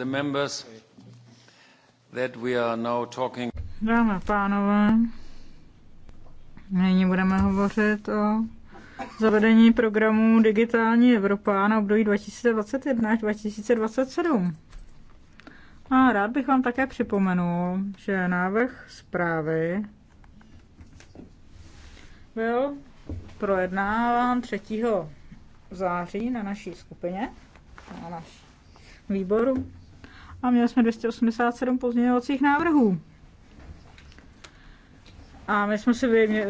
the members that we are now talking. Dámy a pánové, nyní budeme hovořit o zavedení programu Digitální Evropa na období 2021 až 2027. A rád bych vám také připomenul, že návrh zprávy byl projednáván 3. září na naší skupině, na naší výboru a měli jsme 287 pozměňovacích návrhů. A my jsme si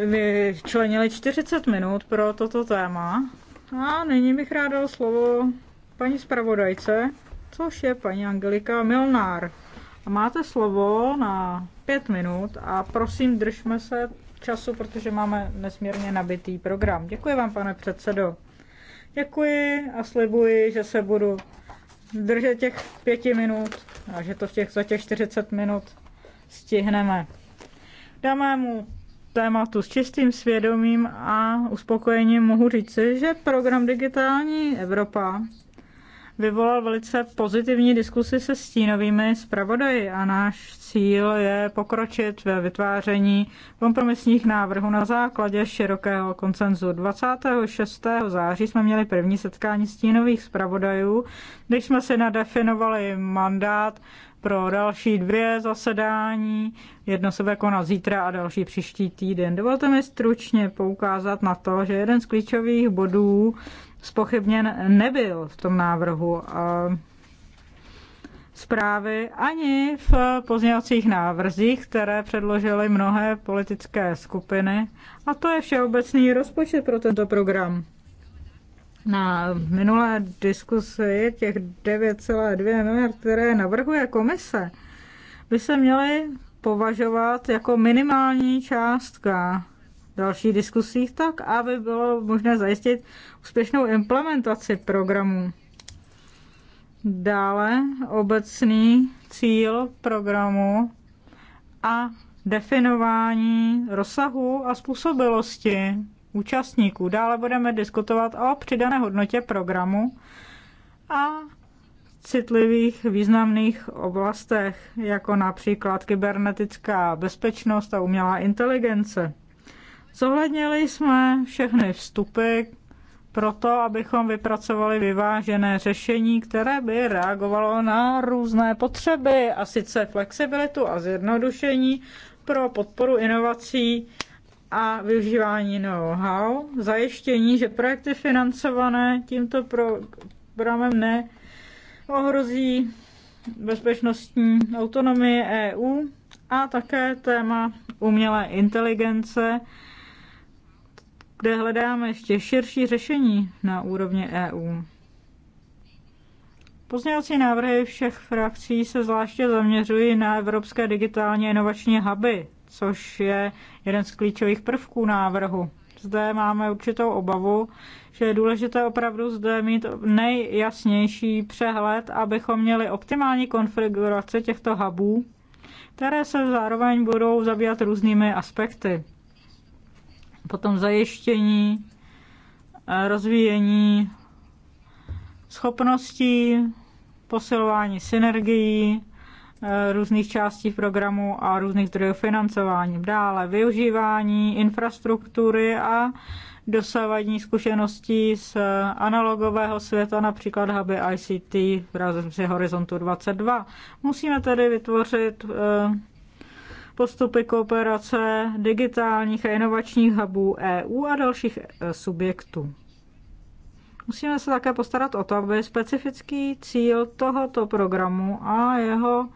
vyčlenili 40 minut pro toto téma. A nyní bych rád dal slovo paní zpravodajce, což je paní Angelika Milnár. A máte slovo na pět minut a prosím, držme se času, protože máme nesmírně nabitý program. Děkuji vám, pane předsedo. Děkuji a slibuji, že se budu držet těch pěti minut a že to v těch, za těch 40 minut stihneme. Dáme mu tématu s čistým svědomím a uspokojením mohu říci, že program Digitální Evropa vyvolal velice pozitivní diskusy se stínovými zpravodaji a náš cíl je pokročit ve vytváření kompromisních návrhů na základě širokého koncenzu. 26. září jsme měli první setkání stínových zpravodajů, když jsme si nadefinovali mandát pro další dvě zasedání. Jedno se bude konat zítra a další příští týden. Dovolte mi stručně poukázat na to, že jeden z klíčových bodů spochybněn nebyl v tom návrhu eh, zprávy ani v pozněvacích návrzích, které předložily mnohé politické skupiny. A to je všeobecný rozpočet pro tento program. Na minulé diskusi těch 9,2 miliard, které navrhuje komise, by se měly považovat jako minimální částka dalších diskusích tak, aby bylo možné zajistit úspěšnou implementaci programu. Dále obecný cíl programu a definování rozsahu a způsobilosti účastníků. Dále budeme diskutovat o přidané hodnotě programu a citlivých významných oblastech, jako například kybernetická bezpečnost a umělá inteligence. Zohlednili jsme všechny vstupy proto, abychom vypracovali vyvážené řešení, které by reagovalo na různé potřeby, a sice flexibilitu a zjednodušení pro podporu inovací a využívání know-how, zajištění, že projekty financované tímto programem ne ohrozí bezpečnostní autonomii EU a také téma umělé inteligence, kde hledáme ještě širší řešení na úrovni EU. Pozměňovací návrhy všech frakcí se zvláště zaměřují na evropské digitálně inovační huby, což je jeden z klíčových prvků návrhu. Zde máme určitou obavu, že je důležité opravdu zde mít nejjasnější přehled, abychom měli optimální konfigurace těchto hubů, které se zároveň budou zabývat různými aspekty potom zajištění, eh, rozvíjení schopností, posilování synergií eh, různých částí programu a různých zdrojů financování. Dále využívání infrastruktury a dosávání zkušeností z eh, analogového světa, například huby ICT v rámci Horizontu 22. Musíme tedy vytvořit postupy kooperace digitálních a inovačních hubů EU a dalších e, subjektů. Musíme se také postarat o to, aby specifický cíl tohoto programu a jeho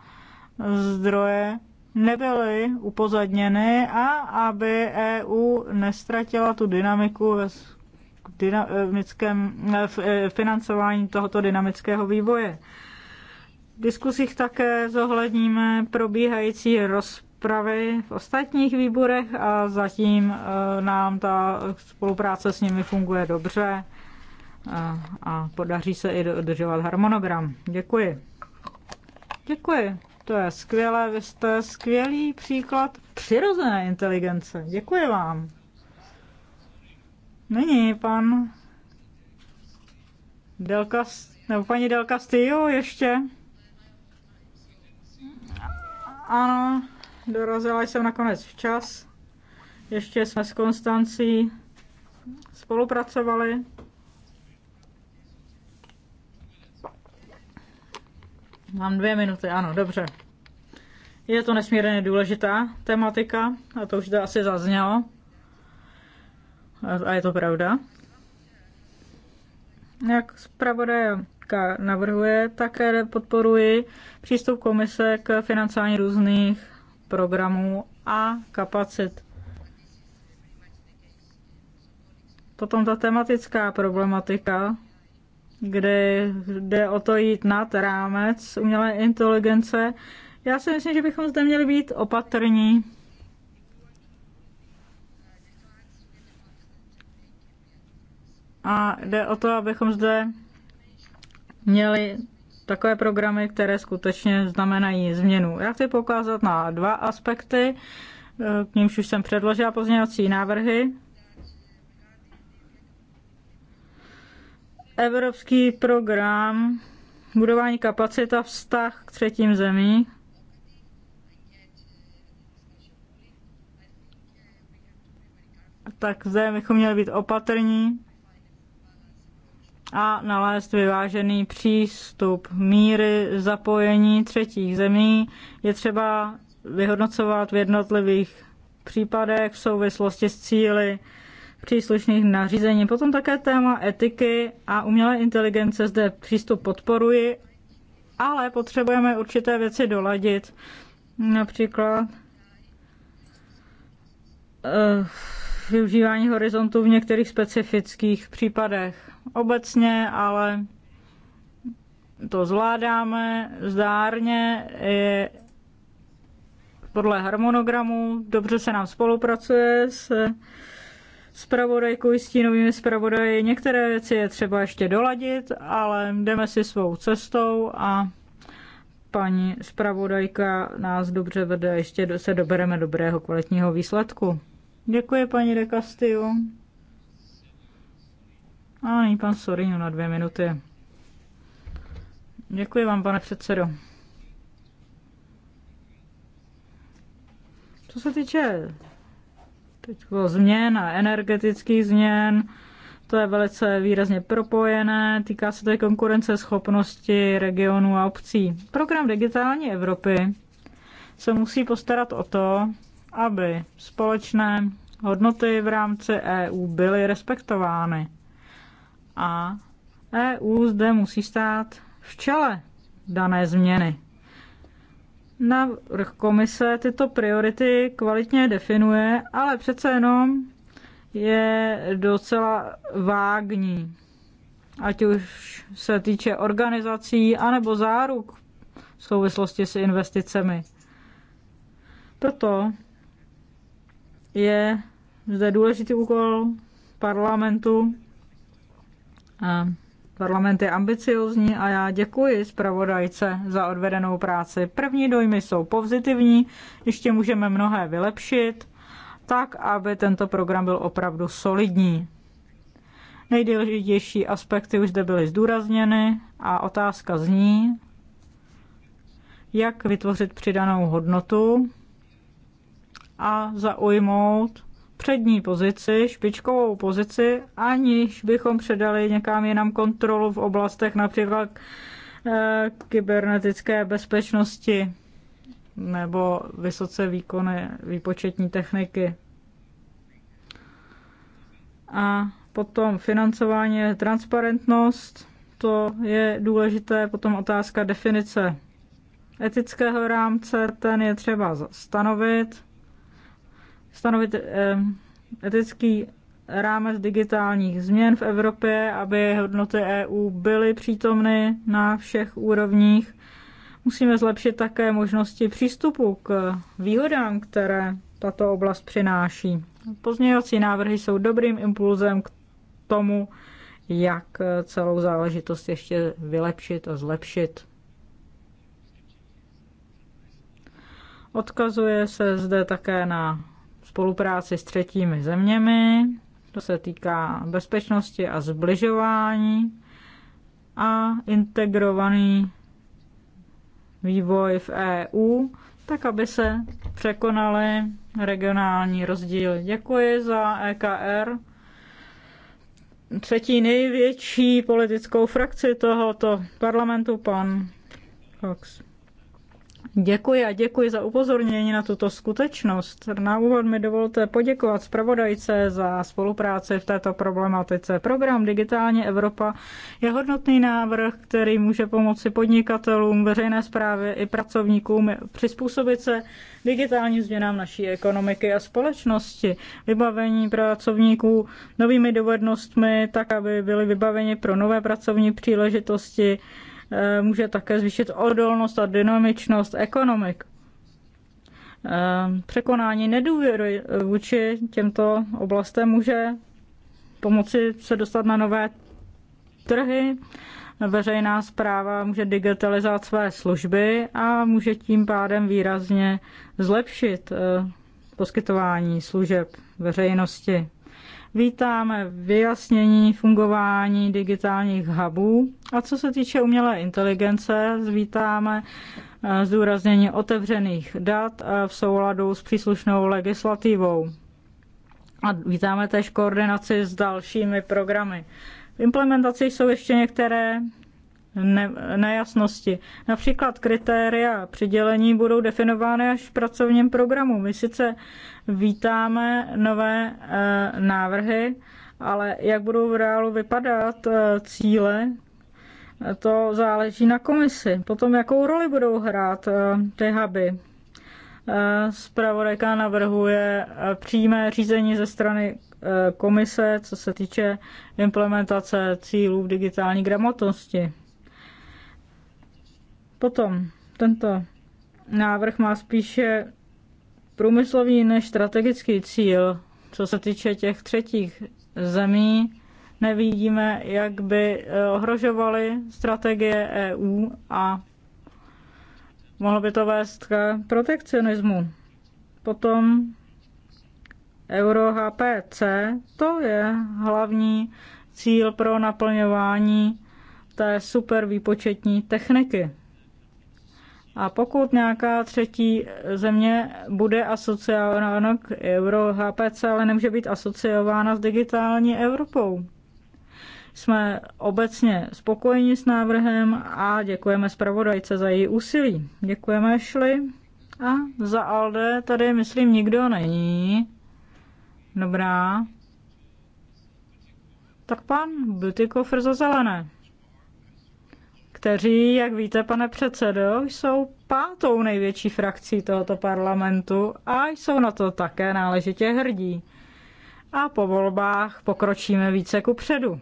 zdroje nebyly upozadněny a aby EU nestratila tu dynamiku ve dynamickém e, e, financování tohoto dynamického vývoje. V diskusích také zohledníme probíhající roz rozpravy v ostatních výborech a zatím e, nám ta spolupráce s nimi funguje dobře e, a podaří se i dodržovat harmonogram. Děkuji. Děkuji. To je skvělé, vy jste skvělý příklad přirozené inteligence. Děkuji vám. Není pan Delka, nebo paní Delka Stio ještě. Ano, Dorazila jsem nakonec včas. Ještě jsme s Konstancí spolupracovali. Mám dvě minuty, ano, dobře. Je to nesmírně důležitá tematika, a to už to asi zaznělo. A je to pravda. Jak zpravodajka navrhuje, také podporuji přístup komise k financování různých programů a kapacit. Potom ta tematická problematika, kde jde o to jít nad rámec umělé inteligence. Já si myslím, že bychom zde měli být opatrní. A jde o to, abychom zde měli takové programy, které skutečně znamenají změnu. Já chci poukázat na dva aspekty, eh, k nímž už jsem předložila pozměňovací návrhy. Evropský program budování kapacita vztah k třetím zemí. Tak zde bychom měli být opatrní, a nalézt vyvážený přístup míry zapojení třetích zemí je třeba vyhodnocovat v jednotlivých případech v souvislosti s cíly příslušných nařízení. Potom také téma etiky a umělé inteligence zde přístup podporuji, ale potřebujeme určité věci doladit. Například uh, využívání horizontu v některých specifických případech. Obecně ale to zvládáme zdárně, je podle harmonogramu, dobře se nám spolupracuje s spravodajkou i stínovými spravodaji. Některé věci je třeba ještě doladit, ale jdeme si svou cestou a paní spravodajka nás dobře vede, ještě se dobereme dobrého kvalitního výsledku. Děkuji, paní de Castillo. A nyní pan Sorino na dvě minuty. Děkuji vám, pane předsedo. Co se týče teď změn a energetických změn, to je velice výrazně propojené, týká se té konkurence schopnosti regionů a obcí. Program Digitální Evropy se musí postarat o to, aby společné hodnoty v rámci EU byly respektovány. A EU zde musí stát v čele dané změny. Návrh komise tyto priority kvalitně definuje, ale přece jenom je docela vágní. Ať už se týče organizací anebo záruk v souvislosti s investicemi. Proto je zde důležitý úkol parlamentu. Parlament je ambiciozní a já děkuji zpravodajce za odvedenou práci. První dojmy jsou pozitivní, ještě můžeme mnohé vylepšit, tak aby tento program byl opravdu solidní. Nejdůležitější aspekty už zde byly zdůrazněny a otázka zní, jak vytvořit přidanou hodnotu a zaujmout přední pozici, špičkovou pozici, aniž bychom předali někam jinam kontrolu v oblastech například e, kybernetické bezpečnosti nebo vysoce výkony výpočetní techniky. A potom financování, transparentnost, to je důležité, potom otázka definice etického rámce, ten je třeba stanovit stanovit etický rámec digitálních změn v Evropě, aby hodnoty EU byly přítomny na všech úrovních. Musíme zlepšit také možnosti přístupu k výhodám, které tato oblast přináší. Pozměňovací návrhy jsou dobrým impulzem k tomu, jak celou záležitost ještě vylepšit a zlepšit. Odkazuje se zde také na spolupráci s třetími zeměmi, to se týká bezpečnosti a zbližování a integrovaný vývoj v EU, tak aby se překonaly regionální rozdíly. Děkuji za EKR třetí největší politickou frakci tohoto parlamentu, pan Cox. Děkuji a děkuji za upozornění na tuto skutečnost. Na úvod mi dovolte poděkovat zpravodajce za spolupráci v této problematice. Program Digitální Evropa je hodnotný návrh, který může pomoci podnikatelům, veřejné správě i pracovníkům přizpůsobit se digitálním změnám naší ekonomiky a společnosti, vybavení pracovníků novými dovednostmi, tak aby byli vybaveni pro nové pracovní příležitosti, Eh, může také zvýšit odolnost a dynamičnost ekonomik. Eh, překonání nedůvěry eh, vůči těmto oblastem může pomoci se dostat na nové trhy. Veřejná zpráva může digitalizovat své služby a může tím pádem výrazně zlepšit poskytování služeb veřejnosti. Vítáme vyjasnění fungování digitálních hubů a co se týče umělé inteligence, vítáme eh, zdůraznění otevřených dat eh, v souladu s příslušnou legislativou. A vítáme též koordinaci s dalšími programy. V implementaci jsou ještě některé ne, nejasnosti. Například kritéria přidělení budou definovány až v pracovním programu. My sice vítáme nové e, návrhy, ale jak budou v reálu vypadat e, cíle, e, to záleží na komisi. Potom, jakou roli budou hrát e, ty huby. E, zpravodajka navrhuje e, přímé řízení ze strany komise, co se týče implementace cílů v digitální gramotnosti. Potom tento návrh má spíše průmyslový než strategický cíl. Co se týče těch třetích zemí, nevidíme, jak by eh, ohrožovaly strategie EU a mohlo by to vést k protekcionismu. Potom Euro HPC, to je hlavní cíl pro naplňování té super výpočetní techniky. A pokud nějaká třetí země bude asociována k euro HPC, ale nemůže být asociována s digitální Evropou. Jsme obecně spokojeni s návrhem a děkujeme zpravodajce za její úsilí. Děkujeme, Šli. A za Alde tady, myslím, nikdo není. Dobrá. Tak pan Butikofer za zelené kteří, jak víte, pane předsedo, jsou pátou největší frakcí tohoto parlamentu a jsou na to také náležitě hrdí. A po volbách pokročíme více ku předu.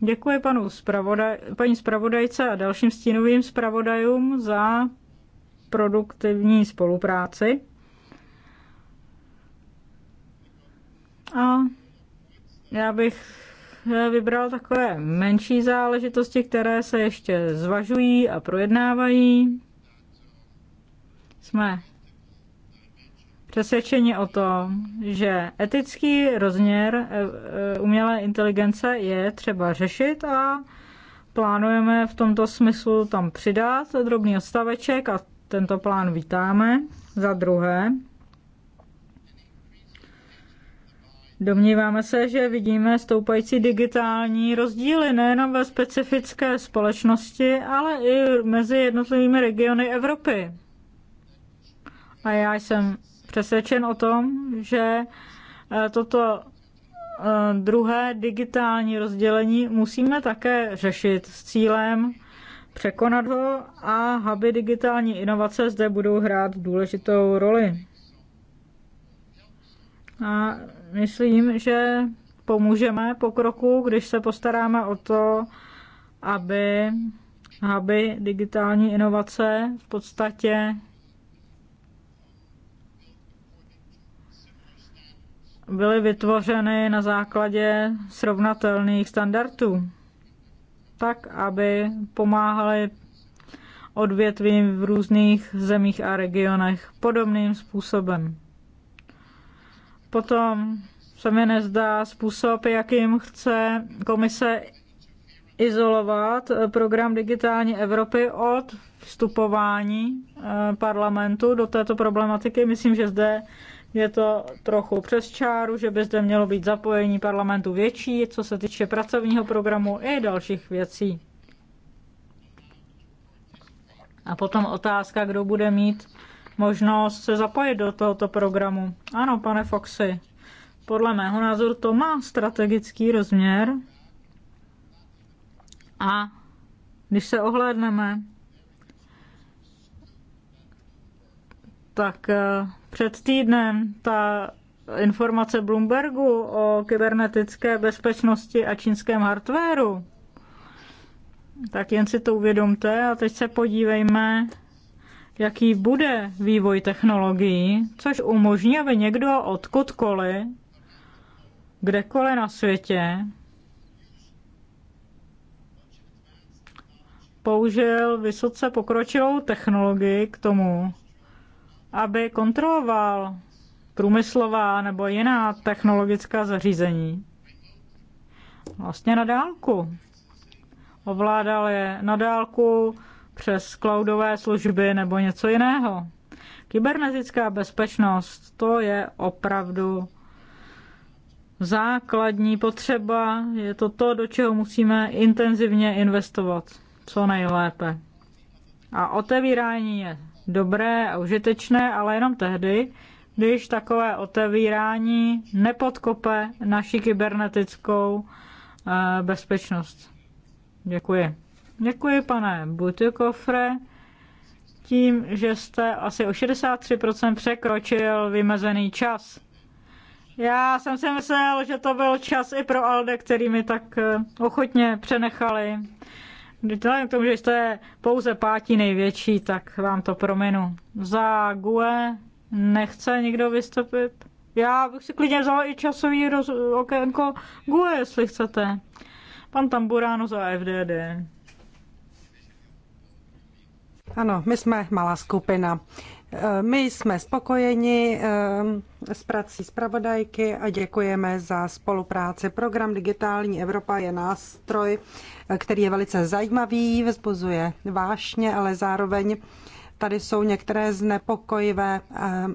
Děkuji panu spravodaj, paní zpravodajce a dalším stínovým zpravodajům za produktivní spolupráci. A já bych Eh, vybral takové menší záležitosti, které se ještě zvažují a projednávají. Jsme přesvědčeni o tom, že etický rozměr eh, eh, umělé inteligence je třeba řešit a plánujeme v tomto smyslu tam přidat drobný odstaveček a tento plán vítáme. Za druhé, Domníváme se, že vidíme stoupající digitální rozdíly nejenom ve specifické společnosti, ale i mezi jednotlivými regiony Evropy. A já jsem přesvědčen o tom, že eh, toto eh, druhé digitální rozdělení musíme také řešit s cílem překonat ho a huby digitální inovace zde budou hrát důležitou roli. A myslím, že pomůžeme pokroku, když se postaráme o to, aby, aby digitální inovace v podstatě byly vytvořeny na základě srovnatelných standardů, tak aby pomáhaly odvětvím v různých zemích a regionech podobným způsobem. Potom se mi nezdá způsob, jakým chce komise izolovat program digitální Evropy od vstupování eh, parlamentu do této problematiky. Myslím, že zde je to trochu přes čáru, že by zde mělo být zapojení parlamentu větší, co se týče pracovního programu i dalších věcí. A potom otázka, kdo bude mít možnost se zapojit do tohoto programu. Ano, pane Foxy, podle mého názoru to má strategický rozměr a když se ohlédneme, tak eh, před týdnem ta informace Bloombergu o kybernetické bezpečnosti a čínském hardwareu. Tak jen si to uvědomte a teď se podívejme jaký bude vývoj technologií, což umožní, aby někdo odkudkoliv, kdekoliv na světě, použil vysoce pokročilou technologii k tomu, aby kontroloval průmyslová nebo jiná technologická zařízení. Vlastně na dálku. Ovládal je na dálku přes cloudové služby nebo něco jiného. Kybernetická bezpečnost to je opravdu základní potřeba, je to to, do čeho musíme intenzivně investovat, co nejlépe. A otevírání je dobré a užitečné, ale jenom tehdy, když takové otevírání nepodkope naši kybernetickou eh, bezpečnost. Děkuji. Děkuji, pane Butikofre, tím, že jste asi o 63% překročil vymezený čas. Já jsem si myslel, že to byl čas i pro Alde, který mi tak eh, ochotně přenechali. Vzhledem k tomu, že jste pouze pátí největší, tak vám to prominu. Za GUE nechce nikdo vystoupit? Já bych si klidně vzal i časový roz- okénko GUE, jestli chcete. Pan Tamburáno za FDD. Ano, my jsme malá skupina. E, my jsme spokojeni e, s prací zpravodajky a děkujeme za spolupráci. Program Digitální Evropa je nástroj, e, který je velice zajímavý, vzbuzuje vášně, ale zároveň tady jsou některé znepokojivé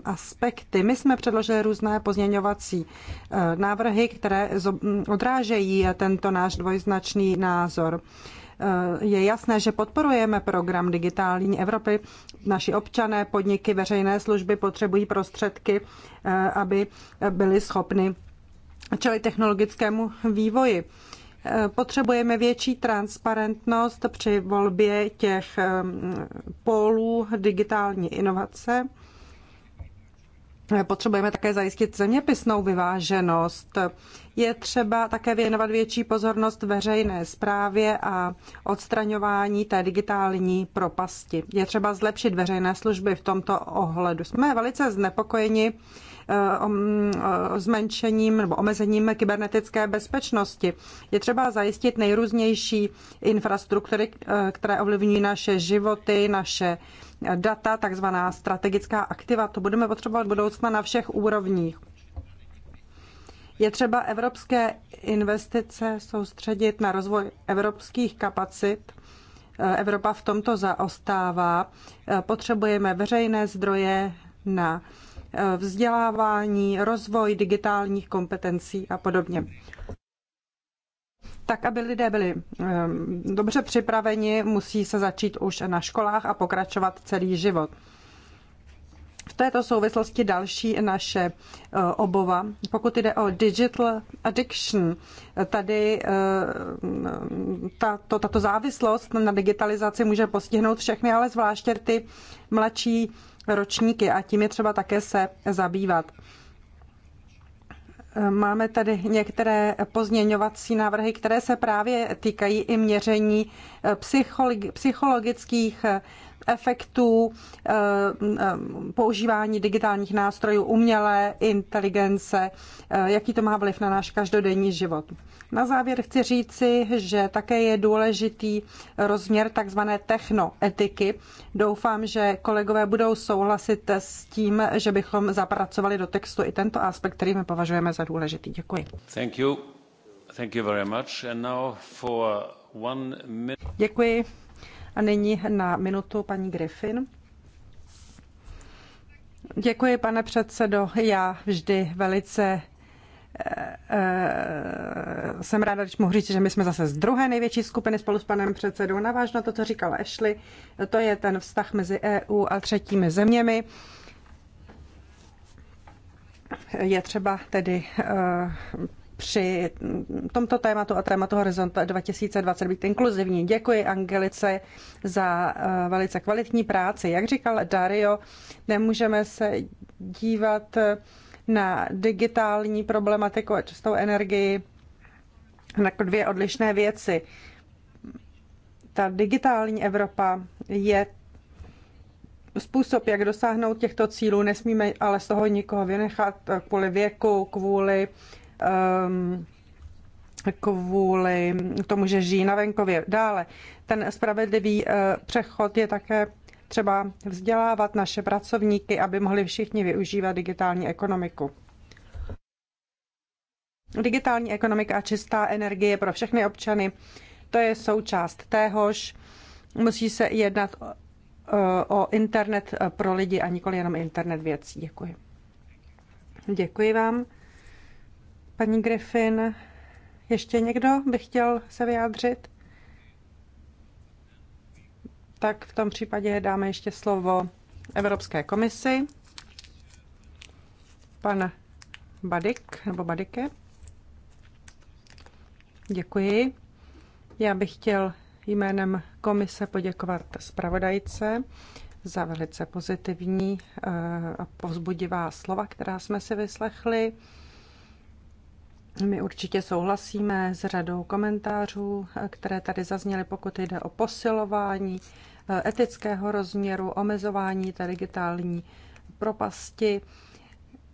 aspekty. My jsme předložili různé pozměňovací návrhy, které odrážejí tento náš dvojznačný názor. Je jasné, že podporujeme program digitální Evropy. Naši občané, podniky, veřejné služby potřebují prostředky, eh, aby byli schopni čelit technologickému vývoji. Eh, potřebujeme větší transparentnost při volbě těch eh, pólů digitální inovace Potřebujeme také zajistit zeměpisnou vyváženost. Je třeba také věnovat větší pozornost veřejné správě a odstraňování té digitální propasti. Je třeba zlepšit veřejné služby v tomto ohledu. Jsme velice znepokojeni Eh, eh, zmenšením nebo omezením kybernetické bezpečnosti. Je třeba zajistit nejrůznější infrastruktury, eh, které ovlivňují naše životy, naše data, takzvaná strategická aktiva. To budeme potřebovat budoucna na všech úrovních. Je třeba evropské investice soustředit na rozvoj evropských kapacit. Evropa v tomto zaostává. Potřebujeme veřejné zdroje na Eh, vzdělávání, rozvoj digitálních kompetencí a podobně. Tak, aby lidé byli eh, dobře připraveni, musí se začít už na školách a pokračovat celý život. V této souvislosti další naše eh, obova. Pokud jde o digital addiction, tady tato, tato závislost na digitalizaci může postihnout všechny, ale zvláště ty mladší ročníky a tím je třeba také se zabývat. Máme tady některé pozměňovací návrhy, které se právě týkají i měření eh, psychologických eh, efektů eh, používání digitálních nástrojů, umělé inteligence, jaký to má vliv na náš každodenní život. Na závěr chci říci, že také je důležitý rozměr takzvané technoetiky. Doufám, že kolegové budou souhlasit s tím, že bychom zapracovali do textu i tento aspekt, který my považujeme za důležitý. Děkuji. Thank you. Thank you very much. And now for one Děkuji. A nyní na minutu paní Griffin. Děkuji, pane předsedo. Já vždy velice Eh, eh, jsem ráda, když mohu říct, že my jsme zase z druhé největší skupiny spolu s panem předsedou. Navážu na to, co říkala Ashley, to je ten vztah mezi EU a třetími zeměmi. Je třeba tedy eh, při tomto tématu a tématu Horizonta 2020 být inkluzivní. Děkuji Angelice za velice kvalitní práci. Jak říkal Dario, nemůžeme se dívat na digitální problematiku a čistou energii jako dvě odlišné věci. Ta digitální Evropa je způsob, jak dosáhnout těchto cílů. Nesmíme ale z toho nikoho vynechat kvůli věku, kvůli um, kvůli tomu, že žijí na venkově. Dále, ten spravedlivý eh, přechod je také třeba vzdělávat naše pracovníky, aby mohli všichni využívat digitální ekonomiku. Digitální ekonomika a čistá energie pro všechny občany, to je součást téhož. Musí se jednat o internet pro lidi a nikoli jenom internet věcí. Děkuji. Děkuji vám. Paní Griffin, ještě někdo by chtěl se vyjádřit? tak v tom případě dáme ještě slovo Evropské komisi. Pan Badik, nebo Badike. Děkuji. Já bych chtěl jménem komise poděkovat zpravodajce za velice pozitivní eh, a povzbudivá slova, která jsme si vyslechli. My určitě souhlasíme s řadou komentářů, eh, které tady zazněly, pokud jde o posilování eh, etického rozměru, omezování té digitální propasti.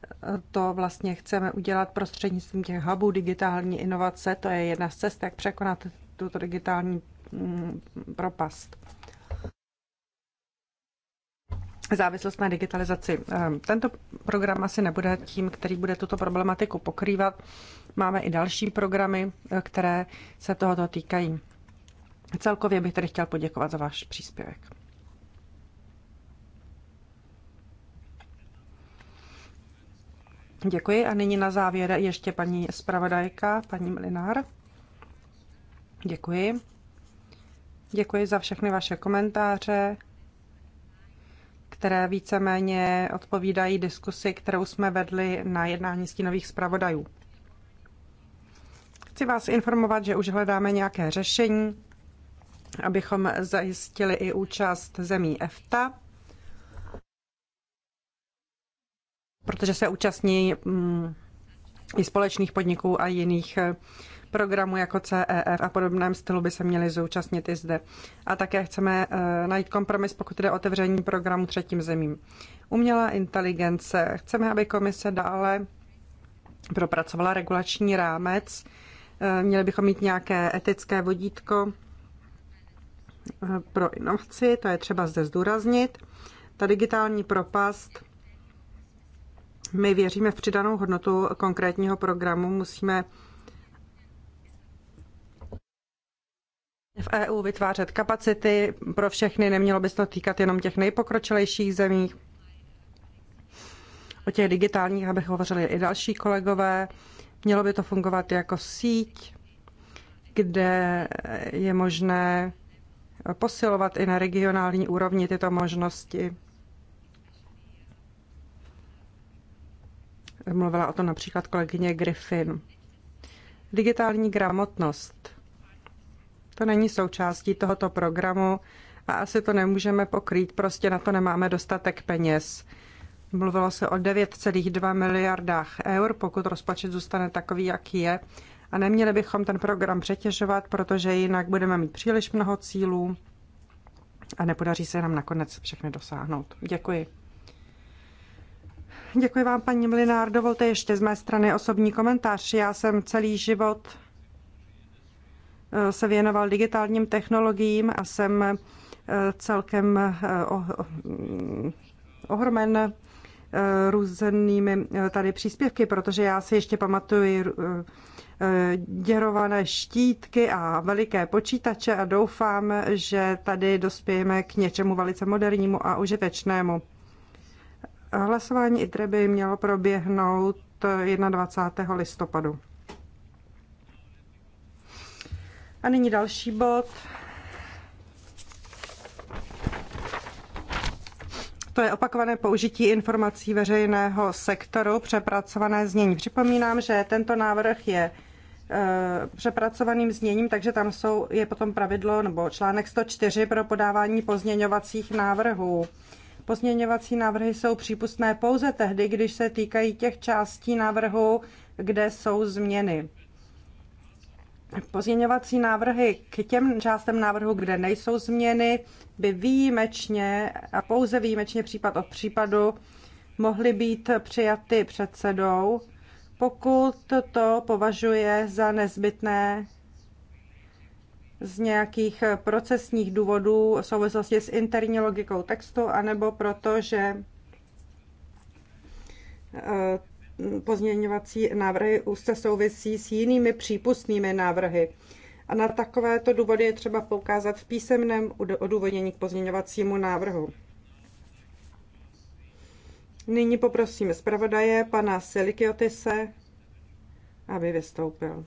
Eh, to vlastně chceme udělat prostřednictvím těch hubů digitální inovace. To je jedna z cest, jak překonat tuto digitální mm, propast. Závislost na digitalizaci. Tento program asi nebude tím, který bude tuto problematiku pokrývat. Máme i další programy, eh, které se tohoto týkají. Celkově bych tedy chtěl poděkovat za váš příspěvek. Děkuji a nyní na závěr ještě paní zpravodajka, paní Mlinár. Děkuji. Děkuji za všechny vaše komentáře, které víceméně odpovídají diskusi, kterou jsme vedli na jednání stínových zpravodajů. Chci vás informovat, že už hledáme nějaké řešení, abychom zajistili i účast zemí EFTA, protože se účastní mm, i společných podniků a jiných eh, programů jako CEF a podobném stylu by se měly zúčastnit i zde. A také chceme eh, najít kompromis, pokud jde o otevření programu třetím zemím. Umělá inteligence. Chceme, aby komise dále propracovala regulační rámec, Eh, měli bychom mít nějaké etické vodítko eh, pro inovaci, to je třeba zde zdůraznit. Ta digitální propast, my věříme v přidanou hodnotu konkrétního programu, musíme v EU vytvářet kapacity pro všechny, nemělo by se to týkat jenom těch nejpokročilejších zemí. O těch digitálních, abych hovořili i další kolegové. Mělo by to fungovat jako síť, kde je možné posilovat i na regionální úrovni tyto možnosti. Mluvila o tom například kolegyně Griffin. Digitální gramotnost. To není součástí tohoto programu a asi to nemůžeme pokrýt, prostě na to nemáme dostatek peněz. Mluvilo se o 9,2 miliardách eur, pokud rozpočet zůstane takový, jaký je. A neměli bychom ten program přetěžovat, protože jinak budeme mít příliš mnoho cílů a nepodaří se nám nakonec všechny dosáhnout. Děkuji. Děkuji vám, paní Mlinár. Dovolte ještě z mé strany osobní komentář. Já jsem celý život eh, se věnoval digitálním technologiím a jsem eh, celkem eh, mm, ohromen Eh, různými eh, tady příspěvky, protože já si ještě pamatuju eh, děrované štítky a veliké počítače a doufám, že tady dospějeme k něčemu velice modernímu a užitečnému. Hlasování ITRE by mělo proběhnout 21. listopadu. A nyní další bod. to je opakované použití informací veřejného sektoru, přepracované znění. Připomínám, že tento návrh je e, přepracovaným zněním, takže tam jsou, je potom pravidlo nebo článek 104 pro podávání pozměňovacích návrhů. Pozměňovací návrhy jsou přípustné pouze tehdy, když se týkají těch částí návrhu, kde jsou změny. Pozměňovací návrhy k těm částem návrhu, kde nejsou změny, by výjimečně a pouze výjimečně případ od případu mohly být přijaty předsedou, pokud to považuje za nezbytné z nějakých procesních důvodů v souvislosti s interní logikou textu, anebo protože eh, pozměňovací návrhy úzce souvisí s jinými přípustnými návrhy. A na takovéto důvody je třeba poukázat v písemném odůvodnění k pozměňovacímu návrhu. Nyní poprosím zpravodaje pana Silikiotise, aby vystoupil.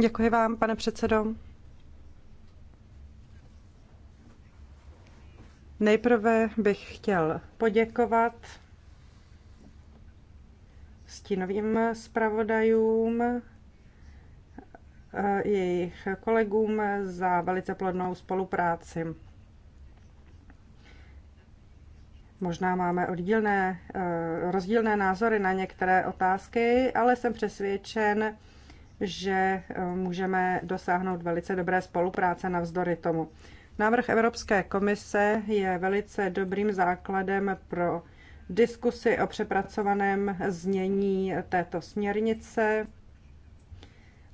Děkuji vám, pane předsedo. Nejprve bych chtěl poděkovat stínovým zpravodajům, eh, jejich kolegům za velice plodnou spolupráci. Možná máme oddílné, eh, rozdílné názory na některé otázky, ale jsem přesvědčen, že eh, můžeme dosáhnout velice dobré spolupráce navzdory tomu. Návrh Evropské komise je velice dobrým základem pro diskusi o přepracovaném znění této směrnice.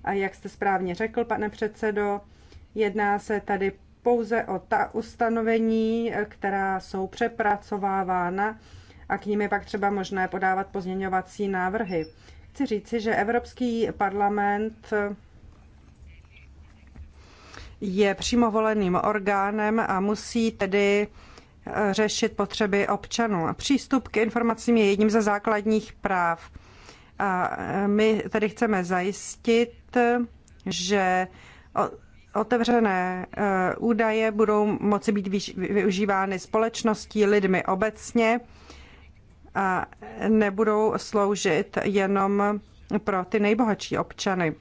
A jak jste správně řekl, pane předsedo, jedná se tady pouze o ta ustanovení, která jsou přepracovávána a k ním je pak třeba možné podávat pozměňovací návrhy. Chci říci, že Evropský parlament je přímo voleným orgánem a musí tedy řešit potřeby občanů. Přístup k informacím je jedním ze základních práv. A my tedy chceme zajistit, že otevřené eh, údaje budou moci být využívány společností, lidmi obecně a nebudou sloužit jenom pro ty nejbohatší občany.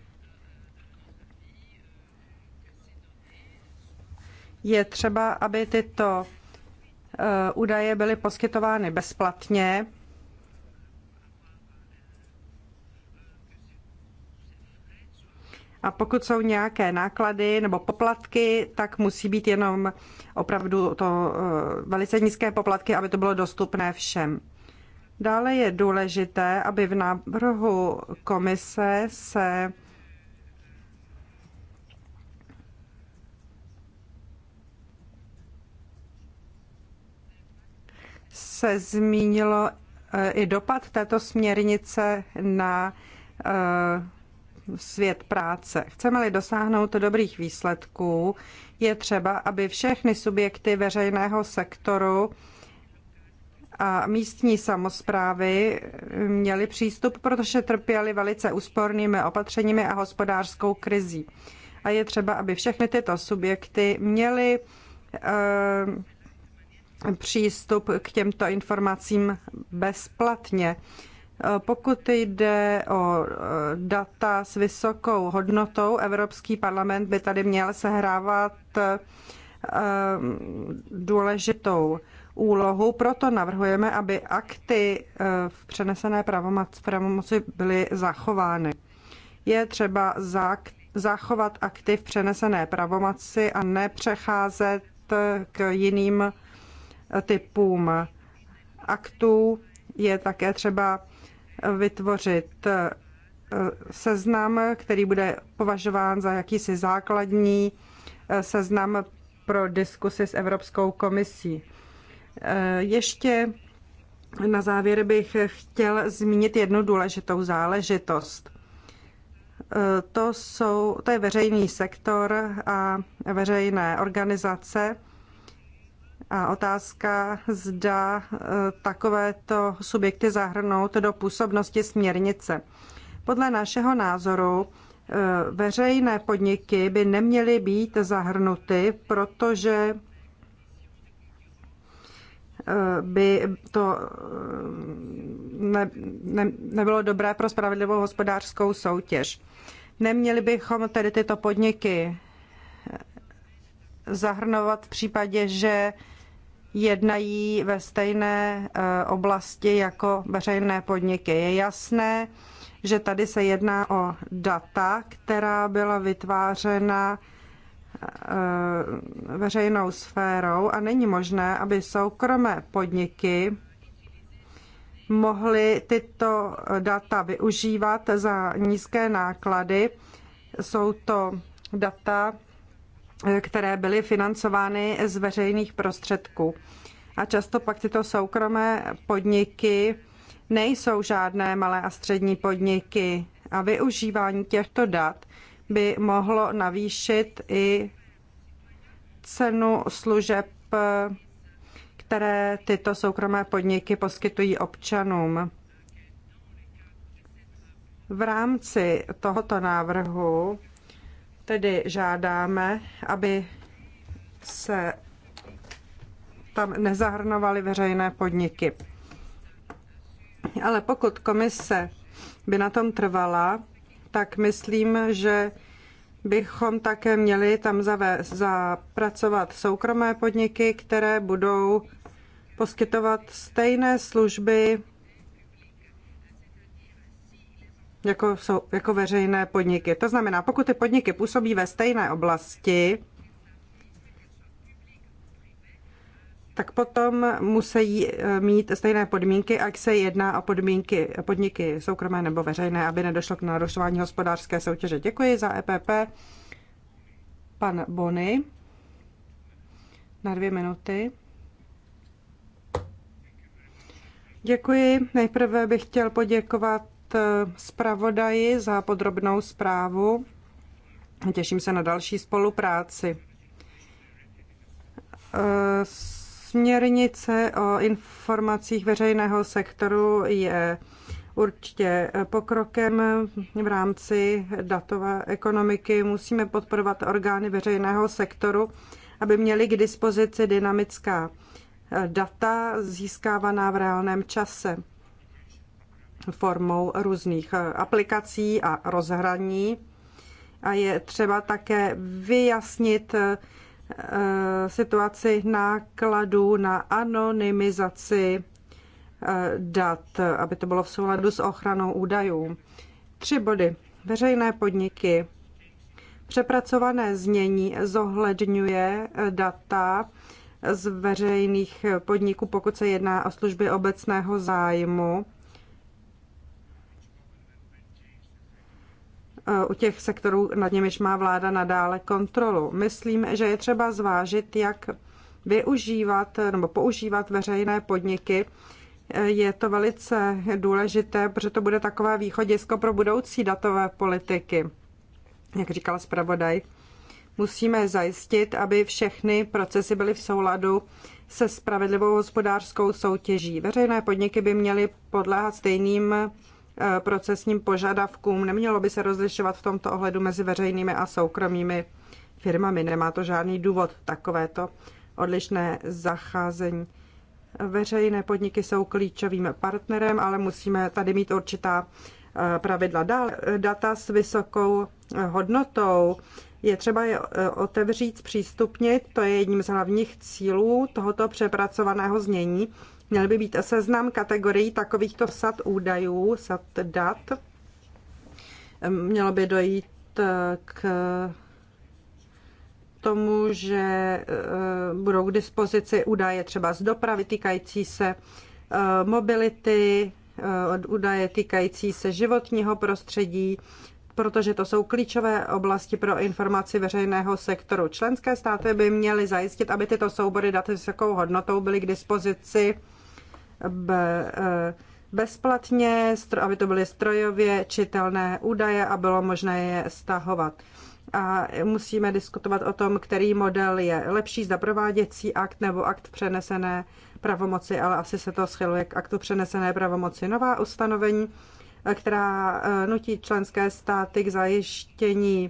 Je třeba, aby tyto Eh, údaje byly poskytovány bezplatně. A pokud jsou nějaké náklady nebo poplatky, tak musí být jenom opravdu to eh, velice nízké poplatky, aby to bylo dostupné všem. Dále je důležité, aby v návrhu komise se se zmínilo e, i dopad této směrnice na e, svět práce. Chceme-li dosáhnout dobrých výsledků, je třeba, aby všechny subjekty veřejného sektoru a místní samozprávy měly přístup, protože trpěly velice úspornými opatřeními a hospodářskou krizí. A je třeba, aby všechny tyto subjekty měly e, přístup k těmto informacím bezplatně. Pokud jde o e, data s vysokou hodnotou, Evropský parlament by tady měl sehrávat e, důležitou úlohu, proto navrhujeme, aby akty e, v přenesené pravomoci byly zachovány. Je třeba zachovat akty v přenesené pravomoci a nepřecházet k jiným typům aktů. Je také třeba vytvořit eh, seznam, který bude považován za jakýsi základní eh, seznam pro diskusy s Evropskou komisí. Eh, ještě na závěr bych chtěl zmínit jednu důležitou záležitost. To, jsou, to je veřejný sektor a veřejné organizace a otázka, zda eh, takovéto subjekty zahrnout do působnosti směrnice. Podle našeho názoru eh, veřejné podniky by neměly být zahrnuty, protože eh, by to ne, ne, nebylo dobré pro spravedlivou hospodářskou soutěž. Neměli bychom tedy tyto podniky zahrnovat v případě, že jednají ve stejné eh, oblasti jako veřejné podniky. Je jasné, že tady se jedná o data, která byla vytvářena eh, veřejnou sférou a není možné, aby soukromé podniky mohly tyto data využívat za nízké náklady. Jsou to data, které byly financovány z veřejných prostředků. A často pak tyto soukromé podniky nejsou žádné malé a střední podniky a využívání těchto dat by mohlo navýšit i cenu služeb, které tyto soukromé podniky poskytují občanům. V rámci tohoto návrhu Tedy žádáme, aby se tam nezahrnovaly veřejné podniky. Ale pokud komise by na tom trvala, tak myslím, že bychom také měli tam zavést, zapracovat soukromé podniky, které budou poskytovat stejné služby jako, jsou, jako veřejné podniky. To znamená, pokud ty podniky působí ve stejné oblasti, tak potom musí eh, mít stejné podmínky, ať se jedná o podmínky, podniky soukromé nebo veřejné, aby nedošlo k narušování hospodářské soutěže. Děkuji za EPP. Pan Bony na dvě minuty. Děkuji. Nejprve bych chtěl poděkovat zpravodaji za podrobnou zprávu. Těším se na další spolupráci. Směrnice o informacích veřejného sektoru je určitě pokrokem v rámci datové ekonomiky. Musíme podporovat orgány veřejného sektoru, aby měli k dispozici dynamická data získávaná v reálném čase formou různých eh, aplikací a rozhraní. A je třeba také vyjasnit eh, situaci nákladů na anonymizaci eh, dat, aby to bylo v souladu s ochranou údajů. Tři body. Veřejné podniky. Přepracované znění zohledňuje data z veřejných podniků, pokud se jedná o služby obecného zájmu u těch sektorů, nad nimiž má vláda nadále kontrolu. Myslím, že je třeba zvážit, jak využívat nebo používat veřejné podniky. Je to velice důležité, protože to bude takové východisko pro budoucí datové politiky, jak říkal zpravodaj. Musíme zajistit, aby všechny procesy byly v souladu se spravedlivou hospodářskou soutěží. Veřejné podniky by měly podléhat stejným Eh, procesním požadavkům. Nemělo by se rozlišovat v tomto ohledu mezi veřejnými a soukromými firmami. Nemá to žádný důvod takovéto odlišné zacházení. Veřejné podniky jsou klíčovým partnerem, ale musíme tady mít určitá eh, pravidla. Dál eh, data s vysokou hodnotou je třeba je otevřít, zpřístupnit. To je jedním z hlavních cílů tohoto přepracovaného znění. Měl by být seznam kategorií takovýchto sad údajů, sad dat. Mělo by dojít eh, k tomu, že eh, budou k dispozici údaje třeba z dopravy týkající se eh, mobility, údaje týkající se životního prostředí, protože to jsou klíčové oblasti pro informaci veřejného sektoru. Členské státy by měly zajistit, aby tyto soubory dat s vysokou hodnotou byly k dispozici E, bezplatně, aby to byly strojově čitelné údaje a bylo možné je stahovat. A musíme diskutovat o tom, který model je lepší, zda prováděcí akt nebo akt přenesené pravomoci, ale asi se to schyluje k aktu přenesené pravomoci. Nová ustanovení, e, která e, nutí členské státy k zajištění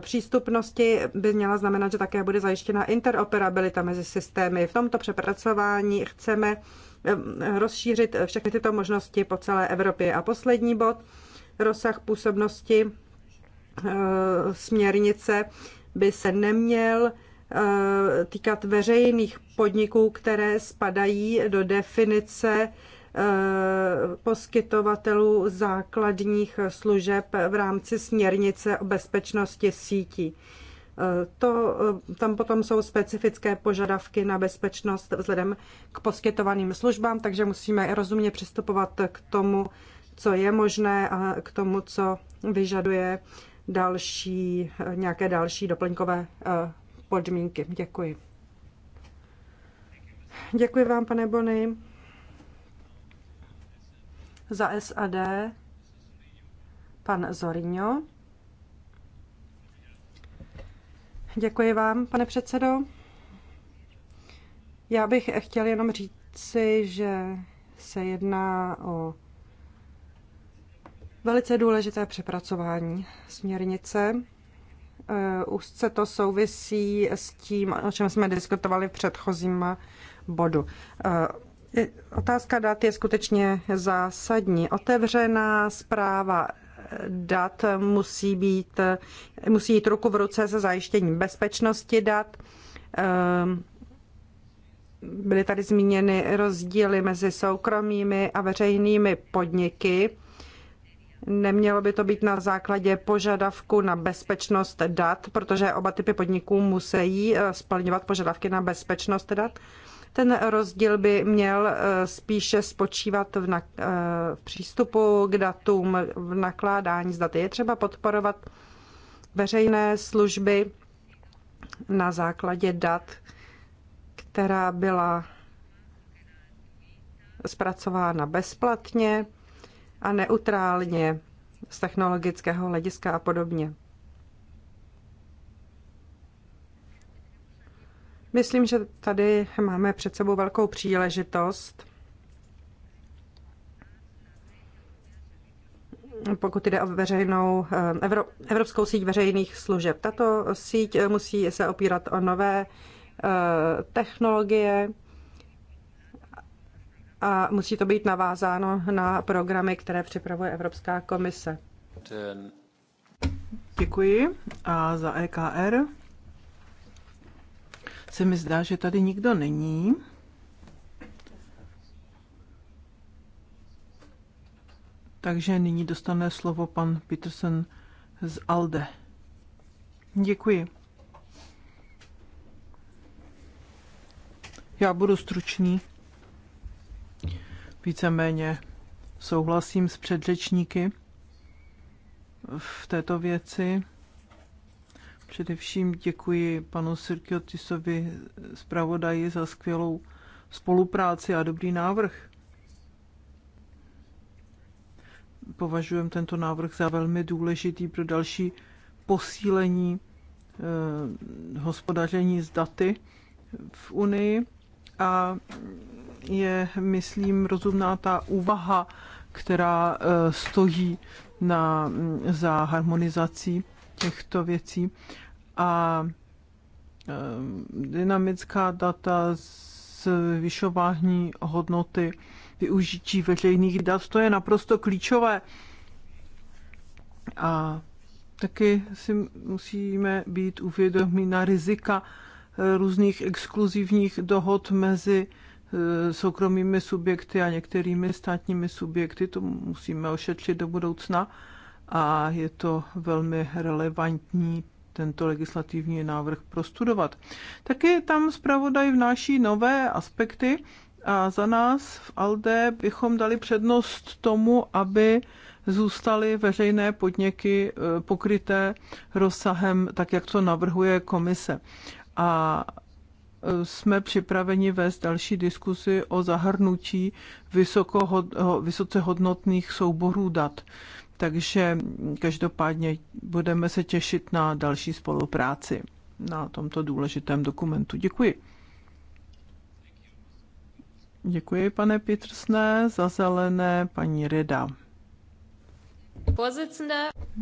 přístupnosti by měla znamenat, že také bude zajištěna interoperabilita mezi systémy. V tomto přepracování chceme Eh, rozšířit všechny tyto možnosti po celé Evropě. A poslední bod, rozsah působnosti eh, směrnice by se neměl eh, týkat veřejných podniků, které spadají do definice poskytovatelů základních služeb v rámci směrnice o bezpečnosti sítí. To, eh, tam potom jsou specifické požadavky na bezpečnost vzhledem k poskytovaným službám, takže musíme rozumně přistupovat k tomu, co je možné a k tomu, co vyžaduje další, eh, nějaké další doplňkové eh, podmínky. Děkuji. Děkuji vám, pane Bony, za SAD, pan Zorino. Děkuji vám, pane předsedo. Já bych chtěl jenom říci, že se jedná o velice důležité přepracování směrnice. Eh, úzce to souvisí s tím, o čem jsme diskutovali v předchozím bodu. Eh, otázka dat je skutečně zásadní. Otevřená zpráva dat musí, být, musí jít ruku v ruce se zajištěním bezpečnosti dat. Ehm, byly tady zmíněny rozdíly mezi soukromými a veřejnými podniky. Nemělo by to být na základě požadavku na bezpečnost dat, protože oba typy podniků musí eh, splňovat požadavky na bezpečnost dat. Ten rozdíl by měl eh, spíše spočívat v, na, eh, v přístupu k datům, v nakládání s daty. Je třeba podporovat veřejné služby na základě dat, která byla zpracována bezplatně a neutrálně z technologického hlediska a podobně. Myslím, že tady máme před sebou velkou příležitost. pokud jde o veřejnou, eh, evropskou síť veřejných služeb. Tato síť eh, musí se opírat o nové eh, technologie a musí to být navázáno na programy, které připravuje Evropská komise. Děkuji a za EKR se mi zdá, že tady nikdo není. Takže nyní dostane slovo pan Peterson z ALDE. Děkuji. Já budu stručný. Víceméně souhlasím s předřečníky v této věci. Především děkuji panu Sirkiotisovi zpravodaji za skvělou spolupráci a dobrý návrh. Považujem tento návrh za velmi důležitý pro další posílení eh, hospodaření s daty v Unii a je, myslím, rozumná ta úvaha, která eh, stojí na, mm, za harmonizací těchto věcí. A ehm, dynamická data z vyšování hodnoty využití veřejných dat, to je naprosto klíčové. A taky si musíme být uvědomí na rizika eh, různých exkluzivních dohod mezi eh, soukromými subjekty a některými státními subjekty. To musíme ošetřit do budoucna a je to velmi relevantní tento legislativní návrh prostudovat. Taky tam zpravodaj vnáší nové aspekty a za nás v ALDE bychom dali přednost tomu, aby zůstaly veřejné podniky eh, pokryté rozsahem, tak jak to navrhuje komise. A eh, jsme připraveni vést další diskusi o zahrnutí vysoce hodnotných souborů dat. Takže každopádně budeme se těšit na další spolupráci na tomto důležitém dokumentu. Děkuji. Děkuji, pane Petrsné, za zelené paní Reda.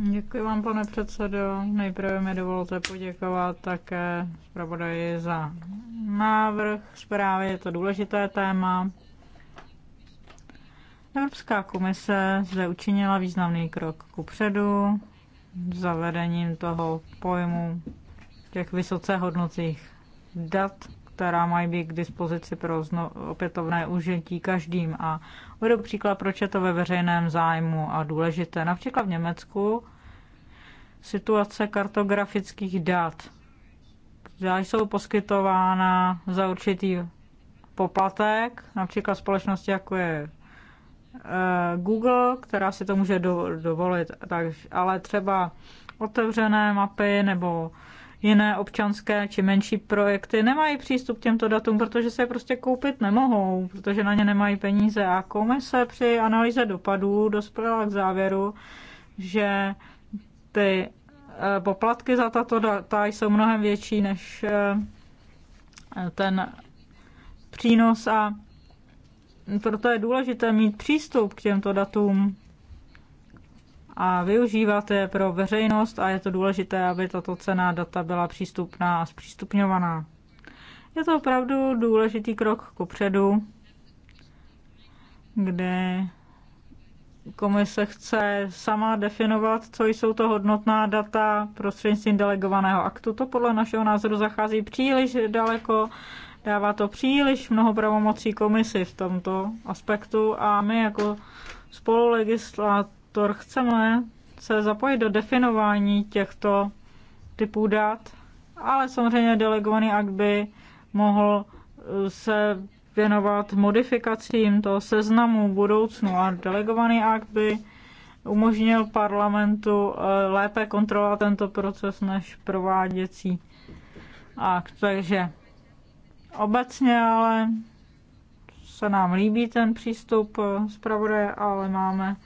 Děkuji vám, pane předsedo. Nejprve mi dovolte poděkovat také zpravodaji za návrh zprávy. Je to důležité téma. Evropská komise zde učinila významný krok ku předu zavedením toho pojmu těch vysoce hodnotných dat, která mají být k dispozici pro opětovné užití každým. A uvedu příklad, proč je to ve veřejném zájmu a důležité. Například v Německu situace kartografických dat. Dá jsou poskytována za určitý poplatek, například společnosti jako je Eh, Google, která si to může dovolit. Tak, ale třeba otevřené mapy nebo jiné občanské či menší projekty nemají přístup k těmto datům, protože se je prostě koupit nemohou, protože na ně nemají peníze. A komise při analýze dopadů dospěla k závěru, že ty eh, poplatky za tato data jsou mnohem větší než eh, ten přínos a proto je důležité mít přístup k těmto datům a využívat je pro veřejnost a je to důležité, aby tato cená data byla přístupná a zpřístupňovaná. Je to opravdu důležitý krok předu, kde komise chce sama definovat, co jsou to hodnotná data prostřednictvím delegovaného aktu. To podle našeho názoru zachází příliš daleko Dává to příliš mnoho pravomocí komisi v tomto aspektu a my jako spolulegislátor chceme se zapojit do definování těchto typů dat, ale samozřejmě delegovaný akt by mohl eh, se věnovat modifikacím toho seznamu v budoucnu a delegovaný akt by umožnil parlamentu eh, lépe kontrolovat tento proces než prováděcí akt. Takže obecně, ale se nám líbí ten přístup zpravodaje, ale máme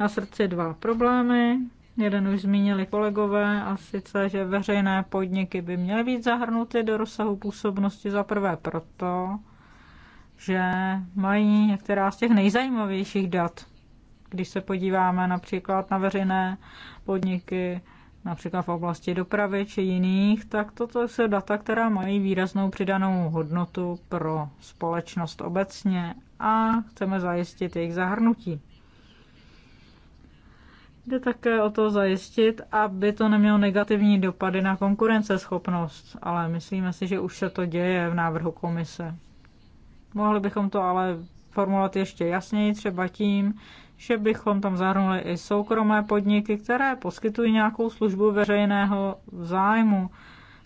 na srdci dva problémy. Jeden už zmínili kolegové, a sice, že veřejné podniky by měly být zahrnuty do rozsahu působnosti za prvé proto, že mají některá z těch nejzajímavějších dat. Když se podíváme například na veřejné podniky například v oblasti dopravy či jiných, tak toto jsou data, která mají výraznou přidanou hodnotu pro společnost obecně a chceme zajistit jejich zahrnutí. Jde také o to zajistit, aby to nemělo negativní dopady na konkurenceschopnost, ale myslíme si, že už se to děje v návrhu komise. Mohli bychom to ale formulovat ještě jasněji, třeba tím, že bychom tam zahrnuli i soukromé podniky, které poskytují nějakou službu veřejného zájmu.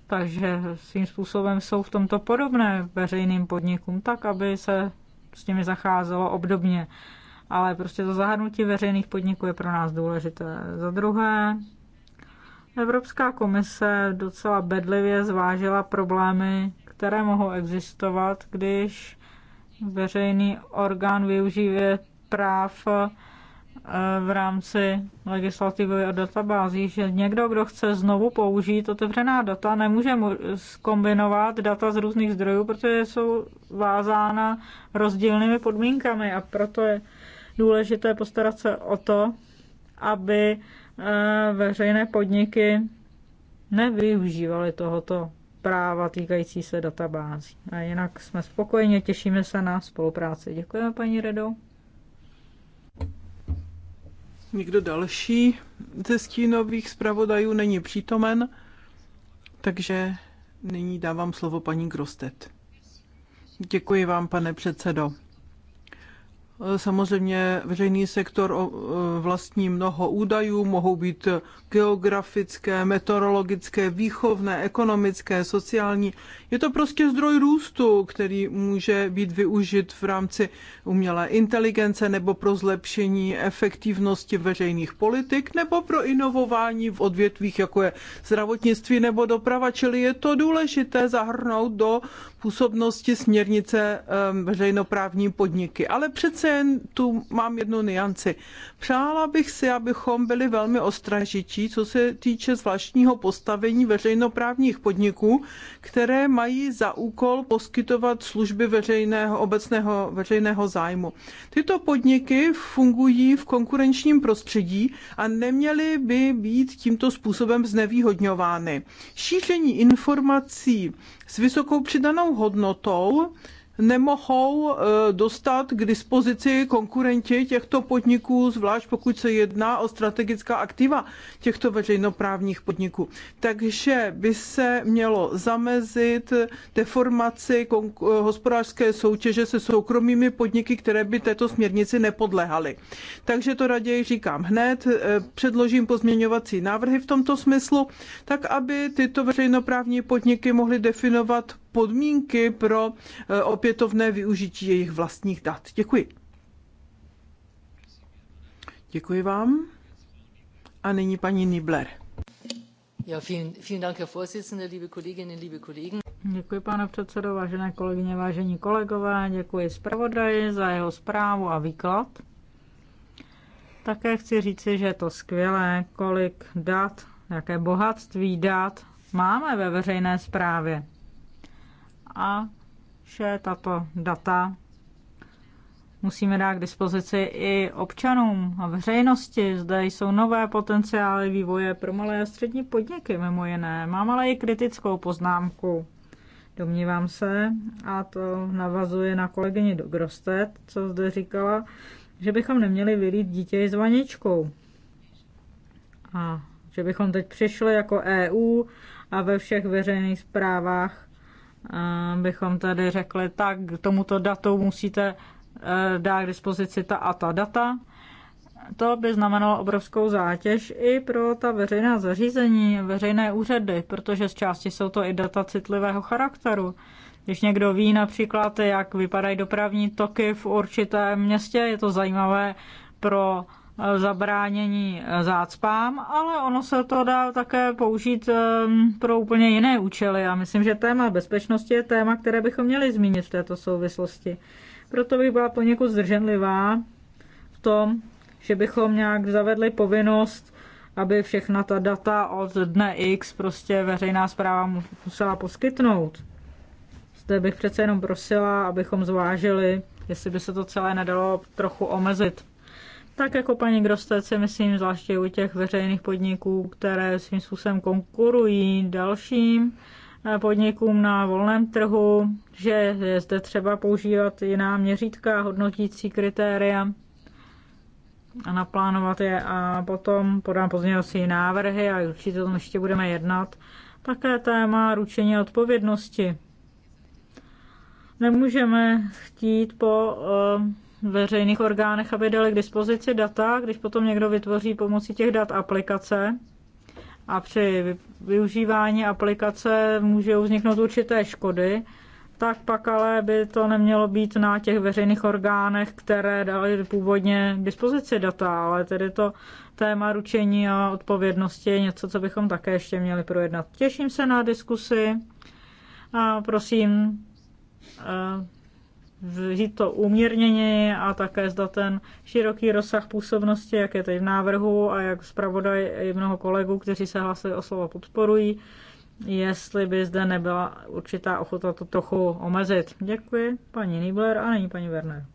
Takže svým způsobem jsou v tomto podobné veřejným podnikům, tak aby se s nimi zacházelo obdobně. Ale prostě to zahrnutí veřejných podniků je pro nás důležité. Za druhé, Evropská komise docela bedlivě zvážila problémy, které mohou existovat, když veřejný orgán využije práv eh, v rámci legislativy o databázích, že někdo, kdo chce znovu použít otevřená data, nemůže skombinovat data z různých zdrojů, protože jsou vázána rozdílnými podmínkami a proto je důležité postarat se o to, aby eh, veřejné podniky nevyužívaly tohoto práva týkající se databází. A jinak jsme spokojeni, těšíme se na spolupráci. Děkujeme, paní Redou. Nikdo další ze stínových zpravodajů není přítomen, takže nyní dávám slovo paní Grostet. Děkuji vám, pane předsedo. Samozřejmě veřejný sektor e, vlastní mnoho údajů, mohou být geografické, meteorologické, výchovné, ekonomické, sociální. Je to prostě zdroj růstu, který může být využit v rámci umělé inteligence nebo pro zlepšení efektivnosti veřejných politik nebo pro inovování v odvětvích, jako je zdravotnictví nebo doprava, čili je to důležité zahrnout do působnosti směrnice e, veřejnoprávní podniky. Ale přece Přece tu mám jednu nianci. Přála bych si, abychom byli velmi ostražití, co se týče zvláštního postavení veřejnoprávních podniků, které mají za úkol poskytovat služby veřejného, obecného veřejného zájmu. Tyto podniky fungují v konkurenčním prostředí a neměly by být tímto způsobem znevýhodňovány. Šíření informací s vysokou přidanou hodnotou nemohou eh, dostat k dispozici konkurenti těchto podniků, zvlášť pokud se jedná o strategická aktiva těchto veřejnoprávních podniků. Takže by se mělo zamezit deformaci eh, hospodářské soutěže se soukromými podniky, které by této směrnici nepodlehaly. Takže to raději říkám hned, eh, předložím pozměňovací návrhy v tomto smyslu, tak aby tyto veřejnoprávní podniky mohly definovat podmínky pro eh, opětovné využití jejich vlastních dat. Děkuji. Děkuji vám. A nyní paní Nibler. Ja, vielen, vielen Dank, Herr Vorsitzender, liebe Kolleginnen, liebe Kollegen. Děkuji, pane předsedo, vážené kolegyně, vážení kolegové, děkuji zpravodaji za jeho zprávu a výklad. Také chci říci, že je to skvělé, kolik dat, jaké bohatství dat máme ve veřejné zprávě a že tato data musíme dát k dispozici i občanům a veřejnosti. Zde jsou nové potenciály vývoje pro malé a střední podniky, mimo jiné. Mám ale i kritickou poznámku. Domnívám se, a to navazuje na kolegyni do Grostet, co zde říkala, že bychom neměli vylít dítě s vaničkou. A že bychom teď přišli jako EU a ve všech veřejných zprávách bychom tedy řekli, tak k tomuto datu musíte eh, dát k dispozici ta a ta data. To by znamenalo obrovskou zátěž i pro ta veřejná zařízení, veřejné úřady, protože z části jsou to i data citlivého charakteru. Když někdo ví například, jak vypadají dopravní toky v určitém městě, je to zajímavé pro zabránění eh, zácpám, ale ono se to dá také použít ehm, pro úplně jiné účely. A myslím, že téma bezpečnosti je téma, které bychom měli zmínit v této souvislosti. Proto bych byla poněkud zdrženlivá v tom, že bychom nějak zavedli povinnost, aby všechna ta data od dne X prostě veřejná zpráva musela poskytnout. Zde bych přece jenom prosila, abychom zvážili, jestli by se to celé nedalo trochu omezit. Tak jako paní Grostec si myslím, zvláště u těch veřejných podniků, které svým způsobem konkurují dalším eh, podnikům na volném trhu, že je zde třeba používat jiná měřítka, hodnotící kritéria a naplánovat je a potom podám pozměňovací návrhy a určitě o tom ještě budeme jednat. Také téma ručení odpovědnosti. Nemůžeme chtít po uh, veřejných orgánech, aby dali k dispozici data, když potom někdo vytvoří pomocí těch dat aplikace. A při využívání aplikace může vzniknout určité škody, tak pak ale by to nemělo být na těch veřejných orgánech, které dali původně k dispozici data, ale tedy to téma ručení a odpovědnosti je něco, co bychom také ještě měli projednat. Těším se na diskusi a prosím, eh, vzít to uměrněně a také zda ten široký rozsah působnosti, jak je tady v návrhu a jak zpravodaj i mnoho kolegů, kteří se hlasili o slovo podporují, jestli by zde nebyla určitá ochota to trochu omezit. Děkuji, paní Nibler a není paní Werner.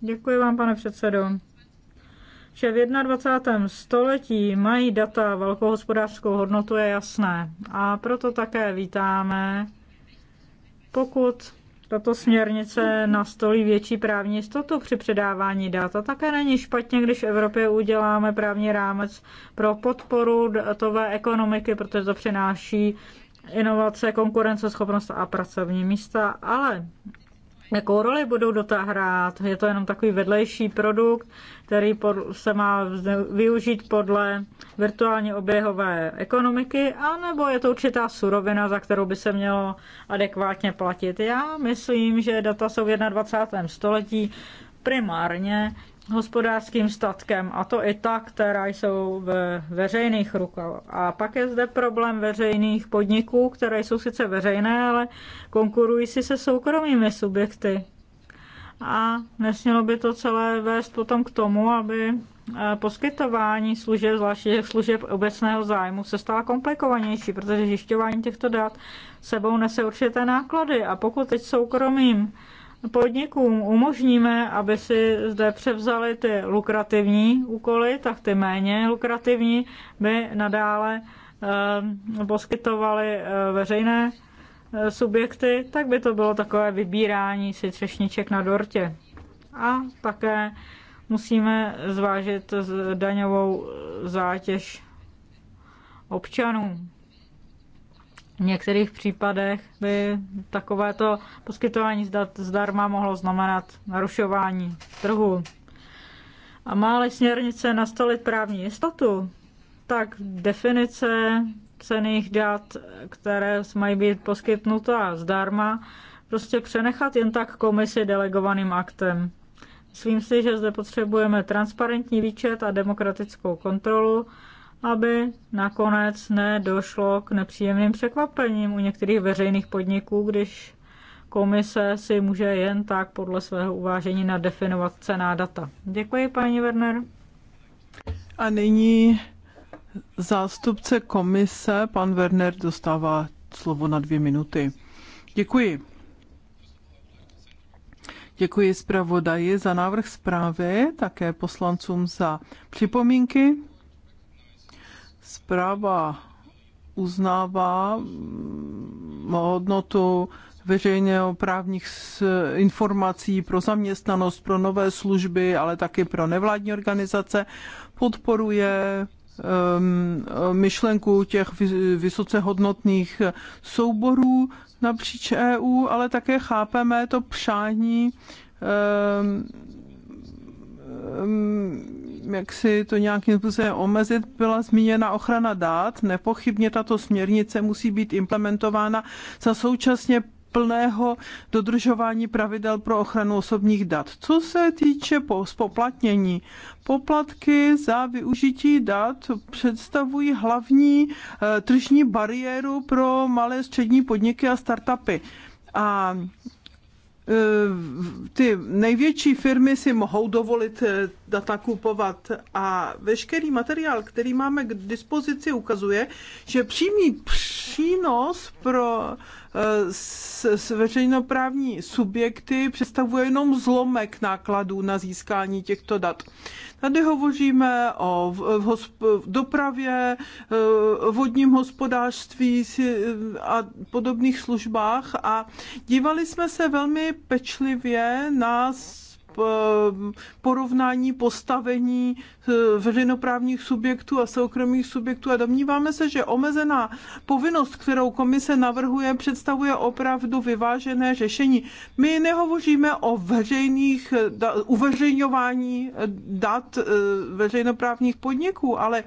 Děkuji vám, pane předsedo. Že v 21. století mají data velkou hospodářskou hodnotu je jasné a proto také vítáme, pokud tato směrnice nastolí větší právní jistotu při předávání dat. A také není špatně, když v Evropě uděláme právní rámec pro podporu datové ekonomiky, protože to přináší inovace, konkurenceschopnost a pracovní místa, ale jakou roli budou do toho hrát. Je to jenom takový vedlejší produkt, který se má využít podle virtuálně oběhové ekonomiky, anebo je to určitá surovina, za kterou by se mělo adekvátně platit. Já myslím, že data jsou v 21. století primárně hospodářským statkem, a to i ta, která jsou ve veřejných rukou. A pak je zde problém veřejných podniků, které jsou sice veřejné, ale konkurují si se soukromými subjekty. A nesmělo by to celé vést potom k tomu, aby e, poskytování služeb, zvláště služeb obecného zájmu, se stala komplikovanější, protože zjišťování těchto dat sebou nese určité náklady. A pokud teď soukromým podnikům umožníme, aby si zde převzali ty lukrativní úkoly, tak ty méně lukrativní by nadále eh, poskytovaly eh, veřejné eh, subjekty, tak by to bylo takové vybírání si třešniček na dortě. A také musíme zvážit daňovou zátěž občanů. V některých případech by takovéto poskytování dat zdarma mohlo znamenat narušování trhu. A má-li směrnice nastolit právní jistotu, tak definice cených dat, které mají být poskytnuta zdarma, prostě přenechat jen tak komisi delegovaným aktem. Myslím si, že zde potřebujeme transparentní výčet a demokratickou kontrolu aby nakonec nedošlo k nepříjemným překvapením u některých veřejných podniků, když komise si může jen tak podle svého uvážení nadefinovat cená data. Děkuji, paní Werner. A nyní zástupce komise, pan Werner, dostává slovo na dvě minuty. Děkuji. Děkuji zpravodaji za návrh zprávy, také poslancům za připomínky Zpráva uznává mm, hodnotu veřejně právních informací pro zaměstnanost, pro nové služby, ale taky pro nevládní organizace, podporuje myšlenku těch vysoce hodnotných souborů napříč EU, ale také chápeme to přání jak si to nějakým způsobem omezit, byla zmíněna ochrana dát. Nepochybně tato směrnice musí být implementována za současně plného dodržování pravidel pro ochranu osobních dat. Co se týče spoplatnění, poplatky za využití dat představují hlavní eh, tržní bariéru pro malé střední podniky a startupy. A Eh, ty největší firmy si mohou dovolit eh, data kupovat a veškerý materiál, který máme k dispozici, ukazuje, že přímý přínos pro eh, s veřejnoprávní subjekty představuje jenom zlomek nákladů na získání těchto dat. Tady hovoříme o v, v, dopravě, eh, vodním hospodářství a podobných službách a dívali jsme se velmi pečlivě na Eh, porovnání postavení eh, veřejnoprávních subjektů a soukromých subjektů a domníváme se, že omezená povinnost, kterou komise navrhuje, představuje opravdu vyvážené řešení. My nehovoříme o veřejných eh, uveřejňování dat veřejnoprávních podniků, ale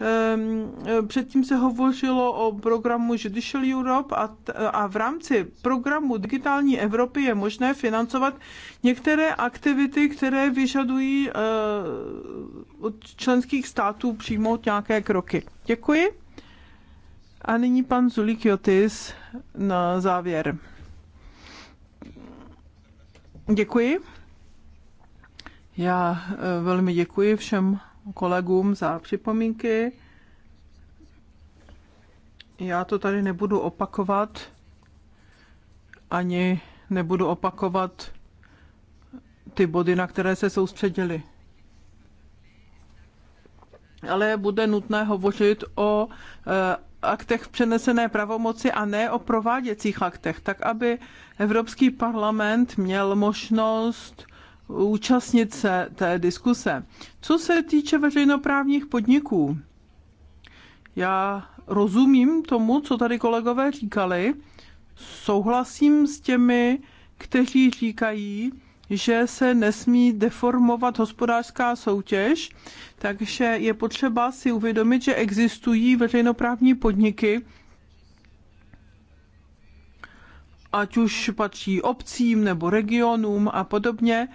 ehm, předtím se hovořilo o programu Judicial Europe a, a v rámci programu Digitální Evropy je možné financovat některé aktivity aktivity, které vyžadují eh, od členských států přijmout nějaké kroky. Děkuji. A nyní pan Jotis na závěr. Děkuji. Já eh, velmi děkuji všem kolegům za připomínky. Já to tady nebudu opakovat, ani nebudu opakovat ty body, na které se soustředili. Ale bude nutné hovořit o eh, aktech přenesené pravomoci a ne o prováděcích aktech, tak aby Evropský parlament měl možnost účastnit se té diskuse. Co se týče veřejnoprávních podniků, já rozumím tomu, co tady kolegové říkali, souhlasím s těmi, kteří říkají, že se nesmí deformovat hospodářská soutěž, takže je potřeba si uvědomit, že existují veřejnoprávní podniky, ať už patří obcím nebo regionům a podobně,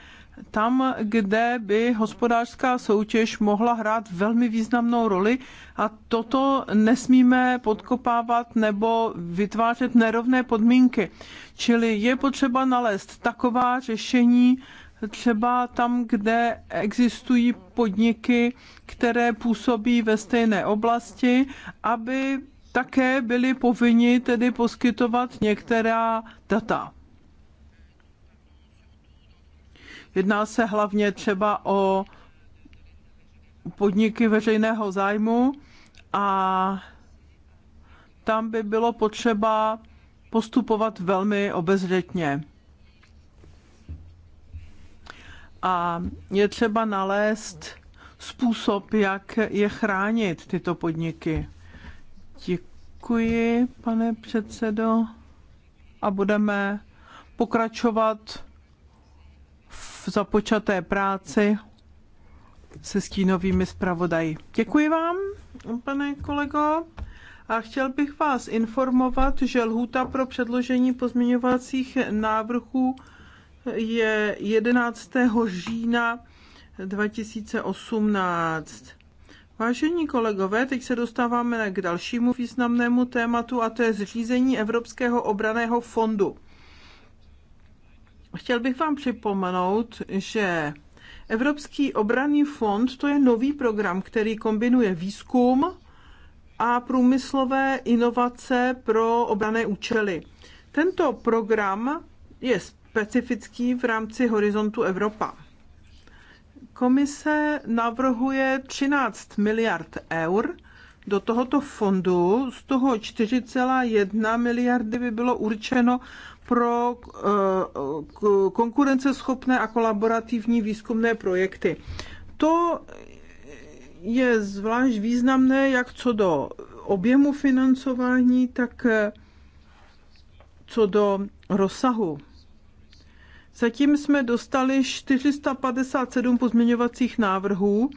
tam, kde by hospodářská soutěž mohla hrát velmi významnou roli a toto nesmíme podkopávat nebo vytvářet nerovné podmínky. Čili je potřeba nalézt taková řešení, třeba tam, kde existují podniky, které působí ve stejné oblasti, aby také byli povinni tedy poskytovat některá data. Jedná se hlavně třeba o podniky veřejného zájmu a tam by bylo potřeba postupovat velmi obezřetně. A je třeba nalézt způsob, jak je chránit tyto podniky. Děkuji, pane předsedo, a budeme pokračovat započaté práci se stínovými zpravodaji. Děkuji vám, pane kolego. A chtěl bych vás informovat, že lhůta pro předložení pozměňovacích návrhů je 11. října 2018. Vážení kolegové, teď se dostáváme k dalšímu významnému tématu a to je zřízení Evropského obraného fondu. Chtěl bych vám připomenout, že Evropský obranný fond to je nový program, který kombinuje výzkum a průmyslové inovace pro obrané účely. Tento program je specifický v rámci Horizontu Evropa. Komise navrhuje 13 miliard eur do tohoto fondu, z toho 4,1 miliardy by bylo určeno pro eh, konkurenceschopné a kolaborativní výzkumné projekty. To je zvlášť významné jak co do objemu financování, tak eh, co do rozsahu. Zatím jsme dostali 457 pozměňovacích návrhů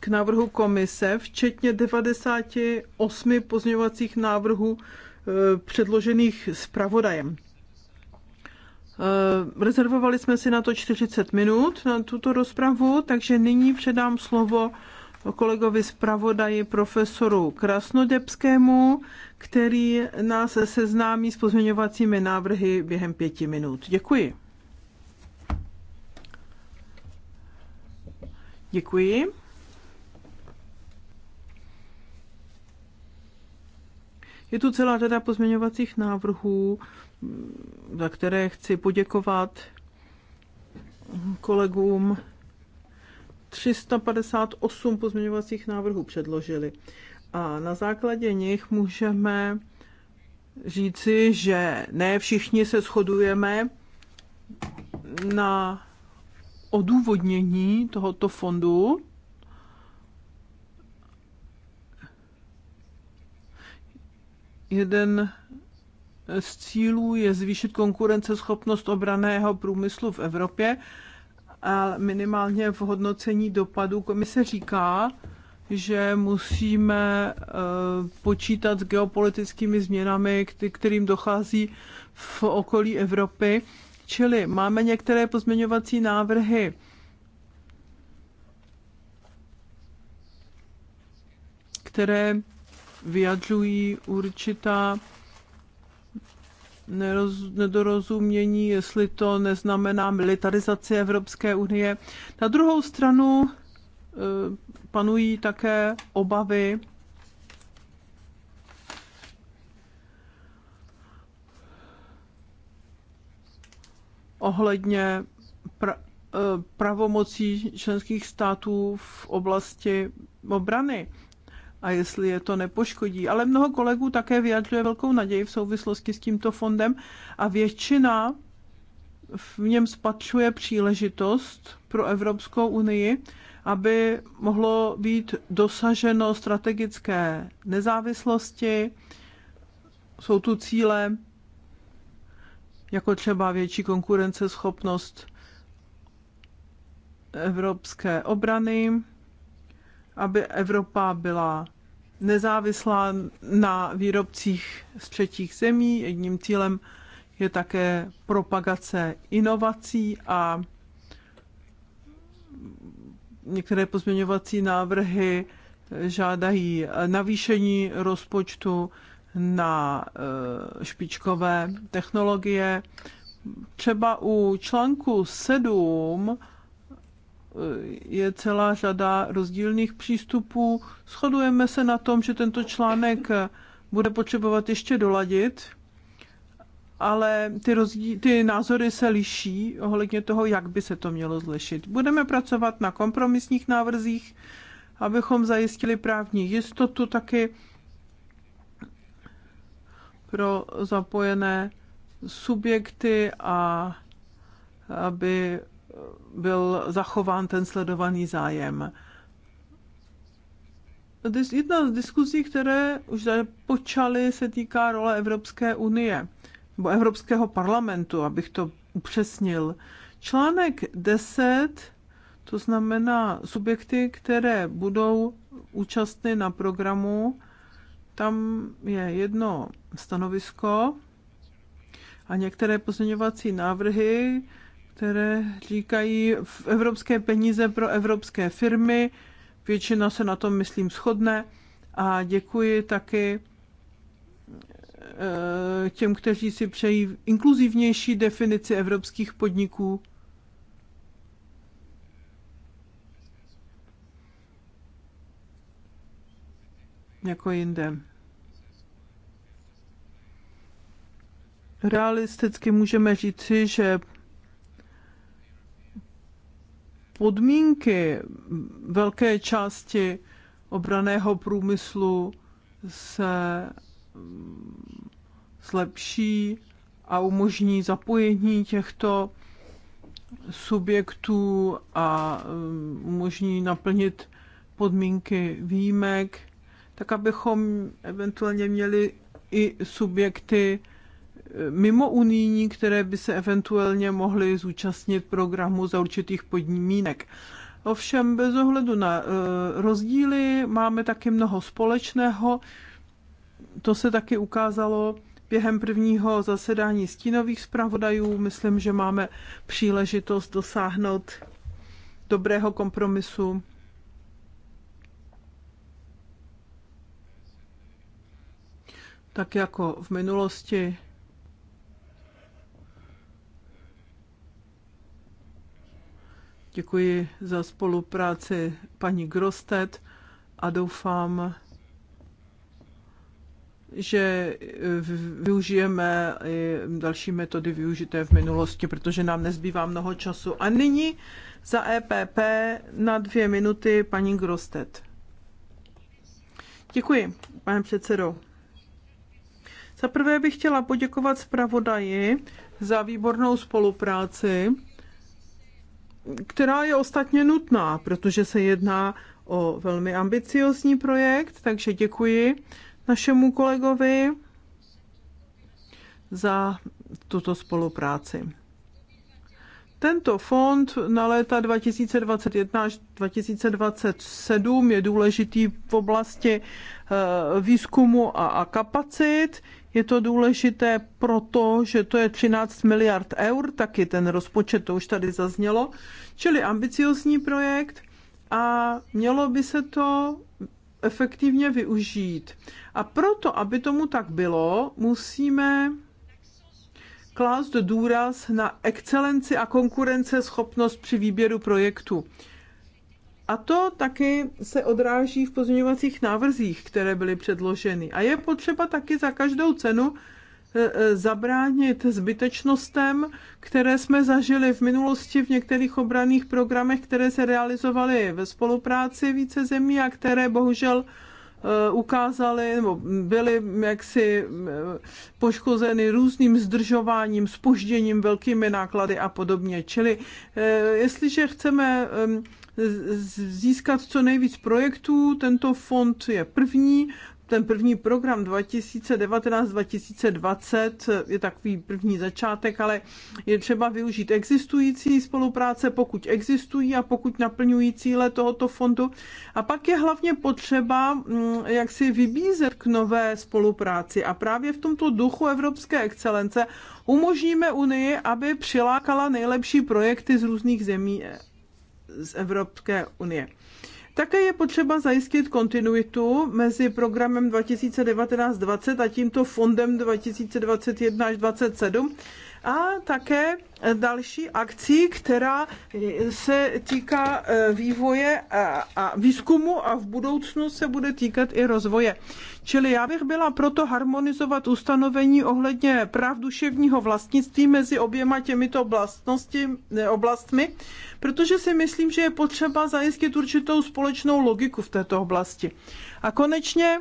k návrhu komise, včetně 98 pozměňovacích návrhů Eh, předložených zpravodajem. Eh, rezervovali jsme si na to 40 minut, na tuto rozpravu, takže nyní předám slovo kolegovi zpravodaji profesoru Krasnodebskému, který nás seznámí s pozměňovacími návrhy během pěti minut. Děkuji. Děkuji. Je tu celá řada pozměňovacích návrhů, za které chci poděkovat kolegům. 358 pozměňovacích návrhů předložili. A na základě nich můžeme říci, že ne všichni se shodujeme na odůvodnění tohoto fondu, jeden z cílů je zvýšit konkurenceschopnost obraného průmyslu v Evropě, ale minimálně v hodnocení dopadů komise říká, že musíme eh, počítat s geopolitickými změnami, kterým dochází v okolí Evropy. Čili máme některé pozměňovací návrhy, které vyjadřují určitá neroz, nedorozumění, jestli to neznamená militarizaci Evropské unie. Na druhou stranu e, panují také obavy ohledně pra, e, pravomocí členských států v oblasti obrany a jestli je to nepoškodí. Ale mnoho kolegů také vyjadřuje velkou naději v souvislosti s tímto fondem a většina v něm spatřuje příležitost pro Evropskou unii, aby mohlo být dosaženo strategické nezávislosti. Jsou tu cíle, jako třeba větší konkurenceschopnost evropské obrany, aby Evropa byla nezávislá na výrobcích z třetích zemí. Jedním cílem je také propagace inovací a některé pozměňovací návrhy žádají navýšení rozpočtu na eh, špičkové technologie. Třeba u článku 7 je celá řada rozdílných přístupů. Shodujeme se na tom, že tento článek bude potřebovat ještě doladit, ale ty, rozdí, ty názory se liší ohledně toho, jak by se to mělo zlešit. Budeme pracovat na kompromisních návrzích, abychom zajistili právní jistotu taky pro zapojené subjekty a aby byl zachován ten sledovaný zájem. Jedna z diskuzí, které už počaly, se týká role Evropské unie, nebo Evropského parlamentu, abych to upřesnil. Článek 10, to znamená subjekty, které budou účastny na programu, tam je jedno stanovisko a některé pozměňovací návrhy, které říkají evropské peníze pro evropské firmy. Většina se na tom, myslím, shodne. A děkuji taky eh, těm, kteří si přejí inkluzivnější definici evropských podniků. Jako jinde. Realisticky můžeme říci, že podmínky velké části obraného průmyslu se mm, zlepší a umožní zapojení těchto subjektů a mm, umožní naplnit podmínky výjimek, tak abychom eventuálně měli i subjekty mimo unijní, které by se eventuálně mohly zúčastnit programu za určitých podmínek. Ovšem bez ohledu na eh, rozdíly máme taky mnoho společného. To se taky ukázalo během prvního zasedání stínových zpravodajů. Myslím, že máme příležitost dosáhnout dobrého kompromisu. Tak jako v minulosti Děkuji za spolupráci paní Grostet a doufám, že eh, využijeme i další metody využité v minulosti, protože nám nezbývá mnoho času. A nyní za EPP na dvě minuty paní Grostet. Děkuji, pane předsedo. Za prvé bych chtěla poděkovat zpravodaji za výbornou spolupráci která je ostatně nutná, protože se jedná o velmi ambiciozní projekt, takže děkuji našemu kolegovi za tuto spolupráci. Tento fond na léta 2021 až 2027 je důležitý v oblasti eh, výzkumu a kapacit. Je to důležité proto, že to je 13 miliard eur, taky ten rozpočet, to už tady zaznělo, čili ambiciozní projekt a mělo by se to efektivně využít. A proto, aby tomu tak bylo, musíme klást důraz na excelenci a konkurenceschopnost při výběru projektu. A to taky se odráží v pozměňovacích návrzích, které byly předloženy. A je potřeba taky za každou cenu e, e, zabránit zbytečnostem, které jsme zažili v minulosti v některých obraných programech, které se realizovaly ve spolupráci více zemí a které bohužel e, ukázaly nebo byly jaksi poškozeny různým zdržováním, spožděním, velkými náklady a podobně. Čili jestliže chceme získat co nejvíc projektů. Tento fond je první, ten první program 2019-2020 je takový první začátek, ale je třeba využít existující spolupráce, pokud existují a pokud naplňují cíle tohoto fondu. A pak je hlavně potřeba, mm, jak si vybízet k nové spolupráci. A právě v tomto duchu Evropské excelence umožníme Unii, aby přilákala nejlepší projekty z různých zemí z Evropské unie. Také je potřeba zajistit kontinuitu mezi programem 2019-2020 a tímto fondem 2021 27 2027 a také další akcí, která se týká e, vývoje a, výzkumu a v budoucnu se bude týkat i rozvoje. Čili já bych byla proto harmonizovat ustanovení ohledně práv duševního vlastnictví mezi oběma těmito e, oblastmi, protože si myslím, že je potřeba zajistit určitou společnou logiku v této oblasti. A konečně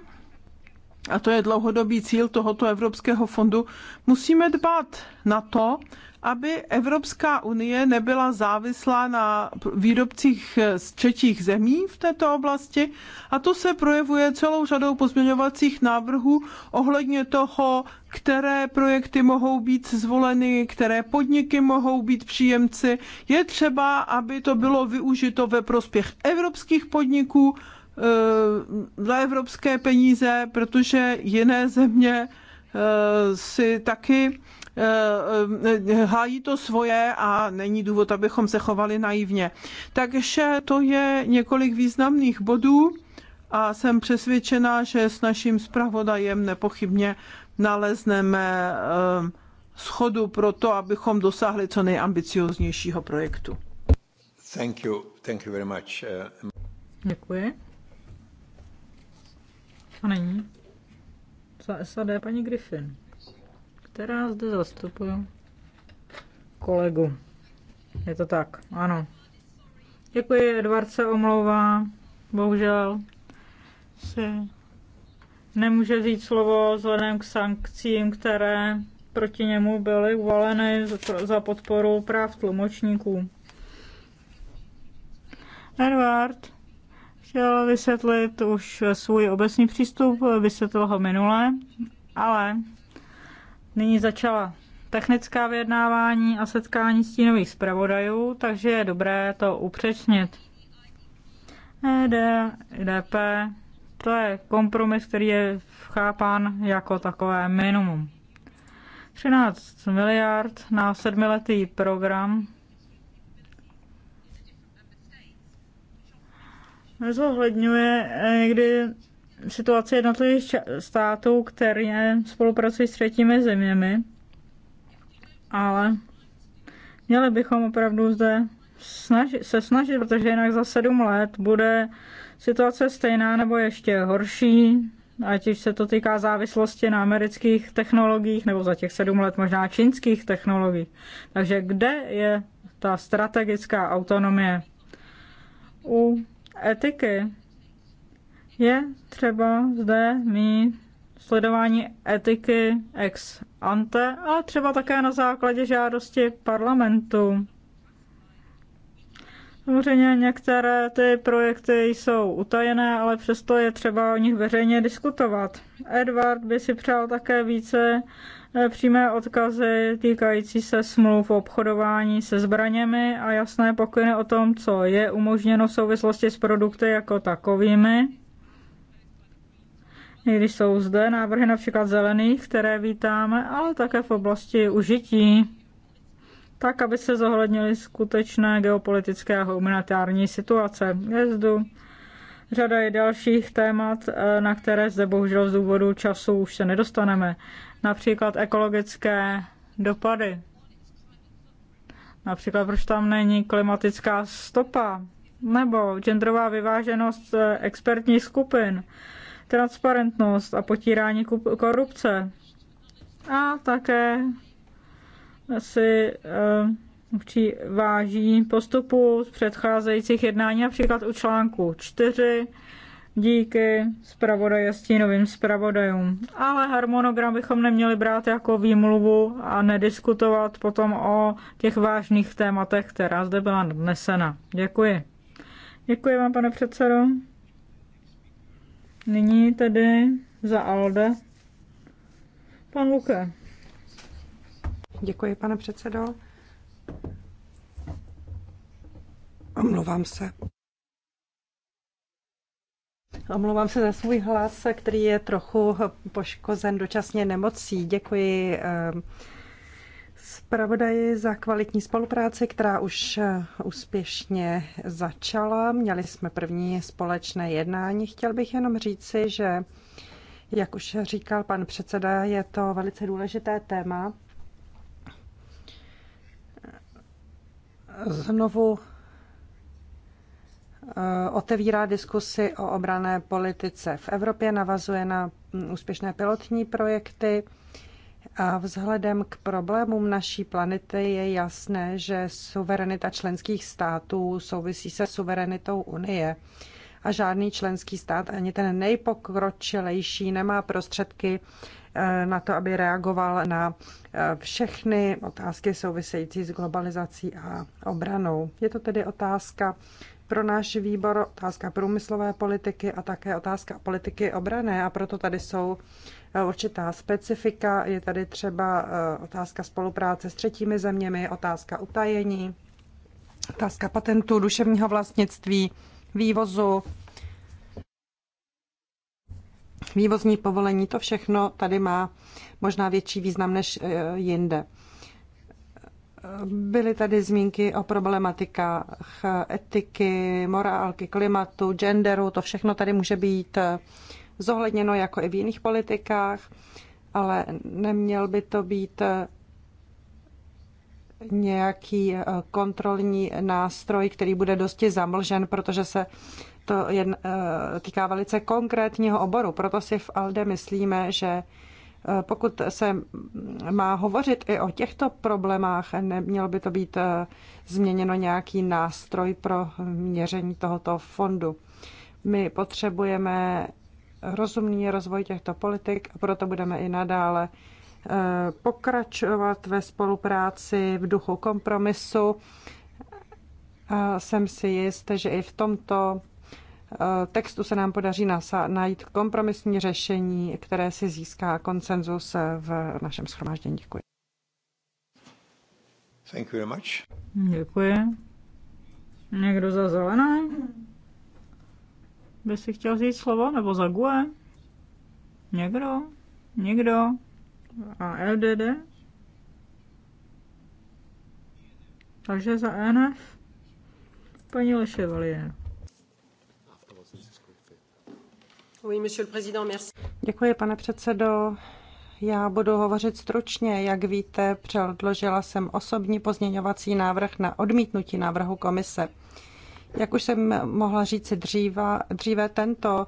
a to je dlouhodobý cíl tohoto Evropského fondu, musíme dbát na to, aby Evropská unie nebyla závislá na výrobcích z třetích zemí v této oblasti. A to se projevuje celou řadou pozměňovacích návrhů ohledně toho, které projekty mohou být zvoleny, které podniky mohou být příjemci. Je třeba, aby to bylo využito ve prospěch evropských podniků Eh, za evropské peníze, protože jiné země eh, si taky eh, hájí to svoje a není důvod, abychom se chovali naivně. Takže to je několik významných bodů a jsem přesvědčená, že s naším zpravodajem nepochybně nalezneme schodu pro to, abychom dosáhli co nejambicioznějšího projektu. Thank you. Thank you very much. Děkuji. A není. Za SAD paní Griffin, která zde zastupuje kolegu. Je to tak, ano. Děkuji, Edward se omlouvá. Bohužel Se. nemůže vzít slovo vzhledem k sankcím, které proti němu byly uvaleny za podporu práv tlumočníků. Edward chtěl vysvětlit už svůj obecný přístup, vysvětlil ho minule, ale nyní začala technická vyjednávání a setkání stínových zpravodajů, takže je dobré to upřečnit. EDP, e to je kompromis, který je chápán jako takové minimum. 13 miliard na sedmiletý program nezohledňuje eh, někdy situace jednotlivých států, které spolupracují s třetími zeměmi, ale měli bychom opravdu zde snažit, se snažit, protože jinak za sedm let bude situace stejná nebo ještě horší, ať už se to týká závislosti na amerických technologiích nebo za těch sedm let možná čínských technologií. Takže kde je ta strategická autonomie u etiky. Je třeba zde mít sledování etiky ex ante, ale třeba také na základě žádosti parlamentu. Samozřejmě některé ty projekty jsou utajené, ale přesto je třeba o nich veřejně diskutovat. Edward by si přál také více Eh, přímé odkazy týkající se smluv o obchodování se zbraněmi a jasné pokyny o tom, co je umožněno v souvislosti s produkty jako takovými. I když jsou zde návrhy například zelených, které vítáme, ale také v oblasti užití, tak aby se zohlednily skutečné geopolitické a humanitární situace. Je řada i dalších témat, eh, na které zde bohužel z důvodu času už se nedostaneme například ekologické dopady. Například proč tam není klimatická stopa nebo genderová vyváženost eh, expertních skupin, transparentnost a potírání korupce. A také si eh, váží postupu z předcházejících jednání, například u článku 4 díky zpravodaje stínovým zpravodajům. Ale harmonogram bychom neměli brát jako výmluvu a nediskutovat potom o těch vážných tématech, která zde byla nadnesena. Děkuji. Děkuji vám, pane předsedo. Nyní tedy za Alde. Pan Luke. Děkuji, pane předsedo. Omlouvám se. Omlouvám se za svůj hlas, který je trochu poškozen dočasně nemocí. Děkuji eh, zpravodaji za kvalitní spolupráci, která už eh, úspěšně začala. Měli jsme první společné jednání. Chtěl bych jenom říci, že, jak už říkal pan předseda, je to velice důležité téma. Znovu Eh, otevírá diskusy o obrané politice v Evropě, navazuje na mm, úspěšné pilotní projekty. A vzhledem k problémům naší planety je jasné, že suverenita členských států souvisí se suverenitou Unie. A žádný členský stát, ani ten nejpokročilejší, nemá prostředky eh, na to, aby reagoval na eh, všechny otázky související s globalizací a obranou. Je to tedy otázka pro náš výbor otázka průmyslové politiky a také otázka politiky obrané a proto tady jsou e, určitá specifika. Je tady třeba e, otázka spolupráce s třetími zeměmi, otázka utajení, otázka patentů, duševního vlastnictví, vývozu, vývozní povolení, to všechno tady má možná větší význam než e, jinde. Byly tady zmínky o problematikách etiky, morálky, klimatu, genderu, to všechno tady může být zohledněno jako i v jiných politikách, ale neměl by to být nějaký kontrolní nástroj, který bude dosti zamlžen, protože se to jen, týká velice konkrétního oboru. Proto si v ALDE myslíme, že Eh, pokud se má hovořit i o těchto problémách, nemělo by to být eh, změněno nějaký nástroj pro měření tohoto fondu. My potřebujeme rozumný rozvoj těchto politik a proto budeme i nadále eh, pokračovat ve spolupráci v duchu kompromisu. A jsem si jist, že i v tomto Eh, textu se nám podaří najít kompromisní řešení, které si získá konsenzus eh, v našem schromáždění. Děkuji. Thank you very much. Děkuji. Někdo za zelené? By si chtěl říct slovo? Nebo za GUE? Někdo? Někdo? A LDD? Takže za e NF? Paní Leševalie. Děkuji, pane předsedo. Já budu hovořit stručně. Jak víte, předložila jsem osobní pozměňovací návrh na odmítnutí návrhu komise. Jak už jsem mohla říci dříve, dříve tento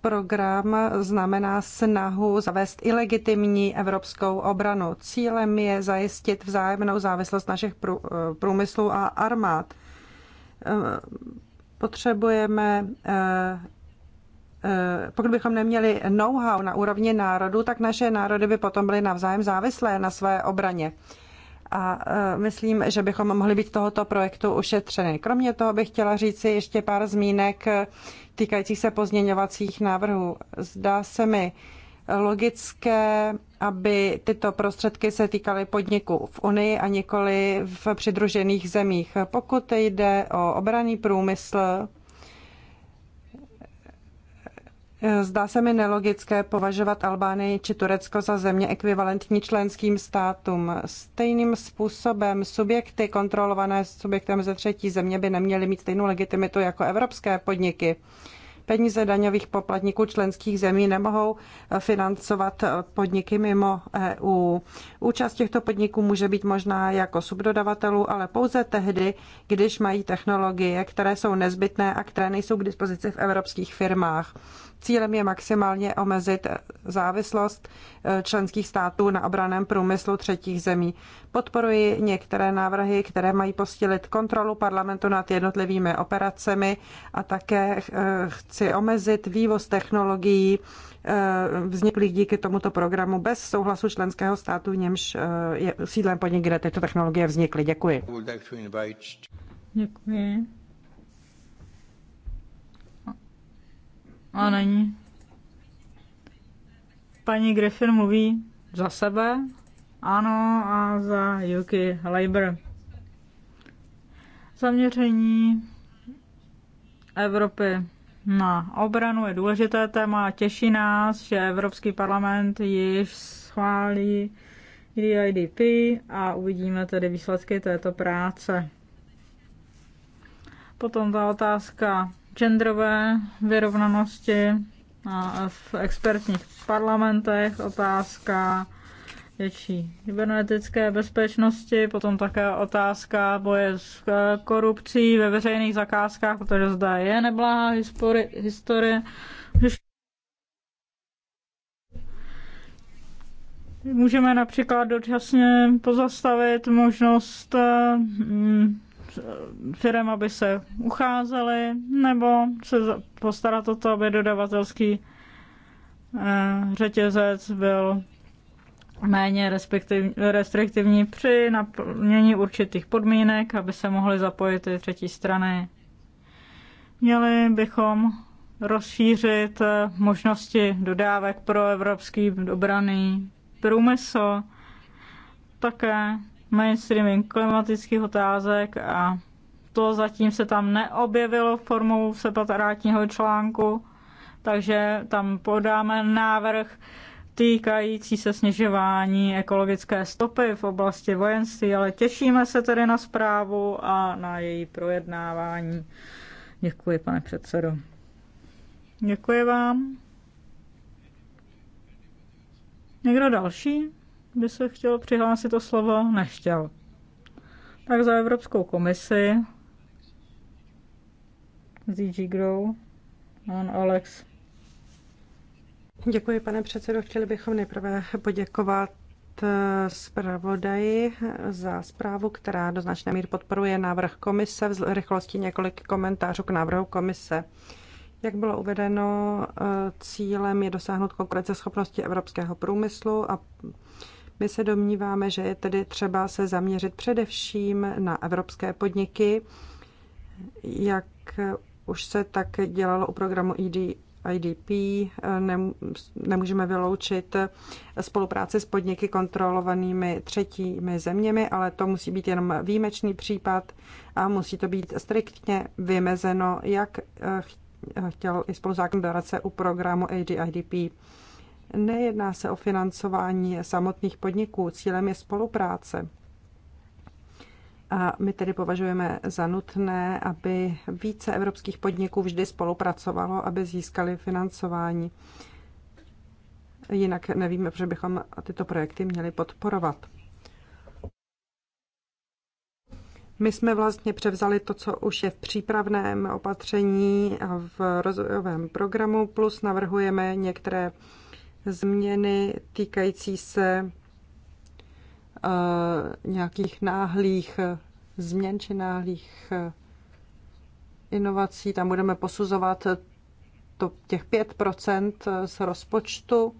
program znamená snahu zavést ilegitimní evropskou obranu. Cílem je zajistit vzájemnou závislost našich průmyslů a armád. Potřebujeme Eh, pokud bychom neměli know-how na úrovni národu, tak naše národy by potom byly navzájem závislé na své obraně. A eh, myslím, že bychom mohli být tohoto projektu ušetřeny. Kromě toho bych chtěla říci ještě pár zmínek eh, týkajících se pozměňovacích návrhů. Zdá se mi logické, aby tyto prostředky se týkaly podniků v Unii a nikoli v přidružených zemích. Pokud jde o obraný průmysl, Zdá se mi nelogické považovat Albánii či Turecko za země ekvivalentní členským státům. Stejným způsobem subjekty kontrolované subjektem ze třetí země by neměly mít stejnou legitimitu jako evropské podniky. Peníze daňových poplatníků členských zemí nemohou financovat podniky mimo EU. Účast těchto podniků může být možná jako subdodavatelů, ale pouze tehdy, když mají technologie, které jsou nezbytné a které nejsou k dispozici v evropských firmách. Cílem je maximálně omezit závislost eh, členských států na obraném průmyslu třetích zemí. Podporuji některé návrhy, které mají posílit kontrolu parlamentu nad jednotlivými operacemi a také eh, chci omezit vývoz technologií eh, vzniklých díky tomuto programu bez souhlasu členského státu, v němž je sídlem podnik, kde tyto technologie vznikly. Děkuji. Děkuji. A není. Paní Griffin mluví za sebe, ano, a za Yuki Labour. Zaměření Evropy na obranu je důležité téma a těší nás, že Evropský parlament již schválí DIDP a uvidíme tedy výsledky této práce. Potom ta otázka genderové vyrovnanosti a v expertních parlamentech, otázka větší kybernetické bezpečnosti, potom také otázka boje s eh, korupcí ve veřejných zakázkách, protože zde je neblahá historie. Můžeme například dočasně pozastavit možnost eh, hmm, firm, aby se ucházely, nebo se postarat o to, aby dodavatelský eh, řetězec byl méně restriktivní při naplnění určitých podmínek, aby se mohly zapojit i třetí strany. Měli bychom rozšířit eh, možnosti dodávek pro evropský obraný průmysl, také mainstreaming klimatických otázek a to zatím se tam neobjevilo formou separátního článku, takže tam podáme návrh týkající se snižování ekologické stopy v oblasti vojenství, ale těšíme se tedy na zprávu a na její projednávání. Děkuji, pane předsedo. Děkuji vám. Někdo další? by se chtěl přihlásit to slovo? Nechtěl. Tak za Evropskou komisi ZG e Grow, pan Alex. Děkuji, pane předsedo. Chtěli bychom nejprve poděkovat eh, zpravodaji za zprávu, která do značné míry podporuje návrh komise. V rychlosti několik komentářů k návrhu komise. Jak bylo uvedeno, eh, cílem je dosáhnout konkurenceschopnosti evropského průmyslu a my se domníváme, že je tedy třeba se zaměřit především na evropské podniky, jak už se tak dělalo u programu ID, e IDP, nemůžeme vyloučit spolupráci s podniky kontrolovanými třetími zeměmi, ale to musí být jenom výjimečný případ a musí to být striktně vymezeno, jak eh, chtěl i spoluzákon u programu ADIDP. Nejedná se o financování samotných podniků, cílem je spolupráce. A my tedy považujeme za nutné, aby více evropských podniků vždy spolupracovalo, aby získali financování. Jinak nevíme, proč bychom tyto projekty měli podporovat. My jsme vlastně převzali to, co už je v přípravném opatření a v rozvojovém programu, plus navrhujeme některé změny týkající se eh, nějakých náhlých eh, změn či náhlých eh, inovací. Tam budeme posuzovat to, těch 5% z rozpočtu,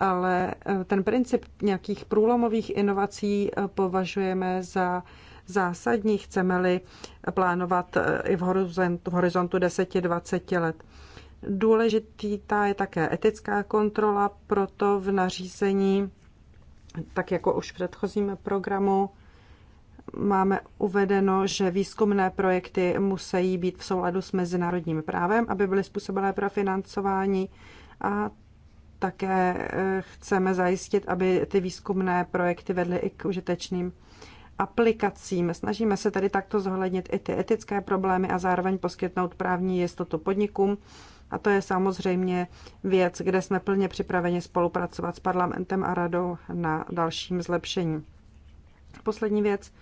ale ten princip nějakých průlomových inovací považujeme za zásadní, chceme-li plánovat i v horizontu, v horizontu 10-20 let. Důležitá je také etická kontrola, proto v nařízení, tak jako už v předchozím programu, máme uvedeno, že výzkumné projekty musí být v souladu s mezinárodním právem, aby byly způsobené pro financování a také eh, chceme zajistit, aby ty výzkumné projekty vedly i k užitečným aplikacím. Snažíme se tedy takto zohlednit i ty etické problémy a zároveň poskytnout právní jistotu podnikům, a to je samozřejmě věc, kde jsme plně připraveni spolupracovat s parlamentem a radou na dalším zlepšení. Poslední věc.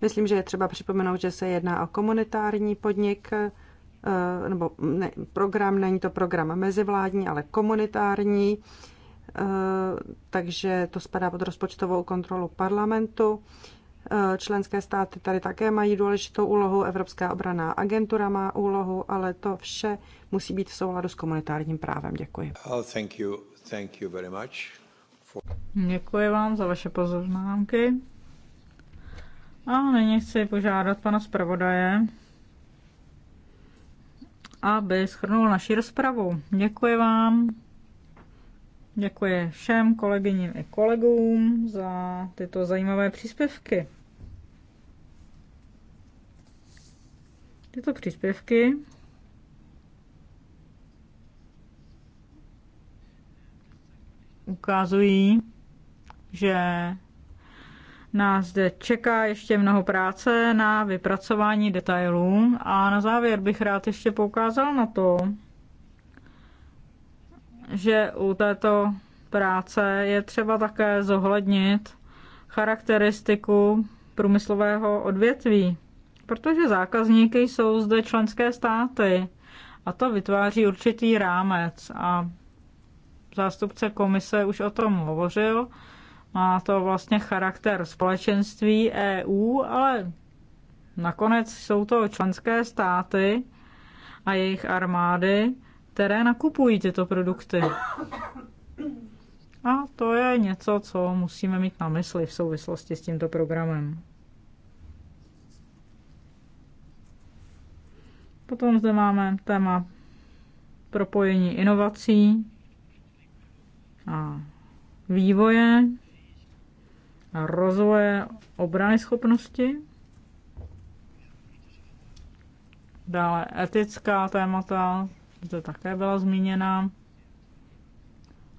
Myslím, že je třeba připomenout, že se jedná o komunitární podnik, eh, nebo ne, program, není to program mezivládní, ale komunitární, eh, takže to spadá pod rozpočtovou kontrolu parlamentu. Eh, členské státy tady také mají důležitou úlohu, Evropská obraná agentura má úlohu, ale to vše musí být v souladu s komunitárním právem. Děkuji. Oh, thank you. Thank you very much for... Děkuji vám za vaše poznámky. A nyní chci požádat pana zpravodaje, aby schrnul naši rozpravu. Děkuji vám. Děkuji všem kolegyním i kolegům za tyto zajímavé příspěvky. Tyto příspěvky ukazují, že nás zde čeká ještě mnoho práce na vypracování detailů a na závěr bych rád ještě poukázal na to, že u této práce je třeba také zohlednit charakteristiku průmyslového odvětví. Protože zákazníky jsou zde členské státy a to vytváří určitý rámec a zástupce komise už o tom hovořil. Má to vlastně charakter společenství EU, ale nakonec jsou to členské státy a jejich armády, které nakupují tyto produkty. A to je něco, co musíme mít na mysli v souvislosti s tímto programem. Potom zde máme téma propojení inovací a vývoje a rozvoje obrany schopnosti. Dále etická témata, zde také byla zmíněna.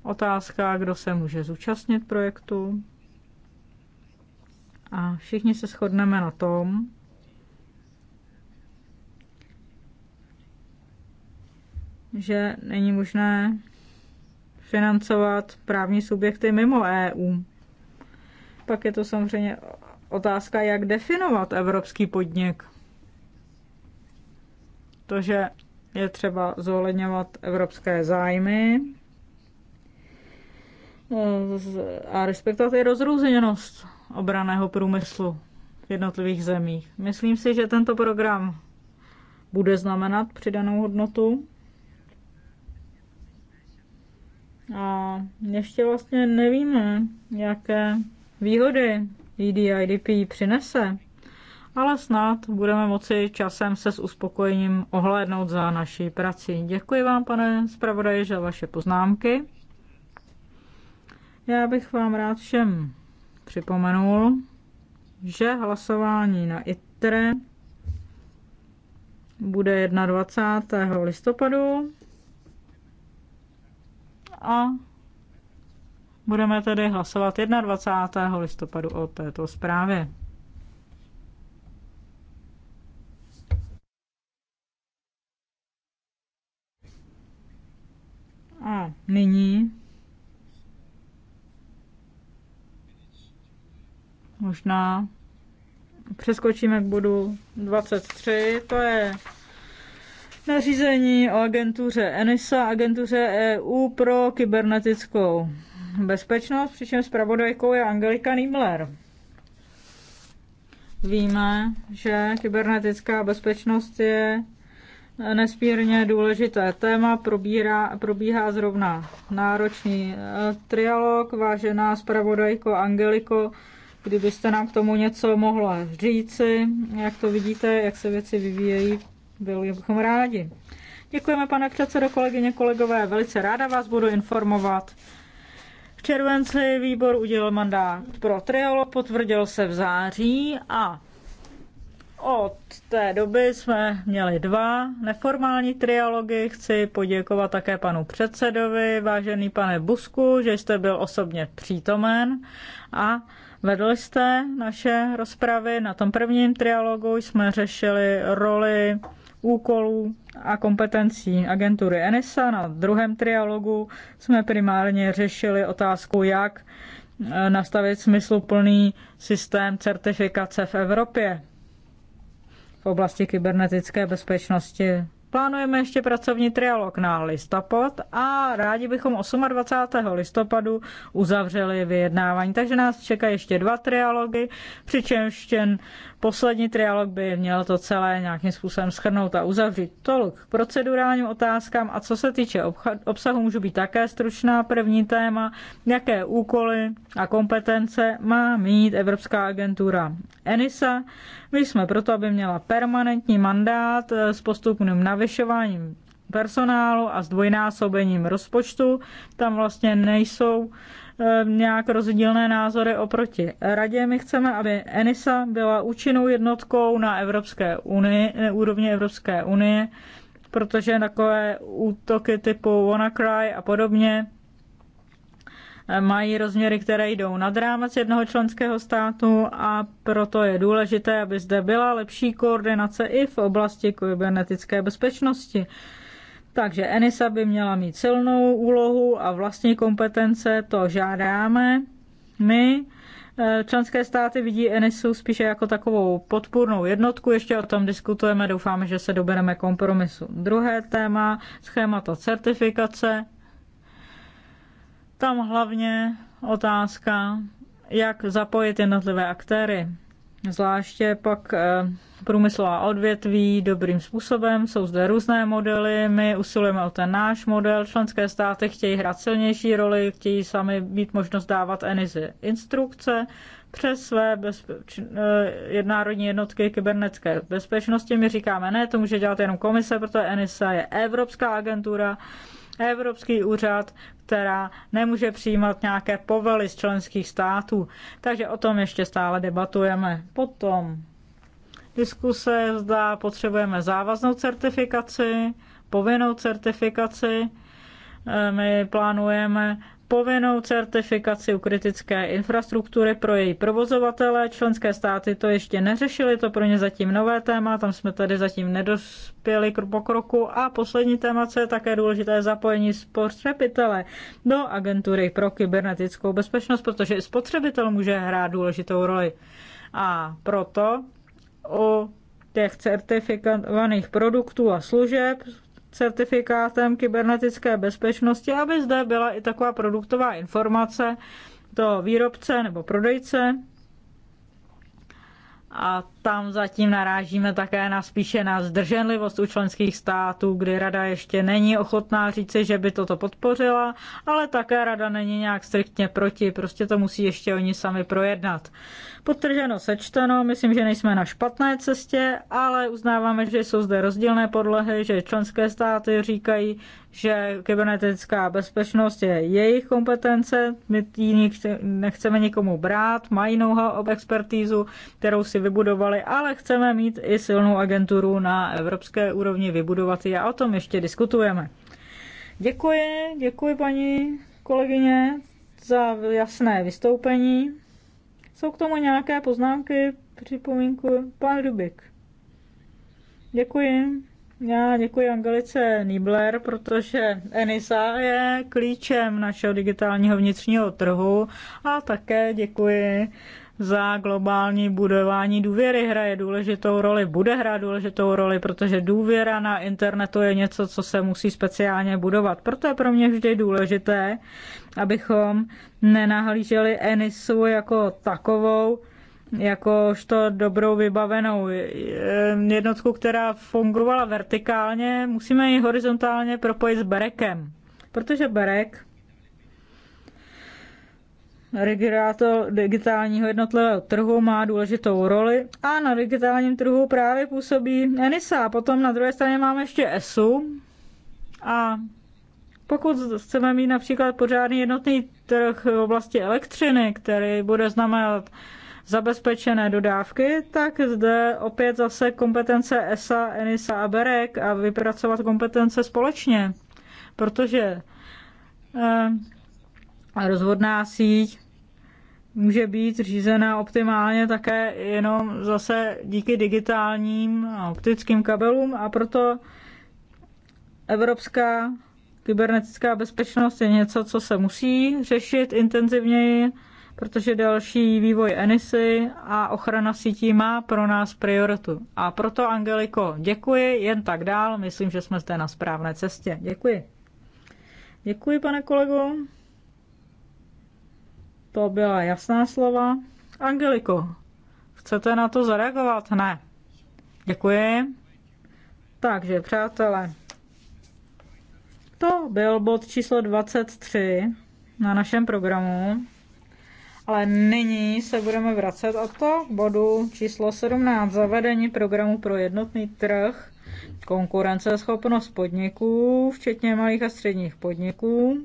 Otázka, kdo se může zúčastnit projektu. A všichni se shodneme na tom, že není možné financovat právní subjekty mimo EU. Pak je to samozřejmě otázka, jak definovat evropský podnik. To, že je třeba zohledňovat evropské zájmy no, a respektovat i rozrůzněnost obraného průmyslu v jednotlivých zemích. Myslím si, že tento program bude znamenat přidanou hodnotu A ještě vlastně nevíme, jaké výhody EDIDP přinese, ale snad budeme moci časem se s uspokojením ohlédnout za naší prací. Děkuji vám, pane zpravodaji, za vaše poznámky. Já bych vám rád všem připomenul, že hlasování na ITRE bude 21. listopadu a budeme tedy hlasovat 21. listopadu o této zprávě. A nyní možná přeskočíme k bodu 23, to je Nařízení o agentuře ENISA, agentuře EU pro kybernetickou bezpečnost, přičemž zpravodajkou je Angelika Niemler. Víme, že kybernetická bezpečnost je nespírně důležité téma, probírá, probíhá zrovna náročný eh, trialog. Vážená zpravodajko Angeliko, kdybyste nám k tomu něco mohla říci, jak to vidíte, jak se věci vyvíjejí byli bychom rádi. Děkujeme, pane předsedo, kolegyně, kolegové. Velice ráda vás budu informovat. V červenci výbor udělal mandát pro triolo, potvrdil se v září a od té doby jsme měli dva neformální trialogy. Chci poděkovat také panu předsedovi, vážený pane Busku, že jste byl osobně přítomen a vedl jste naše rozpravy. Na tom prvním trialogu jsme řešili roli úkolů a kompetencí agentury ENISA. Na druhém trialogu jsme primárně řešili otázku, jak e, nastavit smysluplný systém certifikace v Evropě v oblasti kybernetické bezpečnosti. Plánujeme ještě pracovní trialog na listopad a rádi bychom 28. listopadu uzavřeli vyjednávání. Takže nás čekají ještě dva trialogy, přičemž ten poslední trialog by měl to celé nějakým způsobem schrnout a uzavřít. Tolik k procedurálním otázkám a co se týče obsahu, můžu být také stručná. První téma, jaké úkoly a kompetence má mít Evropská agentura ENISA my jsme proto, aby měla permanentní mandát eh, s postupným navyšováním personálu a zdvojnásobením rozpočtu. Tam vlastně nejsou eh, nějak rozdílné názory oproti radě. My chceme, aby ENISA byla účinnou jednotkou na Evropské unii, eh, úrovni Evropské unie, protože takové útoky typu WannaCry a podobně mají rozměry, které jdou nad rámec jednoho členského státu a proto je důležité, aby zde byla lepší koordinace i v oblasti kybernetické bezpečnosti. Takže Enisa by měla mít silnou úlohu a vlastní kompetence, to žádáme. My eh, Členské státy vidí Enisu spíše jako takovou podpůrnou jednotku, ještě o tom diskutujeme, doufáme, že se dobereme kompromisu. Druhé téma, schémata certifikace, tam hlavně otázka, jak zapojit jednotlivé aktéry. Zvláště pak eh, průmyslová odvětví dobrým způsobem, jsou zde různé modely, my usilujeme o ten náš model, členské státy chtějí hrát silnější roli, chtějí sami mít možnost dávat enizy instrukce přes své bezpeč... Eh, jednotky kybernetické bezpečnosti. My říkáme, ne, to může dělat jenom komise, protože ENISA je evropská agentura, Evropský úřad, která nemůže přijímat nějaké povely z členských států. Takže o tom ještě stále debatujeme. Potom diskuse, zda potřebujeme závaznou certifikaci, povinnou certifikaci. E, my plánujeme povinnou certifikaci u kritické infrastruktury pro její provozovatele. Členské státy to ještě neřešily, to pro ně zatím nové téma, tam jsme tady zatím nedospěli k pokroku. A poslední téma, co je také důležité, zapojení spotřebitele do agentury pro kybernetickou bezpečnost, protože i spotřebitel může hrát důležitou roli. A proto o těch certifikovaných produktů a služeb certifikátem kybernetické bezpečnosti, aby zde byla i taková produktová informace do výrobce nebo prodejce. A tam zatím narážíme také na spíše na zdrženlivost u členských států, kdy rada ještě není ochotná říci, že by toto podpořila, ale také rada není nějak striktně proti, prostě to musí ještě oni sami projednat. Potrženo sečteno, myslím, že nejsme na špatné cestě, ale uznáváme, že jsou zde rozdílné podlahy, že členské státy říkají, že kybernetická bezpečnost je jejich kompetence, my ji nechceme nikomu brát, mají know-how ob expertízu, kterou si vybudovali, ale chceme mít i silnou agenturu na evropské úrovni vybudovat ji a o tom ještě diskutujeme. Děkuji, děkuji paní kolegyně za jasné vystoupení. Jsou k tomu nějaké poznámky, připomínku? Pan Rubik. Děkuji. Já děkuji Angelice Nibler, protože Enisa je klíčem našeho digitálního vnitřního trhu a také děkuji za globální budování důvěry hraje důležitou roli, bude hrát důležitou roli, protože důvěra na internetu je něco, co se musí speciálně budovat. Proto je pro mě vždy důležité, abychom nenahlíželi Enisu jako takovou, jakožto dobrou vybavenou jednotku, která fungovala vertikálně, musíme ji horizontálně propojit s Berekem. Protože Berek regulátor digitálního jednotlivého trhu má důležitou roli a na digitálním trhu právě působí ENISA. Potom na druhé straně máme ještě ESU a pokud chceme mít například pořádný jednotný trh v oblasti elektřiny, který bude znamenat zabezpečené dodávky, tak zde opět zase kompetence ESA, ENISA a BEREK a vypracovat kompetence společně, protože eh, rozvodná síť může být řízená optimálně také jenom zase díky digitálním a optickým kabelům a proto evropská kybernetická bezpečnost je něco, co se musí řešit intenzivněji, protože další vývoj ENISY a ochrana sítí má pro nás prioritu. A proto, Angeliko, děkuji, jen tak dál, myslím, že jsme zde na správné cestě. Děkuji. Děkuji, pane kolego. To byla jasná slova. Angeliko, chcete na to zareagovat? Ne. Děkuji. Takže, přátelé, to byl bod číslo 23 na našem programu, ale nyní se budeme vracet a to k bodu číslo 17, zavedení programu pro jednotný trh, konkurenceschopnost podniků, včetně malých a středních podniků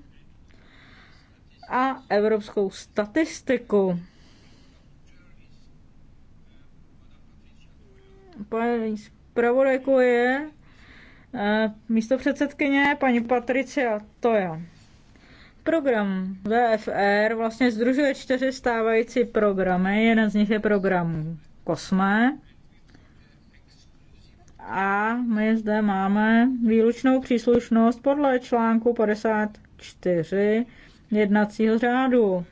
a evropskou statistiku. Paní zpravodajku je eh, místo předsedkyně paní Patricia Toja. Program VFR vlastně združuje čtyři stávající programy. Jeden z nich je program Kosme. A my zde máme výlučnou příslušnost podle článku 54 jednacího řádu.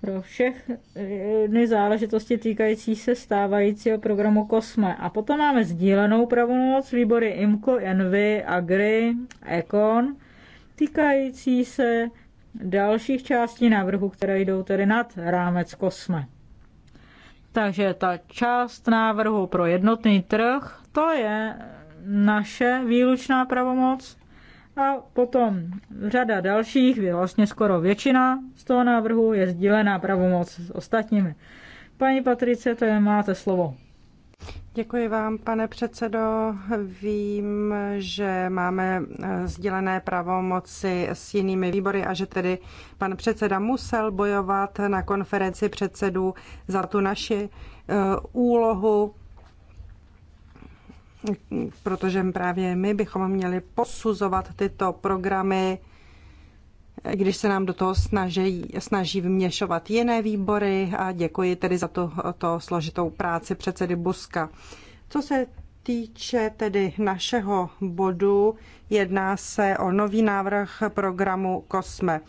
Pro všechny záležitosti týkající se stávajícího programu Kosme. A potom máme sdílenou pravomoc výbory IMCO, ENVY, AGRI, ECON, týkající se dalších částí návrhu, které jdou tedy nad rámec Kosme. Takže ta část návrhu pro jednotný trh, to je naše výlučná pravomoc a potom řada dalších, vlastně skoro většina z toho návrhu je sdílená pravomoc s ostatními. Paní Patrice, to je, máte slovo. Děkuji vám, pane předsedo. Vím, že máme eh, sdílené pravomoci s jinými výbory a že tedy pan předseda musel bojovat na konferenci předsedů za tu naši eh, úlohu protože právě my bychom měli posuzovat tyto programy, když se nám do toho snaží, snaží vměšovat jiné výbory a děkuji tedy za to, to složitou práci předsedy Buska. Co se týče tedy našeho bodu, jedná se o nový návrh programu COSME.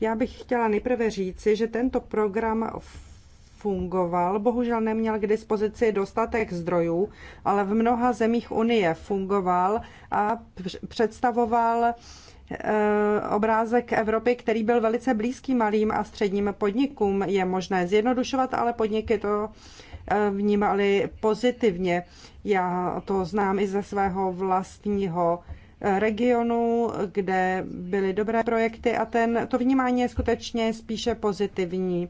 Já bych chtěla nejprve říci, že tento program fungoval, bohužel neměl k dispozici dostatek zdrojů, ale v mnoha zemích Unie fungoval a představoval eh, obrázek Evropy, který byl velice blízký malým a středním podnikům. Je možné zjednodušovat, ale podniky to eh, vnímali pozitivně. Já to znám i ze svého vlastního eh, regionu, kde byly dobré projekty a ten, to vnímání je skutečně spíše pozitivní.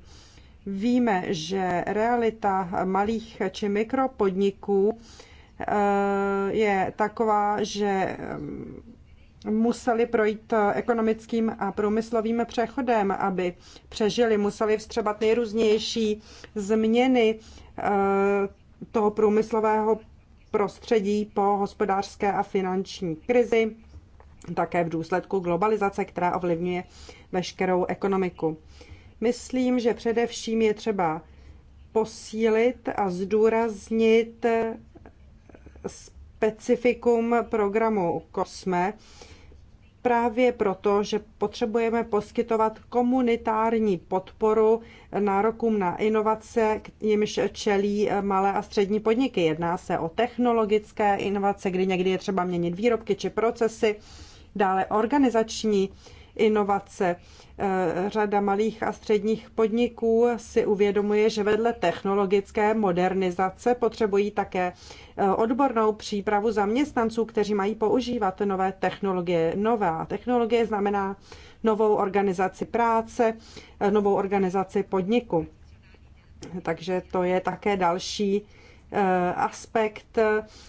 Víme, že realita malých či mikropodniků eh, je taková, že eh, museli projít eh, ekonomickým a průmyslovým přechodem, aby přežili, museli vstřebat nejrůznější změny toho průmyslového prostředí po hospodářské a finanční krizi, také v důsledku globalizace, která ovlivňuje veškerou ekonomiku. Myslím, že především je třeba posílit a zdůraznit specifikum programu COSME, právě proto, že potřebujeme poskytovat komunitární podporu nárokům na inovace, jimž čelí malé a střední podniky. Jedná se o technologické inovace, kdy někdy je třeba měnit výrobky či procesy, dále organizační inovace. Eh, řada malých a středních podniků si uvědomuje, že vedle technologické modernizace potřebují také eh, odbornou přípravu zaměstnanců, kteří mají používat nové technologie. Nová technologie znamená novou organizaci práce, eh, novou organizaci podniku. Takže to je také další aspekt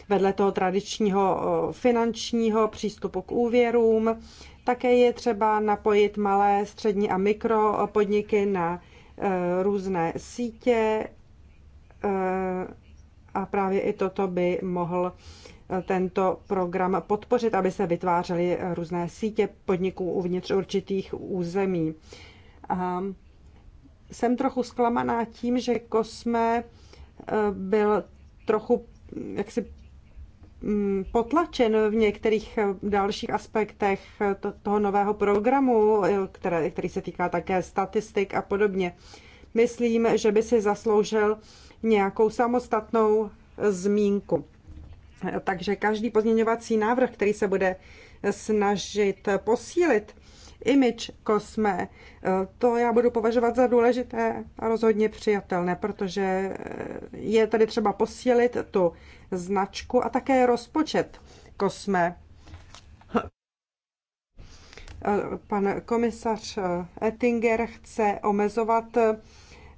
vedle toho tradičního finančního přístupu k úvěrům, také je třeba napojit malé, střední a mikro podniky na e, různé sítě e, a právě i toto by mohl e, tento program podpořit, aby se vytvářely různé sítě podniků uvnitř určitých území. A jsem trochu zklamaná tím, že Kosme byl trochu jaksi Mm, potlačen v některých eh, dalších aspektech eh, toho nového programu, eh, které, který se týká také statistik a podobně. Myslím, že by si zasloužil nějakou samostatnou zmínku. Takže každý pozměňovací návrh, který se bude snažit posílit image Kosme, eh, to já budu považovat za důležité a rozhodně přijatelné, protože eh, je tady třeba posílit tu značku a také rozpočet Kosme. Eh, pan komisař Ettinger chce omezovat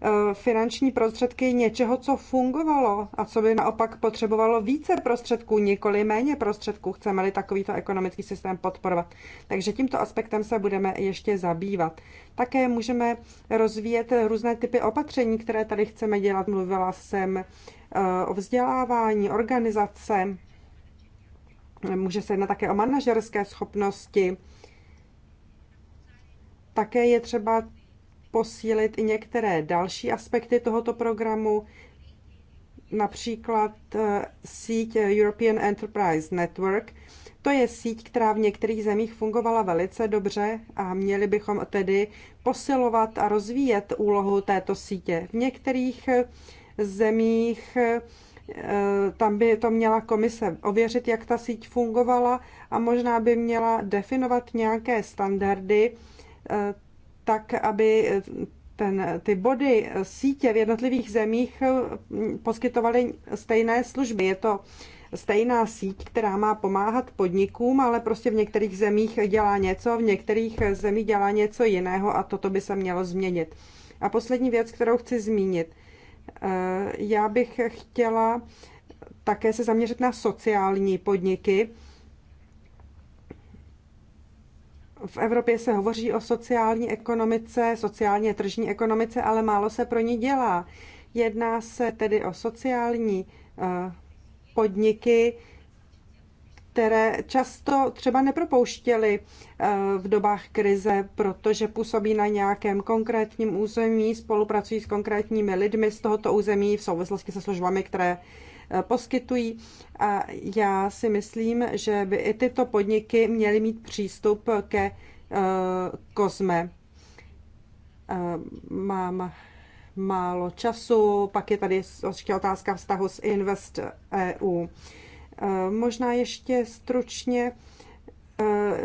Eh, finanční prostředky něčeho, co fungovalo a co by naopak potřebovalo více prostředků, nikoli méně prostředků, chceme-li takovýto ekonomický systém podporovat. Takže tímto aspektem se budeme ještě zabývat. Také můžeme rozvíjet různé typy opatření, které tady chceme dělat. Mluvila jsem eh, o vzdělávání, organizace, může se jednat také o manažerské schopnosti, také je třeba posílit i některé další aspekty tohoto programu, například eh, síť European Enterprise Network. To je síť, která v některých zemích fungovala velice dobře a měli bychom tedy posilovat a rozvíjet úlohu této sítě. V některých eh, zemích eh, tam by to měla komise ověřit, jak ta síť fungovala a možná by měla definovat nějaké standardy tak aby ten, ty body sítě v jednotlivých zemích poskytovaly stejné služby. Je to stejná síť, která má pomáhat podnikům, ale prostě v některých zemích dělá něco, v některých zemích dělá něco jiného a toto by se mělo změnit. A poslední věc, kterou chci zmínit. Eh, já bych chtěla také se zaměřit na sociální podniky, v Evropě se hovoří o sociální ekonomice, sociálně tržní ekonomice, ale málo se pro ní dělá. Jedná se tedy o sociální eh, podniky, které často třeba nepropouštěly eh, v dobách krize, protože působí na nějakém konkrétním území, spolupracují s konkrétními lidmi z tohoto území v souvislosti se službami, které Eh, poskytují. A já si myslím, že by i tyto podniky měly mít přístup ke eh, kozme. Eh, mám málo času, pak je tady ještě otázka vztahu s Invest EU. Možná ještě stručně,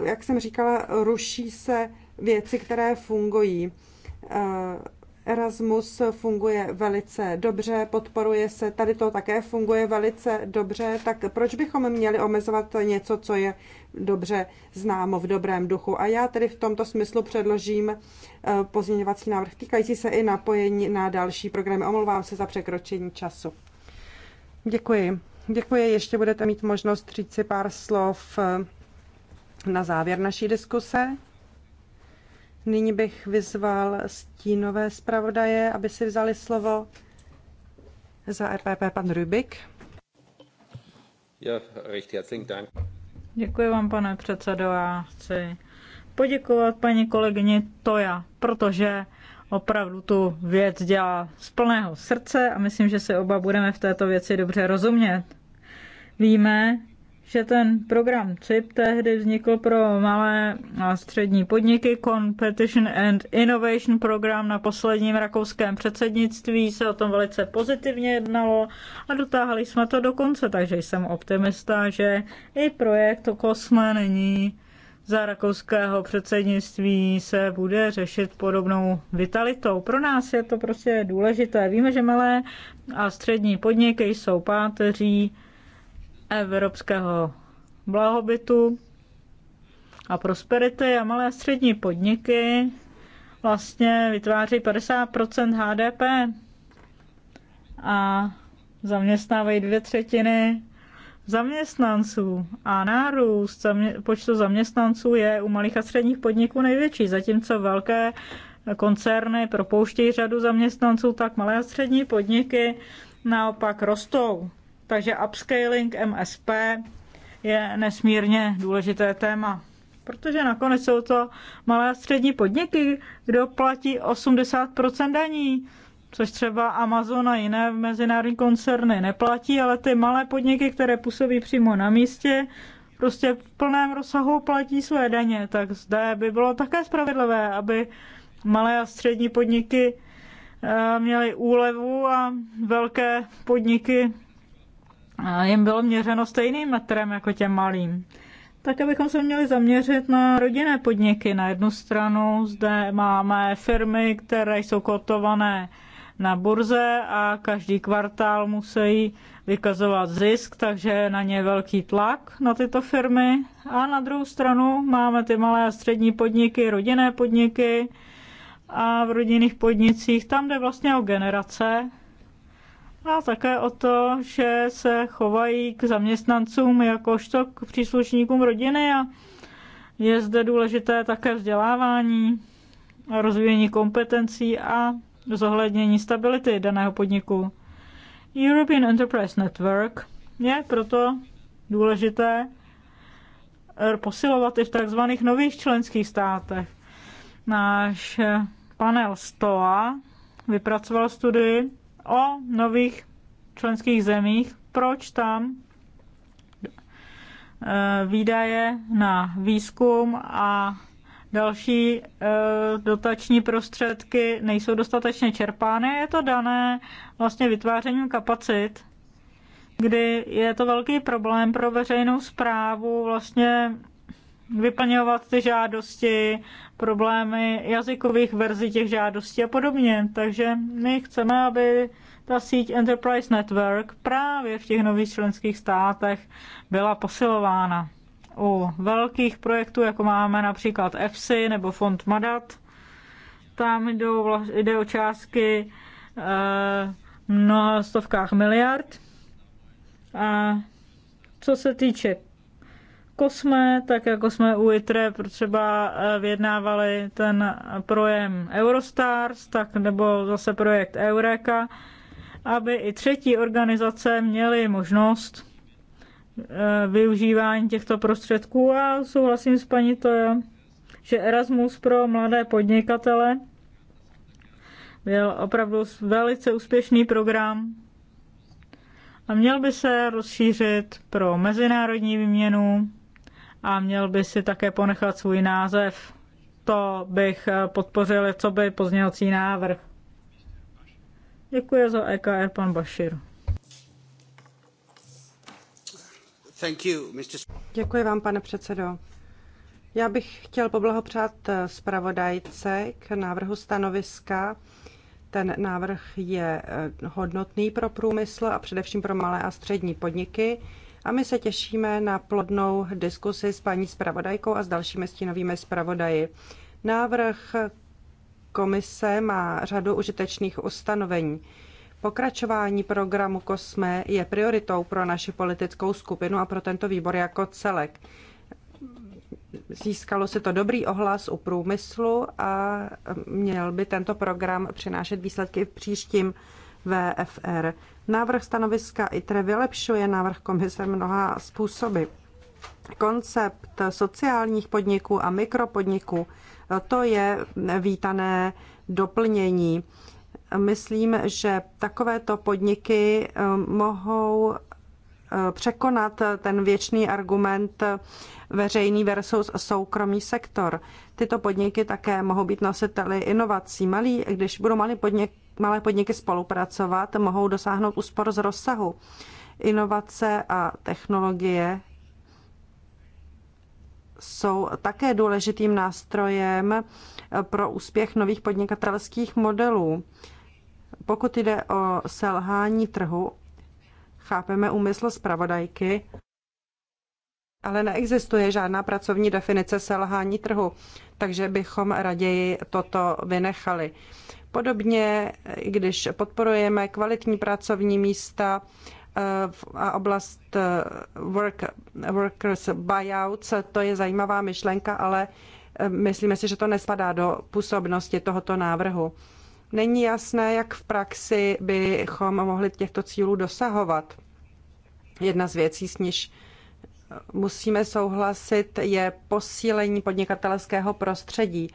jak jsem říkala, ruší se věci, které fungují Erasmus funguje velice dobře, podporuje se, tady to také funguje velice dobře, tak proč bychom měli omezovat něco, co je dobře známo v dobrém duchu? A já tedy v tomto smyslu předložím eh, pozměňovací návrh týkající se i napojení na další programy. Omlouvám se za překročení času. Děkuji. Děkuji, ještě budete mít možnost říct si pár slov eh, na závěr naší diskuse. Nyní bych vyzval stínové zpravodaje, aby si vzali slovo za RPP e pan Rybik. Děkuji vám, pane předsedo. Já chci poděkovat paní kolegyni Toja, protože opravdu tu věc dělá z plného srdce a myslím, že se oba budeme v této věci dobře rozumět. Víme, že ten program CIP tehdy vznikl pro malé a střední podniky. Competition and Innovation program na posledním rakouském předsednictví se o tom velice pozitivně jednalo a dotáhli jsme to do konce, takže jsem optimista, že i projekt Kosme není za rakouského předsednictví se bude řešit podobnou vitalitou. Pro nás je to prostě důležité. Víme, že malé a střední podniky jsou páteří evropského blahobytu a prosperity a malé a střední podniky vlastně vytváří 50% HDP a zaměstnávají dvě třetiny zaměstnanců a nárůst počtu zaměstnanců je u malých a středních podniků největší, zatímco velké koncerny propouštějí řadu zaměstnanců, tak malé a střední podniky naopak rostou. Takže upscaling MSP je nesmírně důležité téma. Protože nakonec jsou to malé a střední podniky, kdo platí 80% daní, což třeba Amazon a jiné mezinárodní koncerny neplatí, ale ty malé podniky, které působí přímo na místě, prostě v plném rozsahu platí své daně. Tak zde by bylo také spravedlivé, aby malé a střední podniky eh, měly úlevu a velké podniky jim bylo měřeno stejným metrem jako těm malým. Tak abychom se měli zaměřit na rodinné podniky. Na jednu stranu zde máme firmy, které jsou kotované na burze a každý kvartál musí vykazovat zisk, takže na ně velký tlak na tyto firmy. A na druhou stranu máme ty malé a střední podniky, rodinné podniky a v rodinných podnicích, tam jde vlastně o generace, a také o to, že se chovají k zaměstnancům jakožto k příslušníkům rodiny a je zde důležité také vzdělávání, rozvíjení kompetencí a zohlednění stability daného podniku. European Enterprise Network je proto důležité posilovat i v tzv. nových členských státech. Náš panel STOA vypracoval studii, o nových členských zemích, proč tam eh, výdaje na výzkum a další eh, dotační prostředky nejsou dostatečně čerpány. Je to dané vlastně vytvářením kapacit, kdy je to velký problém pro veřejnou zprávu vlastně vyplňovat ty žádosti, problémy jazykových verzí těch žádostí a podobně. Takže my chceme, aby ta síť Enterprise Network právě v těch nových členských státech byla posilována. U velkých projektů, jako máme například EFSI nebo Fond Madat, tam jdou, jde o částky e, mnoha stovkách miliard. A co se týče Kosme, jako tak jako jsme u ITRE třeba eh, vyjednávali ten projem Eurostars, tak nebo zase projekt Eureka, aby i třetí organizace měly možnost eh, využívání těchto prostředků a souhlasím s paní to, že Erasmus pro mladé podnikatele byl opravdu velice úspěšný program a měl by se rozšířit pro mezinárodní výměnu, a měl by si také ponechat svůj název. To bych podpořil, co by pozměňovací návrh. Děkuji za EKR, pan Bašir. Děkuji vám, pane předsedo. Já bych chtěl poblahopřát eh, zpravodajce k návrhu stanoviska. Ten návrh je eh, hodnotný pro průmysl a především pro malé a střední podniky. A my se těšíme na plodnou diskusi s paní zpravodajkou a s dalšími stínovými zpravodaji. Návrh komise má řadu užitečných ustanovení. Pokračování programu COSME je prioritou pro naši politickou skupinu a pro tento výbor jako celek. Získalo se to dobrý ohlas u průmyslu a měl by tento program přinášet výsledky v příštím VFR. Návrh stanoviska ITRE vylepšuje návrh komise mnoha způsoby. Koncept sociálních podniků a mikropodniků, to je vítané doplnění. Myslím, že takovéto podniky eh, mohou eh, překonat ten věčný argument eh, veřejný versus soukromý sektor. Tyto podniky také mohou být nositeli inovací. Malí, když budou malí podnik, malé podniky spolupracovat, mohou dosáhnout úspor z rozsahu. Inovace a technologie jsou také důležitým nástrojem pro úspěch nových podnikatelských modelů. Pokud jde o selhání trhu, chápeme úmysl zpravodajky, ale neexistuje žádná pracovní definice selhání trhu, takže bychom raději toto vynechali. Podobně, i když podporujeme kvalitní pracovní místa eh, a oblast eh, work, workers buyouts, to je zajímavá myšlenka, ale eh, myslíme si, že to nespadá do působnosti tohoto návrhu. Není jasné, jak v praxi bychom mohli těchto cílů dosahovat. Jedna z věcí, s níž musíme souhlasit, je posílení podnikatelského prostředí.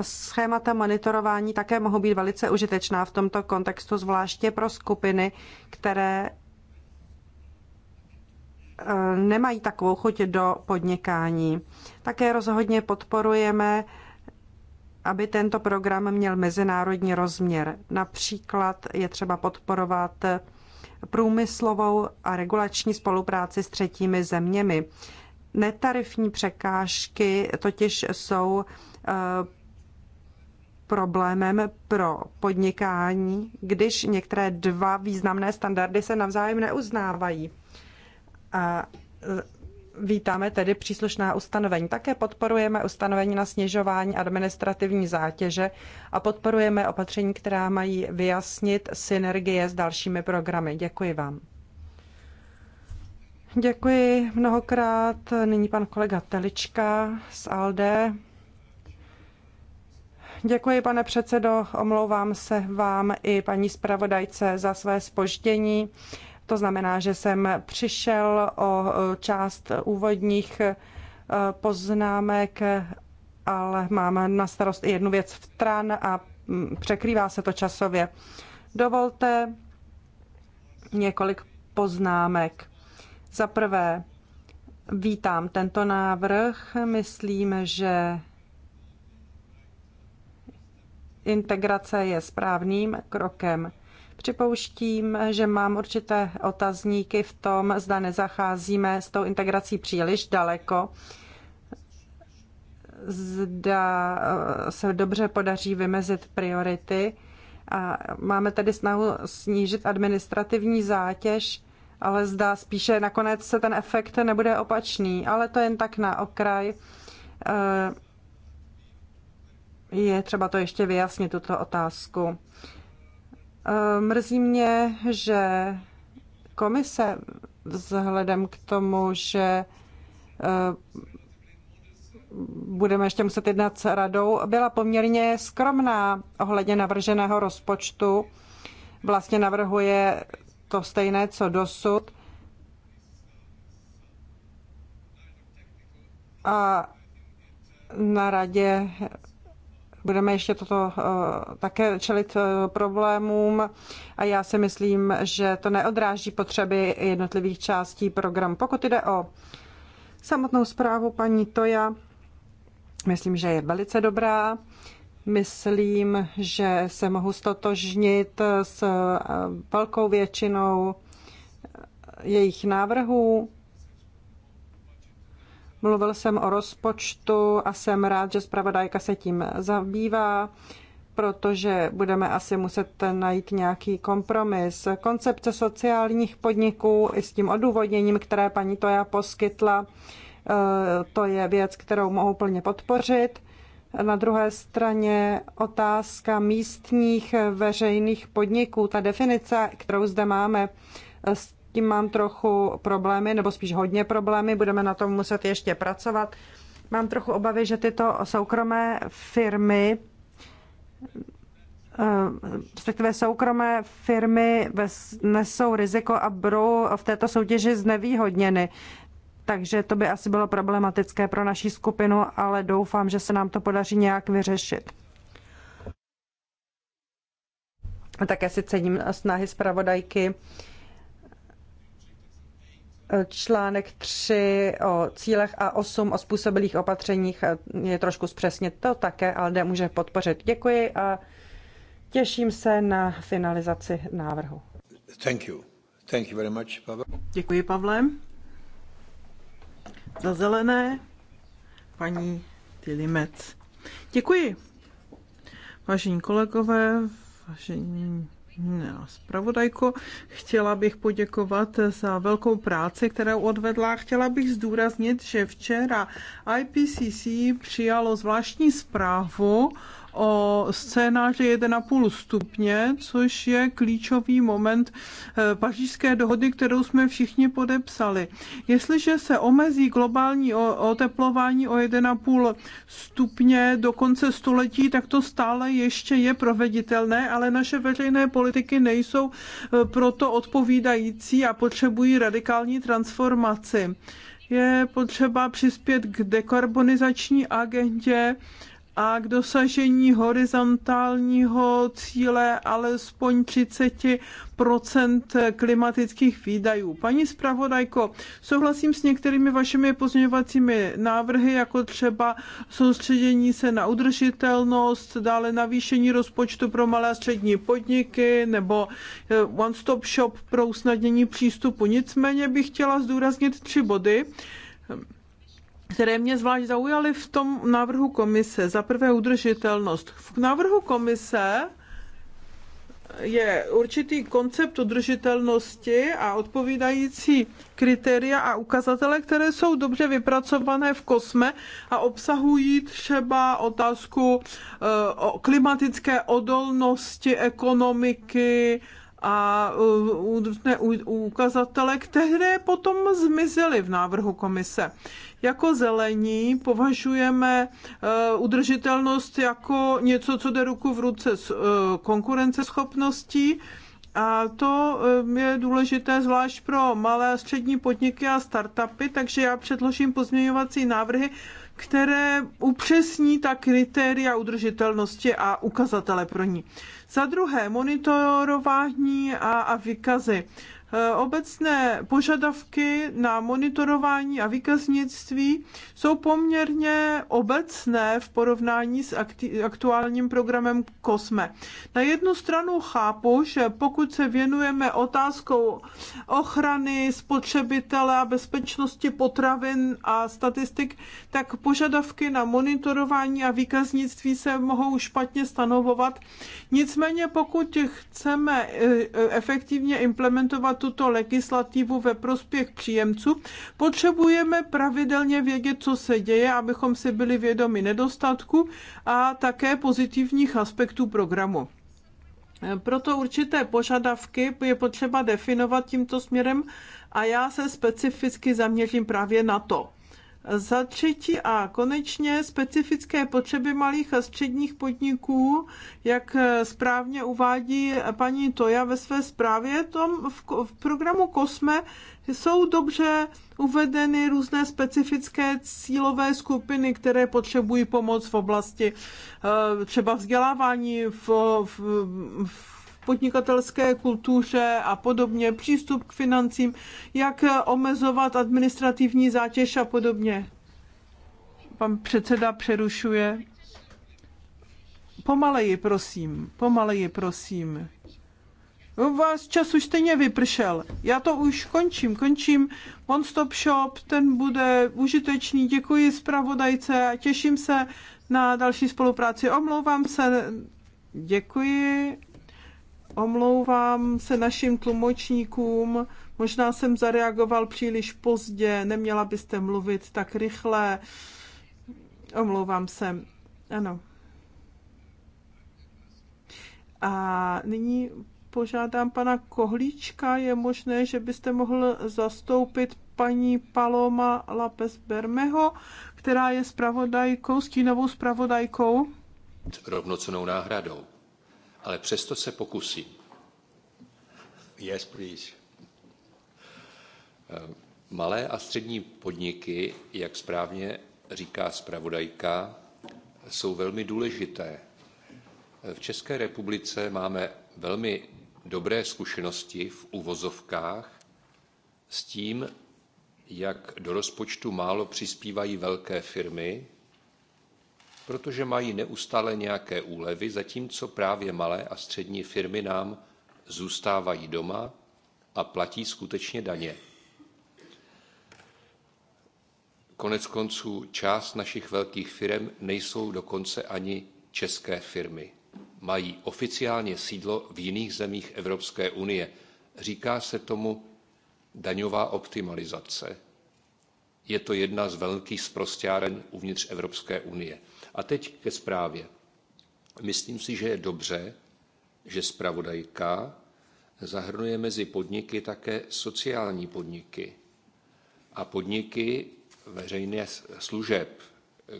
Schémata monitorování také mohou být velice užitečná v tomto kontextu, zvláště pro skupiny, které eh, nemají takovou chuť do podnikání. Také rozhodně podporujeme, aby tento program měl mezinárodní rozměr. Například je třeba podporovat průmyslovou a regulační spolupráci s třetími zeměmi. Netarifní překážky totiž jsou eh, problémem pro podnikání, když některé dva významné standardy se navzájem neuznávají. A e, vítáme tedy příslušná ustanovení. Také podporujeme ustanovení na snižování administrativní zátěže a podporujeme opatření, která mají vyjasnit synergie s dalšími programy. Děkuji vám. Děkuji mnohokrát. Nyní pan kolega Telička z ALDE. Děkuji, pane předsedo. Omlouvám se vám i paní zpravodajce za své spoždění. To znamená, že jsem přišel o část úvodních e, poznámek, ale mám na starost i jednu věc v TRAN a překrývá se to časově. Dovolte několik poznámek. Za prvé, vítám tento návrh. Myslím, že integrace je správným krokem. Připouštím, že mám určité otazníky v tom, zda nezacházíme s tou integrací příliš daleko, zda eh, se dobře podaří vymezit priority a máme tedy snahu snížit administrativní zátěž, ale zdá spíše nakonec se ten efekt nebude opačný, ale to jen tak na okraj. Eh, je třeba to ještě vyjasnit, tuto otázku. Eh, mrzí mě, že komise vzhledem k tomu, že eh, budeme ještě muset jednat s radou, byla poměrně skromná ohledně navrženého rozpočtu. Vlastně navrhuje to stejné, co dosud. A na radě budeme ještě toto eh, také čelit eh, problémům a já si myslím, že to neodráží potřeby jednotlivých částí programu. Pokud jde o samotnou zprávu paní Toja, myslím, že je velice dobrá. Myslím, že se mohu stotožnit s eh, velkou většinou jejich návrhů. Mluvil jsem o rozpočtu a jsem rád, že zpravodajka se tím zabývá, protože budeme asi muset najít nějaký kompromis. Koncepce sociálních podniků i s tím odůvodněním, které paní Toja poskytla, eh, to je věc, kterou mohu plně podpořit. Na druhé straně otázka místních veřejných podniků, ta definice, kterou zde máme, tím mám trochu problémy, nebo spíš hodně problémy, budeme na tom muset ještě pracovat. Mám trochu obavy, že tyto soukromé firmy, eh, respektive soukromé firmy nesou riziko a budou v této soutěži znevýhodněny. Takže to by asi bylo problematické pro naši skupinu, ale doufám, že se nám to podaří nějak vyřešit. také si cením snahy zpravodajky článek 3 o cílech a 8 o způsobilých opatřeních je trošku zpřesnit. To také ale jde může podpořit. Děkuji a těším se na finalizaci návrhu. Thank you. Thank you very much, Pavel. Děkuji, Pavle. Za zelené paní Tilimec. Děkuji. Vážení kolegové, vážení No, zpravodajko. Chtěla bych poděkovat za velkou práci, kterou odvedla. Chtěla bych zdůraznit, že včera IPCC přijalo zvláštní zprávu o scénáři 1,5 stupně, což je klíčový moment eh, pařížské dohody, kterou jsme všichni podepsali. Jestliže se omezí globální oteplování o 1,5 stupně do konce století, tak to stále ještě je proveditelné, ale naše veřejné politiky nejsou eh, proto odpovídající a potřebují radikální transformaci je potřeba přispět k dekarbonizační agendě a k dosažení horizontálního cíle alespoň 30 klimatických výdajů. Paní zpravodajko, souhlasím s některými vašimi pozměňovacími návrhy, jako třeba soustředění se na udržitelnost, dále navýšení rozpočtu pro malé a střední podniky nebo eh, one-stop shop pro usnadnění přístupu. Nicméně bych chtěla zdůraznit tři body které mě zvlášť zaujaly v tom návrhu komise. Za prvé udržitelnost. V návrhu komise je určitý koncept udržitelnosti a odpovídající kritéria a ukazatele, které jsou dobře vypracované v kosme a obsahují třeba otázku eh, o klimatické odolnosti ekonomiky a eh, ukazatele, které potom zmizely v návrhu komise. Jako zelení považujeme eh, udržitelnost jako něco, co jde ruku v ruce s eh, konkurenceschopností. A to eh, je důležité zvlášť pro malé a střední podniky a startupy, takže já předložím pozměňovací návrhy, které upřesní ta kritéria udržitelnosti a ukazatele pro ní. Za druhé, monitorování a, a vykazy. Eh, obecné požadavky na monitorování a výkaznictví jsou poměrně obecné v porovnání s aktuálním programem COSME. Na jednu stranu chápu, že pokud se věnujeme otázkou ochrany spotřebitele a bezpečnosti potravin a statistik, tak požadavky na monitorování a výkaznictví se mohou špatně stanovovat. Nicméně pokud chceme eh, eh, efektivně implementovat tuto legislativu ve prospěch příjemců, potřebujeme pravidelně vědět, co se děje, abychom si byli vědomi nedostatku a také pozitivních aspektů programu. Proto určité požadavky je potřeba definovat tímto směrem a já se specificky zaměřím právě na to. Za třetí a konečně specifické potřeby malých a středních podniků, jak správně uvádí paní Toja ve své zprávě, tom v, v programu Kosme jsou dobře uvedeny různé specifické cílové skupiny, které potřebují pomoc v oblasti eh, třeba vzdělávání, v, v, v podnikatelské kultuře a podobně, přístup k financím, jak omezovat administrativní zátěž a podobně. Pan předseda přerušuje. Pomaleji, prosím, pomaleji, prosím. U vás čas už stejně vypršel. Já to už končím, končím. One Stop Shop, ten bude užitečný. Děkuji zpravodajce a těším se na další spolupráci. Omlouvám se. Děkuji. Omlouvám se našim tlumočníkům, možná jsem zareagoval příliš pozdě, neměla byste mluvit tak rychle. Omlouvám se. Ano. A nyní požádám pana Kohlíčka, je možné, že byste mohl zastoupit paní Paloma Lapes Bermeho, která je spravodajkou, stínovou spravodajkou. Rovnocenou náhradou ale přesto se pokusím. Yes, please. Eh, malé a střední podniky, jak správně říká zpravodajka, jsou velmi důležité. Eh, v České republice máme velmi dobré zkušenosti v uvozovkách s tím, jak do rozpočtu málo přispívají velké firmy, protože mají neustále nějaké úlevy, zatímco právě malé a střední firmy nám zůstávají doma a platí skutečně daně. Konec konců část našich velkých firm nejsou dokonce ani české firmy. Mají oficiálně sídlo v jiných zemích Evropské unie. Říká se tomu daňová optimalizace. Je to jedna z velkých sprostáren uvnitř Evropské unie. A teď ke zprávě. Myslím si, že je dobře, že zpravodajka zahrnuje mezi podniky také sociální podniky a podniky veřejné služeb,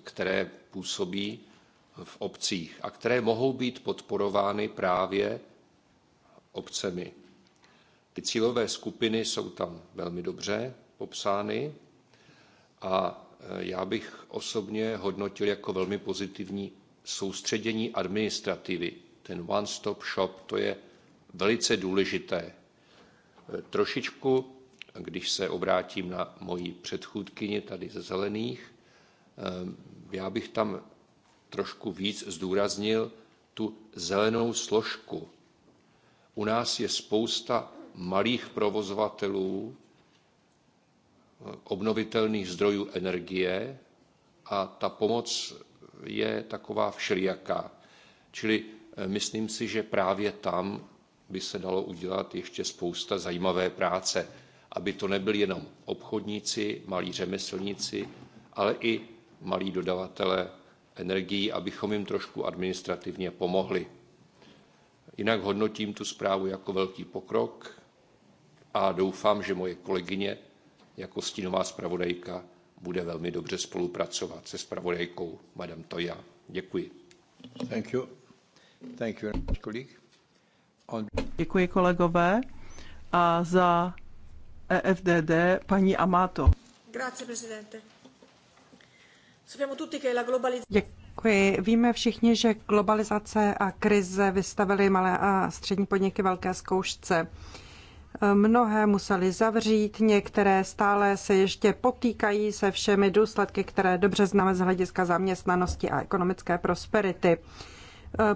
které působí v obcích a které mohou být podporovány právě obcemi. Ty cílové skupiny jsou tam velmi dobře popsány a Eh, já bych osobně hodnotil jako velmi pozitivní soustředění administrativy. Ten one-stop shop, to je velice důležité. Eh, trošičku, když se obrátím na moji předchůdkyni tady ze Zelených, eh, já bych tam trošku víc zdůraznil tu zelenou složku. U nás je spousta malých provozovatelů, obnovitelných zdrojů energie a ta pomoc je taková všelijaká. Čili eh, myslím si, že právě tam by se dalo udělat ještě spousta zajímavé práce, aby to nebyli jenom obchodníci, malí řemeslníci, ale i malí dodavatelé energií, abychom jim trošku administrativně pomohli. Jinak hodnotím tu zprávu jako velký pokrok a doufám, že moje kolegyně jako stínová zpravodajka bude velmi dobře spolupracovat se zpravodajkou Madame Toja. Děkuji. Thank you. Thank you, On... Děkuji kolegové a za EFDD paní Amato. Grazie, presidente. Děkuji. Víme všichni, že globalizace a krize vystavily malé a střední podniky velké zkoušce. Mnohé museli zavřít, některé stále se ještě potýkají se všemi důsledky, které dobře známe z hlediska zaměstnanosti a ekonomické prosperity.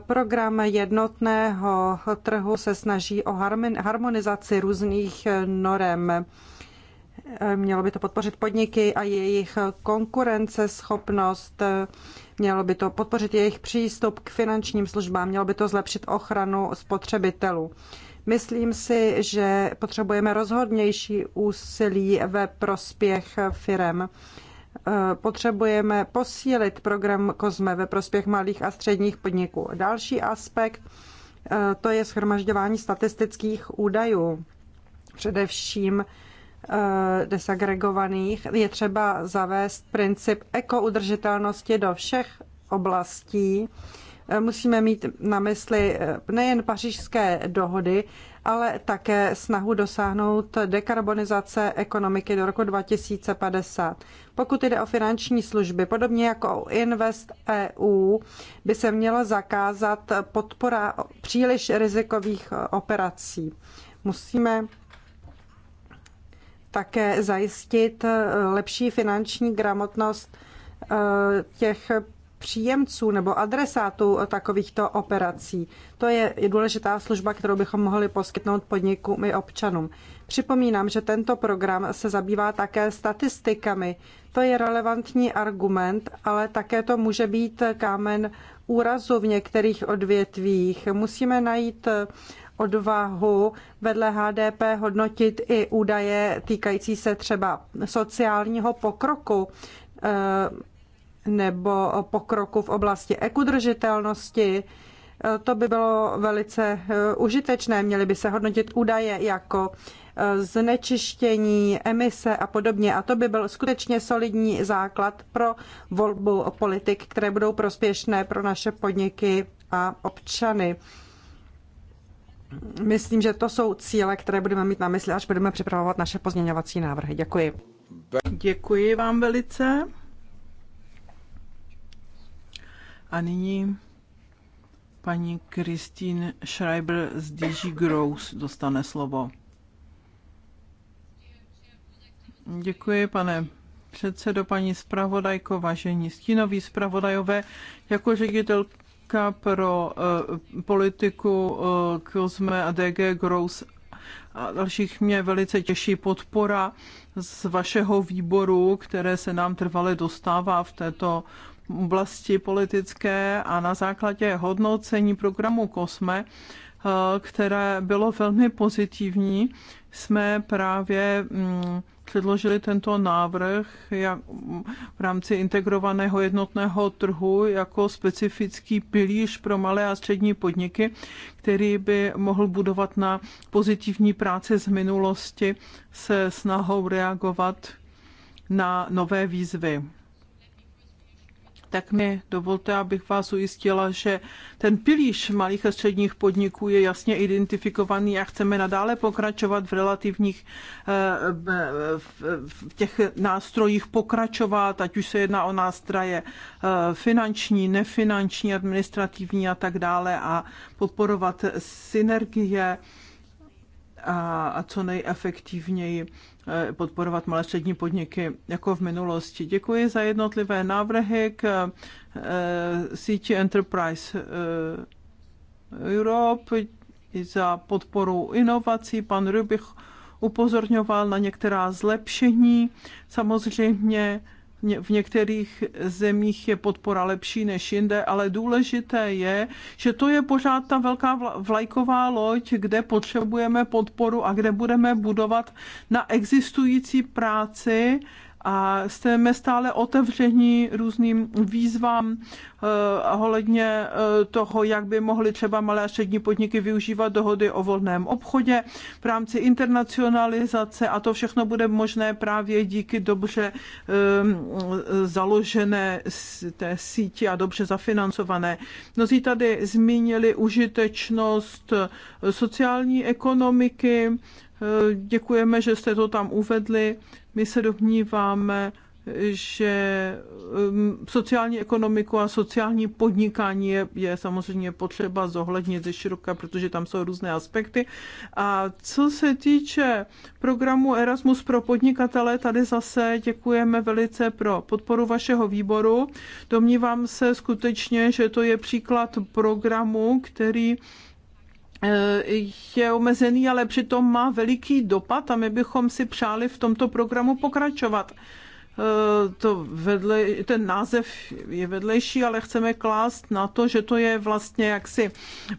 Program jednotného trhu se snaží o harmonizaci různých norem. Mělo by to podpořit podniky a jejich konkurenceschopnost, mělo by to podpořit jejich přístup k finančním službám, mělo by to zlepšit ochranu spotřebitelů. Myslím si, že potřebujeme rozhodnější úsilí ve prospěch firem. Eh, potřebujeme posílit program COSME ve prospěch malých a středních podniků. Další aspekt eh, to je schromažďování statistických údajů, především eh, desagregovaných. Je třeba zavést princip ekoudržitelnosti do všech oblastí Eh, musíme mít na mysli eh, nejen pařížské dohody, ale také snahu dosáhnout dekarbonizace ekonomiky do roku 2050. Pokud jde o finanční služby, podobně jako o Invest EU, by se měla zakázat podpora příliš rizikových operací. Musíme také zajistit eh, lepší finanční gramotnost těch příjemců nebo adresátů takovýchto operací. To je důležitá služba, kterou bychom mohli poskytnout podnikům i občanům. Připomínám, že tento program se zabývá také statistikami. To je relevantní argument, ale také to může být kámen úrazu v některých odvětvích. Musíme najít odvahu vedle HDP hodnotit i údaje týkající se třeba sociálního pokroku nebo pokroku v oblasti ekudržitelnosti. To by bylo velice eh, užitečné. Měly by se hodnotit údaje jako eh, znečištění, emise a podobně. A to by byl skutečně solidní základ pro volbu politik, které budou prospěšné pro naše podniky a občany. Myslím, že to jsou cíle, které budeme mít na mysli, až budeme připravovat naše pozměňovací návrhy. Děkuji. Děkuji vám velice. A nyní paní Kristýn Schreiber z DG Gross dostane slovo. Děkuji, pane předsedo, paní zpravodajko, vážení stínoví zpravodajové. Jako ředitel pro uh, politiku uh, a DG Gross a dalších mě velice těší podpora z vašeho výboru, které se nám trvale dostává v této oblasti politické a na základě hodnocení programu COSME, eh, které bylo velmi pozitivní, jsme právě mm, předložili tento návrh jak v rámci integrovaného jednotného trhu jako specifický pilíř pro malé a střední podniky, který by mohl budovat na pozitivní práci z minulosti se snahou reagovat na nové výzvy tak mi dovolte, abych vás ujistila, že ten pilíř malých a středních podniků je jasně identifikovaný a chceme nadále pokračovat v relativních eh, v těch nástrojích pokračovat, ať už se jedná o nástroje eh, finanční, nefinanční, administrativní a tak dále a podporovat synergie a, a co nejefektivněji Eh, podporovat malé střední podniky jako v minulosti. Děkuji za jednotlivé návrhy k eh, síti Enterprise eh, Europe za podporu inovací. Pan Rybich upozorňoval na některá zlepšení. Samozřejmě v některých zemích je podpora lepší než jinde, ale důležité je, že to je pořád ta velká vlajková loď, kde potřebujeme podporu a kde budeme budovat na existující práci a jsme stále otevření různým výzvám eh, ohledně eh, toho, jak by mohly třeba malé a střední podniky využívat dohody o volném obchodě v rámci internacionalizace a to všechno bude možné právě díky dobře ehm, založené té síti a dobře zafinancované. Mnozí tady zmínili užitečnost eh, sociální ekonomiky, Děkujeme, že jste to tam uvedli. My se domníváme, že um, sociální ekonomiku a sociální podnikání je, je samozřejmě potřeba zohlednit ze široka, protože tam jsou různé aspekty. A co se týče programu Erasmus pro podnikatele, tady zase děkujeme velice pro podporu vašeho výboru. Domnívám se skutečně, že to je příklad programu, který je omezený, ale přitom má veliký dopad a my bychom si přáli v tomto programu pokračovat. Eh, to vedle, ten název je vedlejší, ale chceme klást na to, že to je vlastně jaksi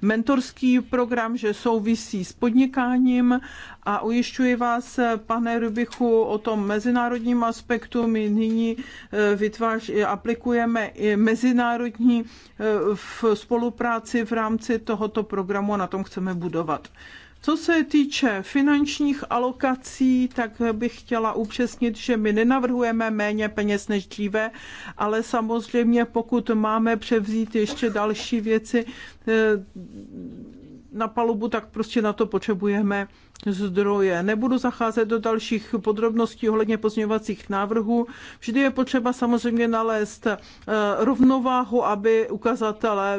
mentorský program, že souvisí s podnikáním a ujišťuji vás, pane Rubichu, o tom mezinárodním aspektu. My nyní eh, vytváž, aplikujeme i mezinárodní eh, v spolupráci v rámci tohoto programu a na tom chceme budovat. Co se týče finančních alokací, tak bych chtěla upřesnit, že my nenavrhujeme méně peněz než dříve, ale samozřejmě pokud máme převzít ještě další věci eh, na palubu, tak prostě na to potřebujeme zdroje. Nebudu zacházet do dalších podrobností ohledně pozměňovacích návrhů. Vždy je potřeba samozřejmě nalézt eh, rovnováhu, aby ukazatele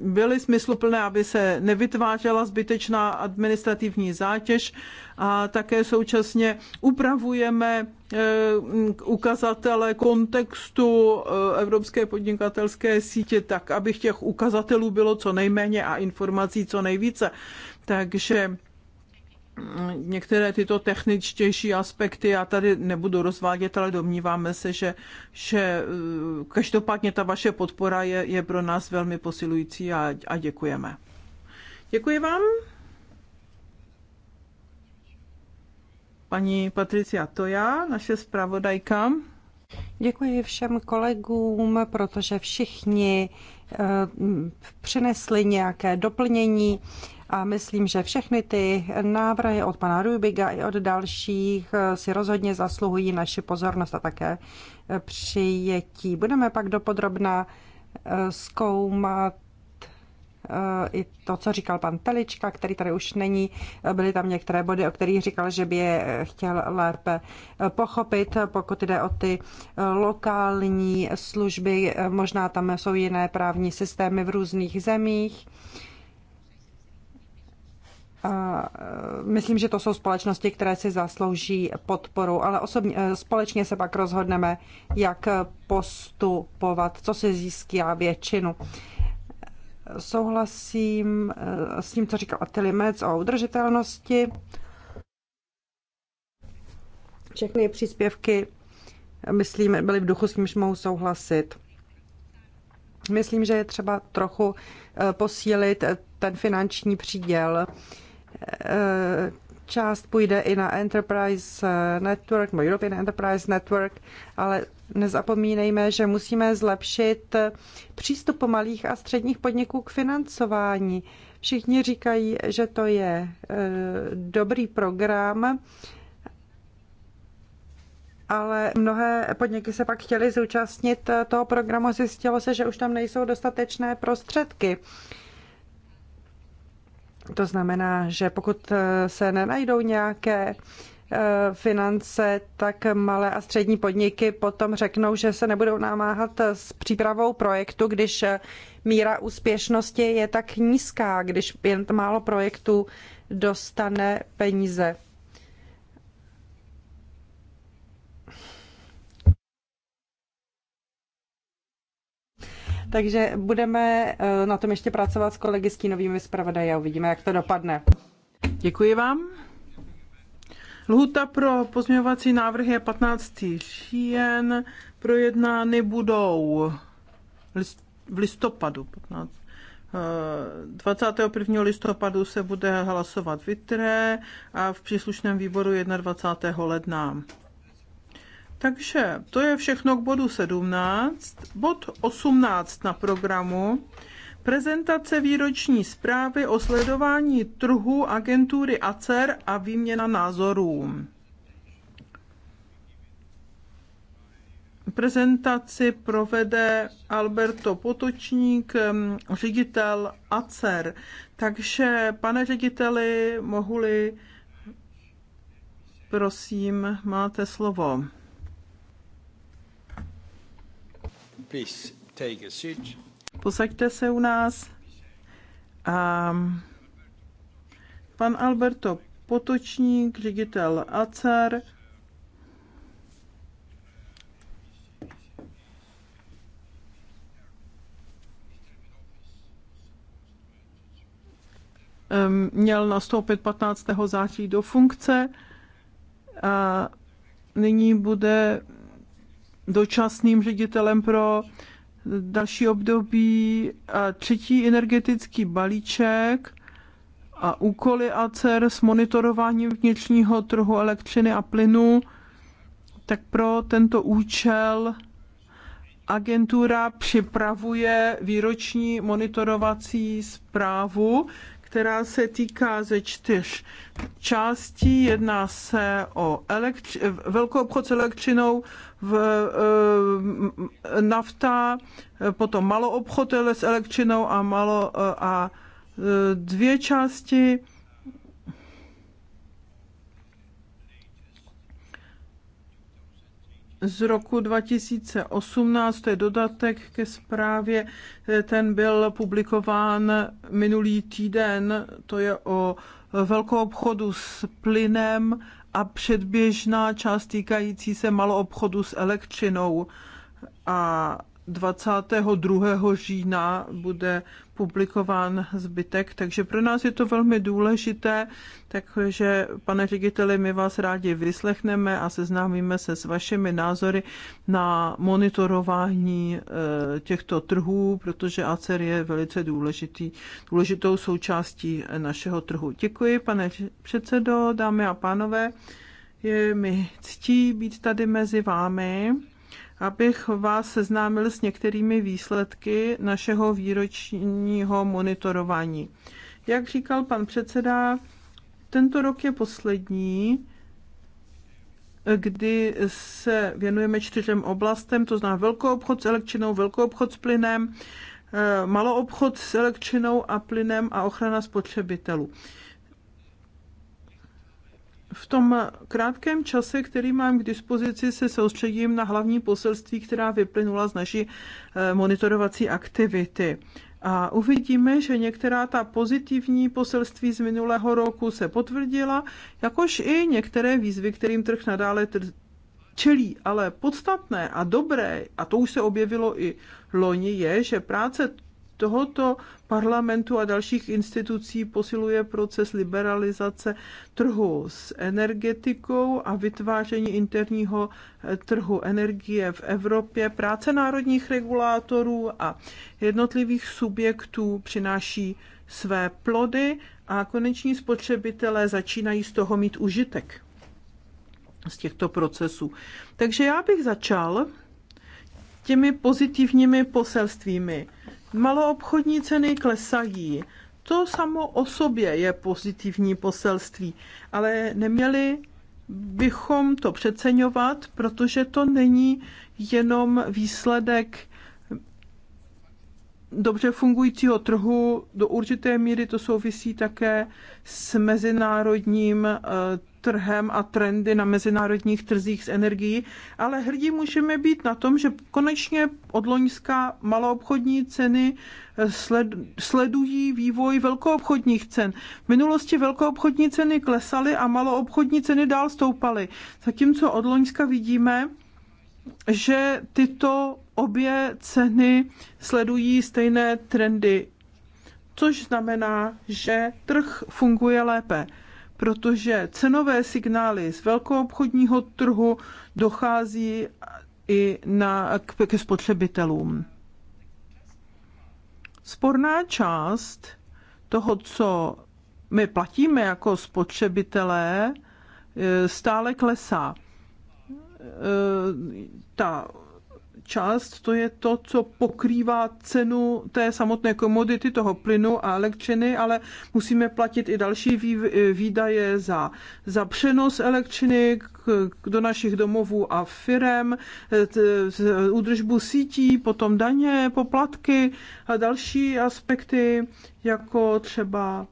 byly smysluplné, aby se nevytvářela zbytečná administrativní zátěž a také současně upravujeme eh, ukazatele kontextu eh, Evropské podnikatelské sítě tak, aby těch ukazatelů bylo co nejméně a informací co nejvíce. Takže některé tyto techničtější aspekty já tady nebudu rozvádět, ale domníváme se, že, že eh, každopádně ta vaše podpora je, je pro nás velmi posilující a, a děkujeme. Děkuji vám. Paní Patricia Toja, naše zpravodajka. Děkuji všem kolegům, protože všichni eh, přinesli nějaké doplnění a myslím, že všechny ty návrhy od pana Rubiga i od dalších eh, si rozhodně zasluhují naši pozornost a také eh, přijetí. Budeme pak dopodrobna eh, zkoumat i to, co říkal pan Telička, který tady už není. Byly tam některé body, o kterých říkal, že by je chtěl lépe pochopit, pokud jde o ty lokální služby. Možná tam jsou jiné právní systémy v různých zemích. E, myslím, že to jsou společnosti, které si zaslouží podporu, ale osobně, e, společně se pak rozhodneme, jak postupovat, co si získá většinu. Souhlasím e, s tím, co říkal Mec o udržitelnosti. Všechny příspěvky, myslím, byly v duchu, s nímž mohu souhlasit. Myslím, že je třeba trochu posílit ten finanční příděl Eh, část půjde i na Enterprise eh, Network, nebo European Enterprise Network, ale nezapomínejme, že musíme zlepšit eh, přístup malých a středních podniků k financování. Všichni říkají, že to je dobrý program, ale mnohé podniky se pak chtěly zúčastnit toho programu, zjistilo se, že už tam nejsou dostatečné prostředky. To znamená, že pokud eh, se nenajdou nějaké eh, finance, tak malé a střední podniky potom řeknou, že se nebudou námáhat s přípravou projektu, když eh, míra úspěšnosti je tak nízká, když jen málo projektů dostane peníze. Takže budeme eh, na tom ještě pracovat s kolegy s novými zpravodaji a uvidíme, jak to dopadne. Děkuji vám. Lhuta pro pozměňovací návrhy je 15. říjen. Projednány budou v listopadu 15. 21. Eh, listopadu se bude hlasovat vitré a v příslušném výboru 21. ledna. Takže to je všechno k bodu 17. Bod 18 na programu. Prezentace výroční zprávy o sledování trhu agentury ACER a výměna názorů. Prezentaci provede Alberto Potočník, mm, ředitel ACER. Takže, pane řediteli, mohu-li, prosím, máte slovo. Posaďte se u nás. A pan Alberto Potočník, ředitel ACER, měl nastoupit 15. září do funkce a nyní bude dočasným ředitelem pro další období, a třetí energetický balíček a úkoly ACER s monitorováním vnitřního trhu elektřiny a plynu, tak pro tento účel agentura připravuje výroční monitorovací zprávu která se týká ze čtyř částí. Jedná se o elektři- velkou obchod s elektřinou, v, e, nafta, potom obchod s elektřinou a, malo, eh, a eh, dvě části z roku 2018, to je dodatek ke zprávě, eh, ten byl publikován minulý týden, to je o velkou obchodu s plynem a předběžná část týkající se malou obchodu s elektřinou. A 22. října bude publikován zbytek, takže pro nás je to velmi důležité, takže pane řediteli, my vás rádi vyslechneme a seznámíme se s vašimi názory na monitorování eh, těchto trhů, protože ACER je velice důležitý, důležitou součástí našeho trhu. Děkuji, pane předsedo, dámy a pánové, je mi ctí být tady mezi vámi abych vás seznámil s některými výsledky našeho výročního monitorování. Jak říkal pan předseda, tento rok je poslední, kdy se věnujeme čtyřem oblastem, to znamená velkou obchod s elektřinou, velkou obchod s plynem, eh, malou obchod s elektřinou a plynem a ochrana spotřebitelů v tom krátkém čase, který mám k dispozici, se soustředím na hlavní poselství, která vyplynula z naší eh, monitorovací aktivity. A uvidíme, že některá ta pozitivní poselství z minulého roku se potvrdila, jakož i některé výzvy, kterým trh nadále čelí. Ale podstatné a dobré, a to už se objevilo i loni, je, že práce tohoto parlamentu a dalších institucí posiluje proces liberalizace trhu s energetikou a vytváření interního eh, trhu energie v Evropě. Práce národních regulátorů a jednotlivých subjektů přináší své plody a koneční spotřebitelé začínají z toho mít užitek z těchto procesů. Takže já bych začal těmi pozitivními poselstvími maloobchodní ceny klesají. To samo o sobě je pozitivní poselství, ale neměli bychom to přeceňovat, protože to není jenom výsledek dobře fungujícího trhu. Do určité míry to souvisí také s mezinárodním eh, trhem a trendy na mezinárodních trzích s energií, ale hrdí můžeme být na tom, že konečně od loňska maloobchodní ceny eh, sledují vývoj velkoobchodních cen. V minulosti velkoobchodní ceny klesaly a maloobchodní ceny dál stoupaly. Zatímco od loňska vidíme, že tyto obě ceny sledují stejné trendy, což znamená, že trh funguje lépe protože cenové signály z velkého obchodního trhu dochází i na, k, ke spotřebitelům. Sporná část toho, co my platíme jako spotřebitelé, e, stále klesá. E, ta část, to je to, co pokrývá cenu té samotné komodity, toho plynu a elektřiny, ale musíme platit i další výdaje za, za přenos elektřiny do našich domovů a firem, údržbu sítí, potom daně, poplatky a další aspekty, jako třeba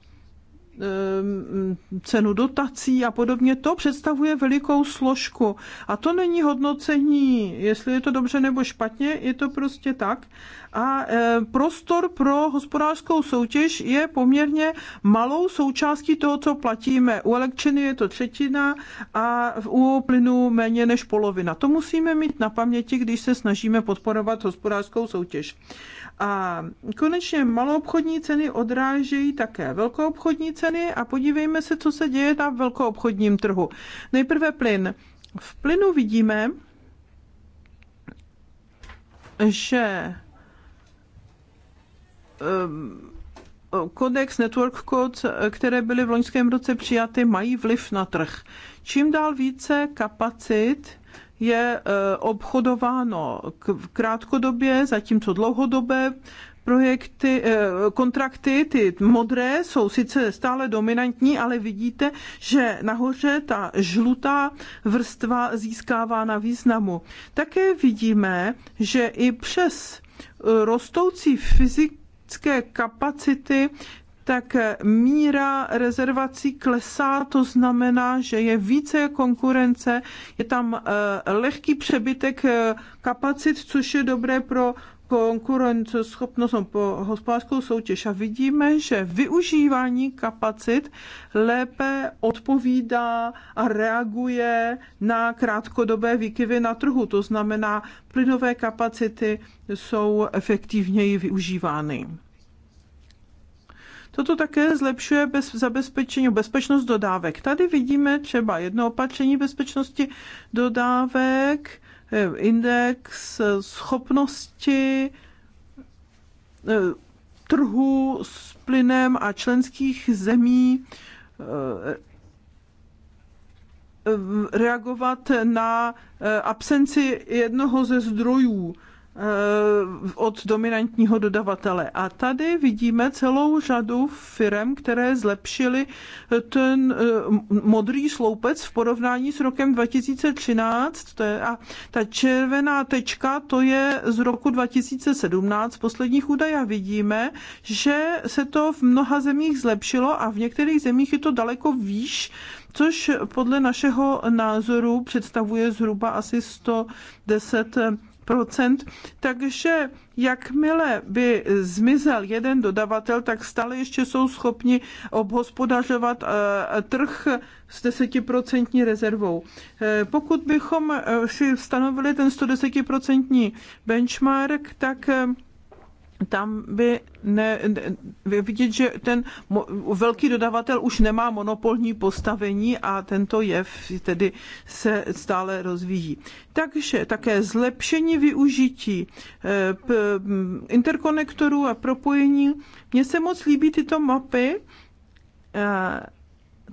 Ehm, cenu dotací a podobně, to představuje velikou složku. A to není hodnocení, jestli je to dobře nebo špatně, je to prostě tak. A ehm, prostor pro hospodářskou soutěž je poměrně malou součástí toho, co platíme. U elektřiny je to třetina a u plynu méně než polovina. To musíme mít na paměti, když se snažíme podporovat hospodářskou soutěž. A konečně maloobchodní ceny odrážejí také velkoobchodní ceny, ceny a podívejme se, co se děje na velkoobchodním trhu. Nejprve plyn. V plynu vidíme, že kodex ehm, Network code, které byly v loňském roce přijaty, mají vliv na trh. Čím dál více kapacit je eh, obchodováno krátkodobě, zatímco dlouhodobě projekty, eh, kontrakty, ty modré, jsou sice stále dominantní, ale vidíte, že nahoře ta žlutá vrstva získává na významu. Také vidíme, že i přes eh, rostoucí fyzické kapacity tak míra rezervací klesá, to znamená, že je více konkurence, je tam eh, lehký přebytek kapacit, což je dobré pro konkurenceschopnost nebo hospodářskou soutěž a vidíme, že využívání kapacit lépe odpovídá a reaguje na krátkodobé výkyvy na trhu. To znamená, plynové kapacity jsou efektivněji využívány. Toto také zlepšuje bez, zabezpečení bezpečnost dodávek. Tady vidíme třeba jedno opatření bezpečnosti dodávek, Eh, index eh, schopnosti eh, trhu s plynem a členských zemí reagovat na absenci jednoho ze zdrojů Eh, od dominantního dodavatele. A tady vidíme celou řadu firm, které zlepšily ten eh, modrý sloupec v porovnání s rokem 2013. To je, a ta červená tečka, to je z roku 2017. V posledních údajů vidíme, že se to v mnoha zemích zlepšilo a v některých zemích je to daleko výš, což podle našeho názoru představuje zhruba asi 110 takže jakmile by zmizel jeden dodavatel, tak stále ještě jsou schopni obhospodařovat eh, trh s desetiprocentní rezervou. Eh, pokud bychom eh, si stanovili ten 110% benchmark, tak tam by ne, ne, vidět, že ten mo, velký dodavatel už nemá monopolní postavení a tento jev tedy se stále rozvíjí. Takže také zlepšení využití e, p, interkonektorů a propojení. Mně se moc líbí tyto mapy. E,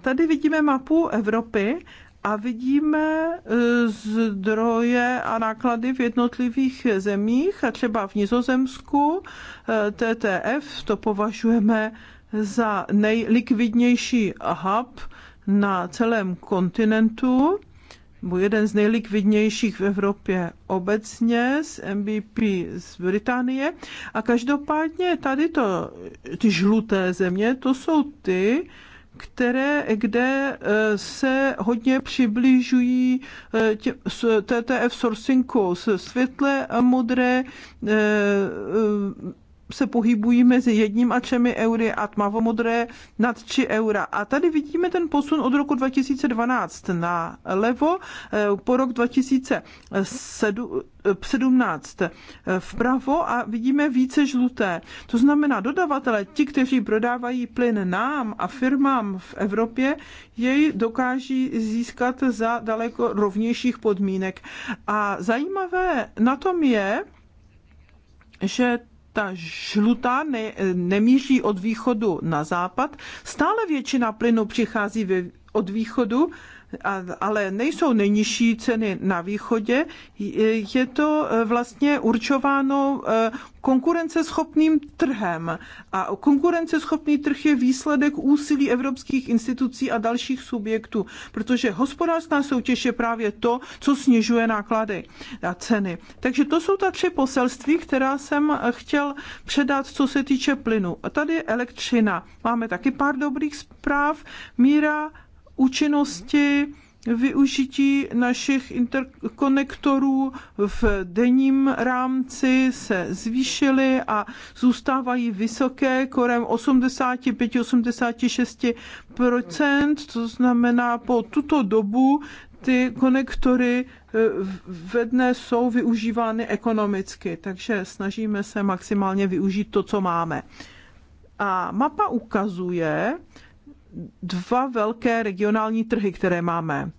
tady vidíme mapu Evropy a vidíme e, zdroje a náklady v jednotlivých zemích, a třeba v Nizozemsku e, TTF, to považujeme za nejlikvidnější hub na celém kontinentu, jeden z nejlikvidnějších v Evropě obecně z MBP z Británie. A každopádně tady to, ty žluté země, to jsou ty, které, kde eh, se hodně přibližují eh, tě, TTF sourcingu světle modré eh, se pohybují mezi jedním a třemi eury a tmavomodré nad 3 eura. A tady vidíme ten posun od roku 2012 na levo eh, po rok 2017 eh, eh, vpravo a vidíme více žluté. To znamená, dodavatele, ti, kteří prodávají plyn nám a firmám v Evropě, jej dokáží získat za daleko rovnějších podmínek. A zajímavé na tom je, že ta žlutá ne, nemíří od východu na západ. Stále většina plynu přichází ve, od východu ale nejsou nejnižší ceny na východě, je to e, vlastně určováno e, konkurenceschopným trhem. A konkurenceschopný trh je výsledek úsilí evropských institucí a dalších subjektů, protože hospodářská soutěž je právě to, co snižuje náklady a ceny. Takže to jsou ta tři poselství, která jsem e, chtěl předat, co se týče plynu. A tady elektřina. Máme taky pár dobrých zpráv. Míra účinnosti využití našich interkonektorů v denním rámci se zvýšily a zůstávají vysoké, kolem 85-86%, to znamená po tuto dobu ty konektory eh, ve dne jsou využívány ekonomicky, takže snažíme se maximálně využít to, co máme. A mapa ukazuje, dva velké regionální trhy, které máme.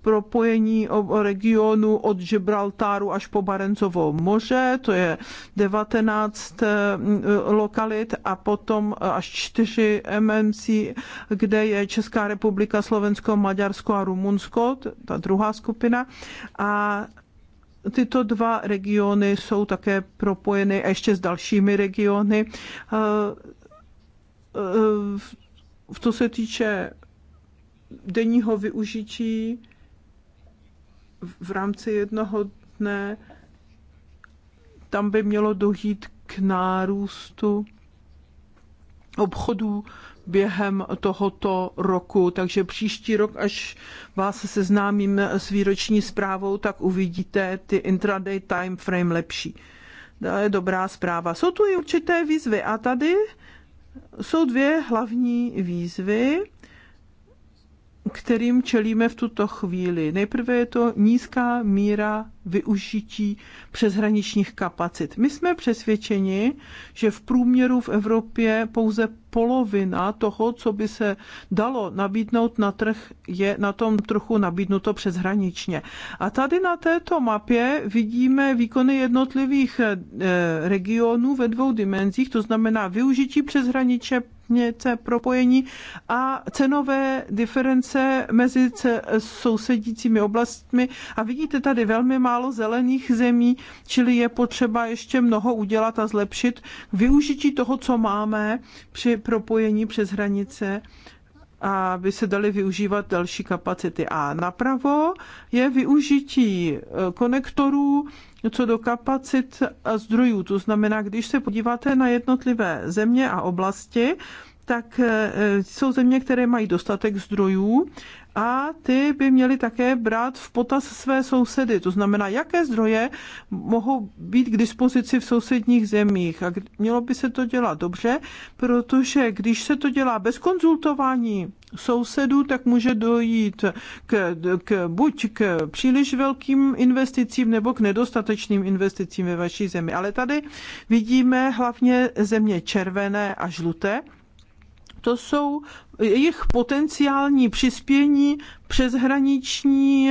Propojení regionu od Gibraltaru až po Barencovo moře, to je 19 eh, lokalit a potom eh, až 4 MMC, kde je Česká republika, Slovensko, Maďarsko a Rumunsko, ta druhá skupina. A tyto dva regiony jsou také propojeny ještě s dalšími regiony eh, co se týče denního využití v rámci jednoho dne, tam by mělo dojít k nárůstu obchodů během tohoto roku. Takže příští rok, až vás seznámím s výroční zprávou, tak uvidíte ty intraday time frame lepší. To je dobrá zpráva. Jsou tu i určité výzvy a tady jsou dvě hlavní výzvy kterým čelíme v tuto chvíli. Nejprve je to nízká míra využití přeshraničních kapacit. My jsme přesvědčeni, že v průměru v Evropě pouze polovina toho, co by se dalo nabídnout na trh, je na tom trochu nabídnuto přeshraničně. A tady na této mapě vidíme výkony jednotlivých eh, regionů ve dvou dimenzích, to znamená využití přeshraničně nějaké propojení a cenové diference mezi sousedícími oblastmi. A vidíte tady velmi málo zelených zemí, čili je potřeba ještě mnoho udělat a zlepšit využití toho, co máme při propojení přes hranice a by se daly využívat další kapacity. A napravo je využití eh, konektorů co do kapacit a zdrojů. To znamená, když se podíváte na jednotlivé země a oblasti, tak eh, jsou země, které mají dostatek zdrojů a ty by měly také brát v potaz své sousedy. To znamená, jaké zdroje mohou být k dispozici v sousedních zemích. A mělo by se to dělat dobře, protože když se to dělá bez konzultování sousedů, tak může dojít k, k, buď k příliš velkým investicím nebo k nedostatečným investicím ve vaší zemi. Ale tady vidíme hlavně země červené a žluté to jsou jejich potenciální přispění přeshraniční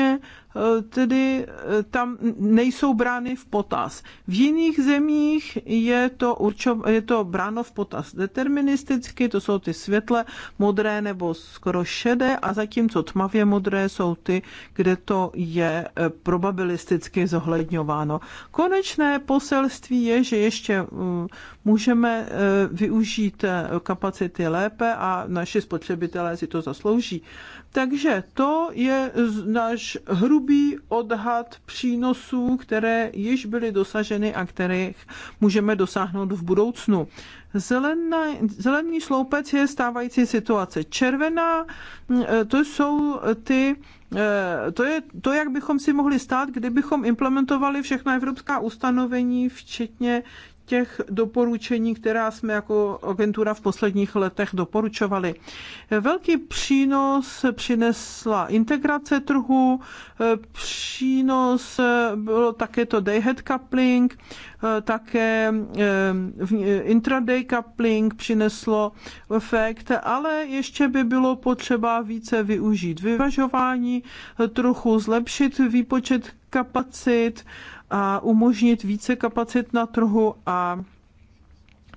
Eh, tedy eh, tam nejsou brány v potaz. V jiných zemích je to, určo, je to bráno v potaz deterministicky, to jsou ty světle modré nebo skoro šedé a zatímco tmavě modré jsou ty, kde to je eh, probabilisticky zohledňováno. Konečné poselství je, že ještě můžeme využít kapacity lépe a naši spotřebitelé si to zaslouží. Takže to je náš hrubý hrubý odhad přínosů, které již byly dosaženy a kterých můžeme dosáhnout v budoucnu. Zelená, zelený sloupec je stávající situace. Červená, mm, e, to jsou ty e, to je to, jak bychom si mohli stát, kdybychom implementovali všechna evropská ustanovení, včetně těch doporučení, která jsme jako agentura v posledních letech doporučovali. Velký přínos přinesla integrace trhu, přínos eh, bylo také to day-head coupling, eh, také eh, intraday coupling přineslo efekt, ale ještě by bylo potřeba více využít vyvažování, trochu zlepšit výpočet kapacit, a umožnit více kapacit na trhu a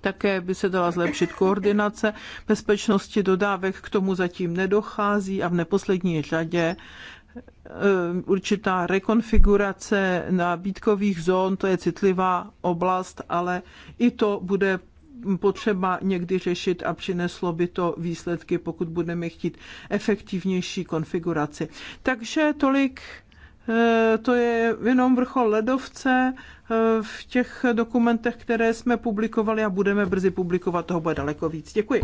také by se dala zlepšit koordinace bezpečnosti dodávek, k tomu zatím nedochází a v neposlední řadě eh, určitá rekonfigurace nabídkových zón, to je citlivá oblast, ale i to bude potřeba někdy řešit a přineslo by to výsledky, pokud budeme chtít efektivnější konfiguraci. Takže tolik Eh, to je jenom vrchol ledovce eh, v těch dokumentech, které jsme publikovali a budeme brzy publikovat, toho bude daleko víc. Děkuji.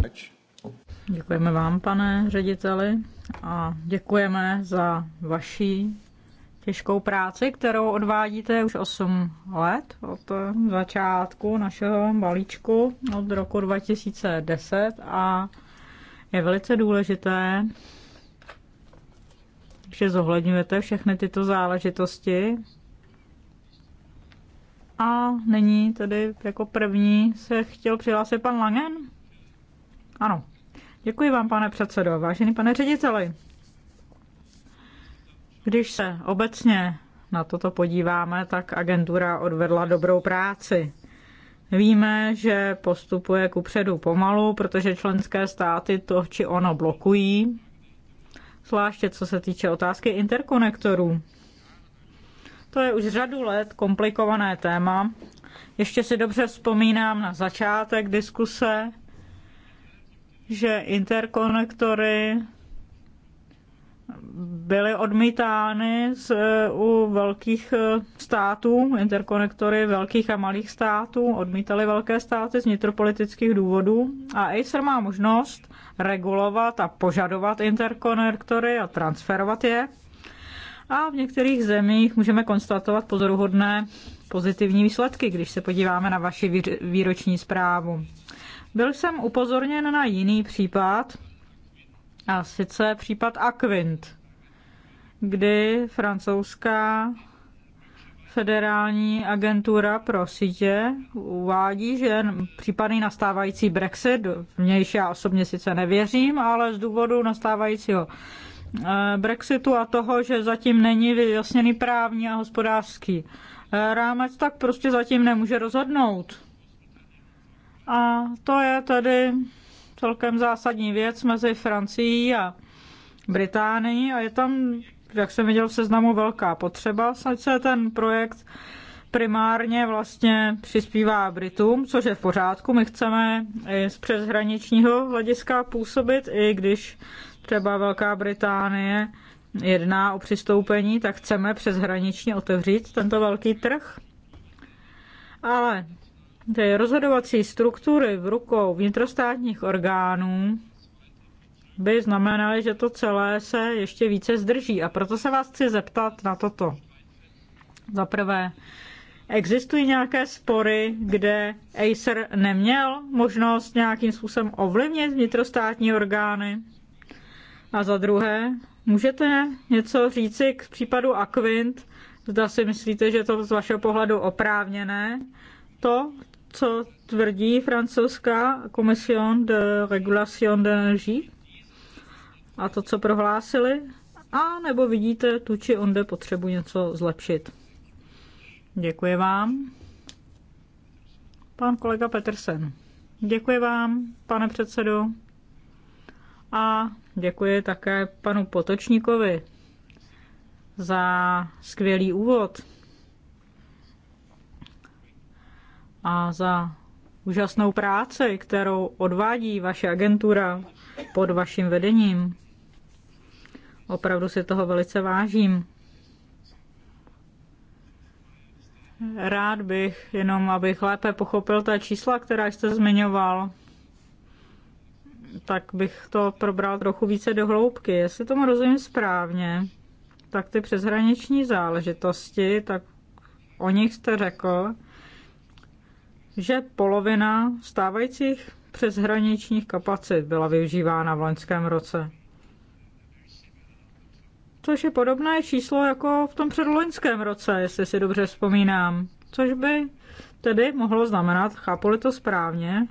Děkujeme vám, pane řediteli, a děkujeme za vaší těžkou práci, kterou odvádíte už 8 let od začátku našeho balíčku od roku 2010 a je velice důležité, že zohledňujete všechny tyto záležitosti. A nyní tedy jako první se chtěl přihlásit pan Langen. Ano. Děkuji vám, pane předsedo. Vážený pane řediteli, když se obecně na toto podíváme, tak agentura odvedla dobrou práci. Víme, že postupuje ku předu pomalu, protože členské státy to či ono blokují, zvláště co se týče otázky interkonektorů. To je už řadu let komplikované téma. Ještě si dobře vzpomínám na začátek diskuse, že interkonektory byly odmítány z, eh, u velkých eh, států, interkonektory velkých a malých států, odmítaly velké státy z nitropolitických důvodů a Acer má možnost regulovat a požadovat interkonektory a transferovat je. A v některých zemích můžeme konstatovat pozoruhodné pozitivní výsledky, když se podíváme na vaši výroční zprávu. Byl jsem upozorněn na jiný případ, a sice případ Aquint, kdy francouzská federální agentura pro sítě uvádí, že případný nastávající Brexit, v nějž já osobně sice nevěřím, ale z důvodu nastávajícího eh, Brexitu a toho, že zatím není vyjasněný právní a hospodářský eh, rámec, tak prostě zatím nemůže rozhodnout. A to je tedy celkem zásadní věc mezi Francií a Británií a je tam, jak jsem viděl v seznamu, velká potřeba. Sice ten projekt primárně vlastně přispívá Britům, což je v pořádku. My chceme i z přeshraničního hlediska působit, i když třeba Velká Británie jedná o přistoupení, tak chceme přeshraničně otevřít tento velký trh. Ale Té rozhodovací struktury v rukou vnitrostátních orgánů by znamenaly, že to celé se ještě více zdrží. A proto se vás chci zeptat na toto. Za prvé, existují nějaké spory, kde Acer neměl možnost nějakým způsobem ovlivnit vnitrostátní orgány? A za druhé, můžete něco říci k případu Aquint? Zda si myslíte, že to z vašeho pohledu oprávněné, to, co tvrdí francouzská Commission de Regulation de Energie a to, co prohlásili, a nebo vidíte tu či onde potřebu něco zlepšit. Děkuji vám. Pan kolega Petersen. Děkuji vám, pane předsedo. A děkuji také panu Potočníkovi za skvělý úvod. a za úžasnou práci, kterou odvádí vaše agentura pod vaším vedením. Opravdu si toho velice vážím. Rád bych, jenom abych lépe pochopil ta čísla, která jste zmiňoval, tak bych to probral trochu více do hloubky. Jestli tomu rozumím správně, tak ty přeshraniční záležitosti, tak o nich jste řekl, že polovina stávajících přeshraničních kapacit byla využívána v loňském roce. Což je podobné číslo jako v tom předloňském roce, jestli si dobře vzpomínám. Což by tedy mohlo znamenat, chápu to správně,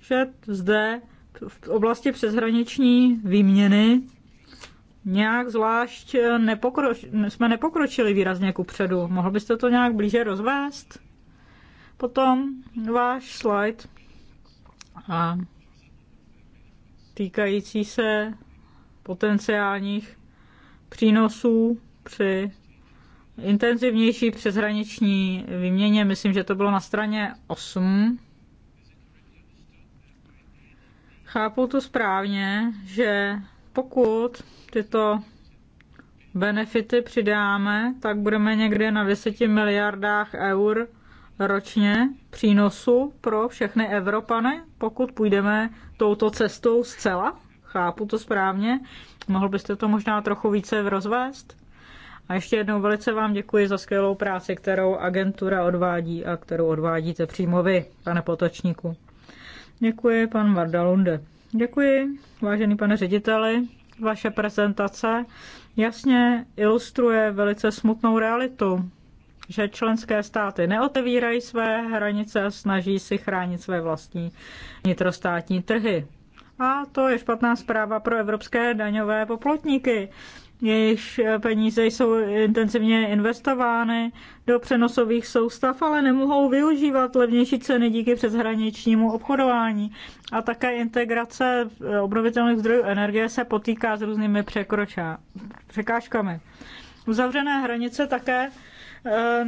že zde v oblasti přeshraniční výměny nějak zvlášť nepokroč, jsme nepokročili výrazně kupředu. Mohl byste to nějak blíže rozvést? Potom váš slide a týkající se potenciálních přínosů při intenzivnější přeshraniční výměně. Myslím, že to bylo na straně 8. Chápu to správně, že pokud tyto benefity přidáme, tak budeme někde na 10 miliardách eur ročně přínosu pro všechny Evropany, pokud půjdeme touto cestou zcela? Chápu to správně. Mohl byste to možná trochu více rozvést? A ještě jednou velice vám děkuji za skvělou práci, kterou agentura odvádí a kterou odvádíte přímo vy, pane Potočníku. Děkuji, pan Vardalunde. Děkuji, vážený pane řediteli. Vaše prezentace jasně ilustruje velice smutnou realitu že členské státy neotevírají své hranice a snaží si chránit své vlastní nitrostátní trhy. A to je špatná zpráva pro evropské daňové poplatníky. Jejich peníze jsou intenzivně investovány do přenosových soustav, ale nemohou využívat levnější ceny díky přeshraničnímu obchodování. A také integrace obnovitelných zdrojů energie se potýká s různými překročá, překážkami. Uzavřené hranice také Eh,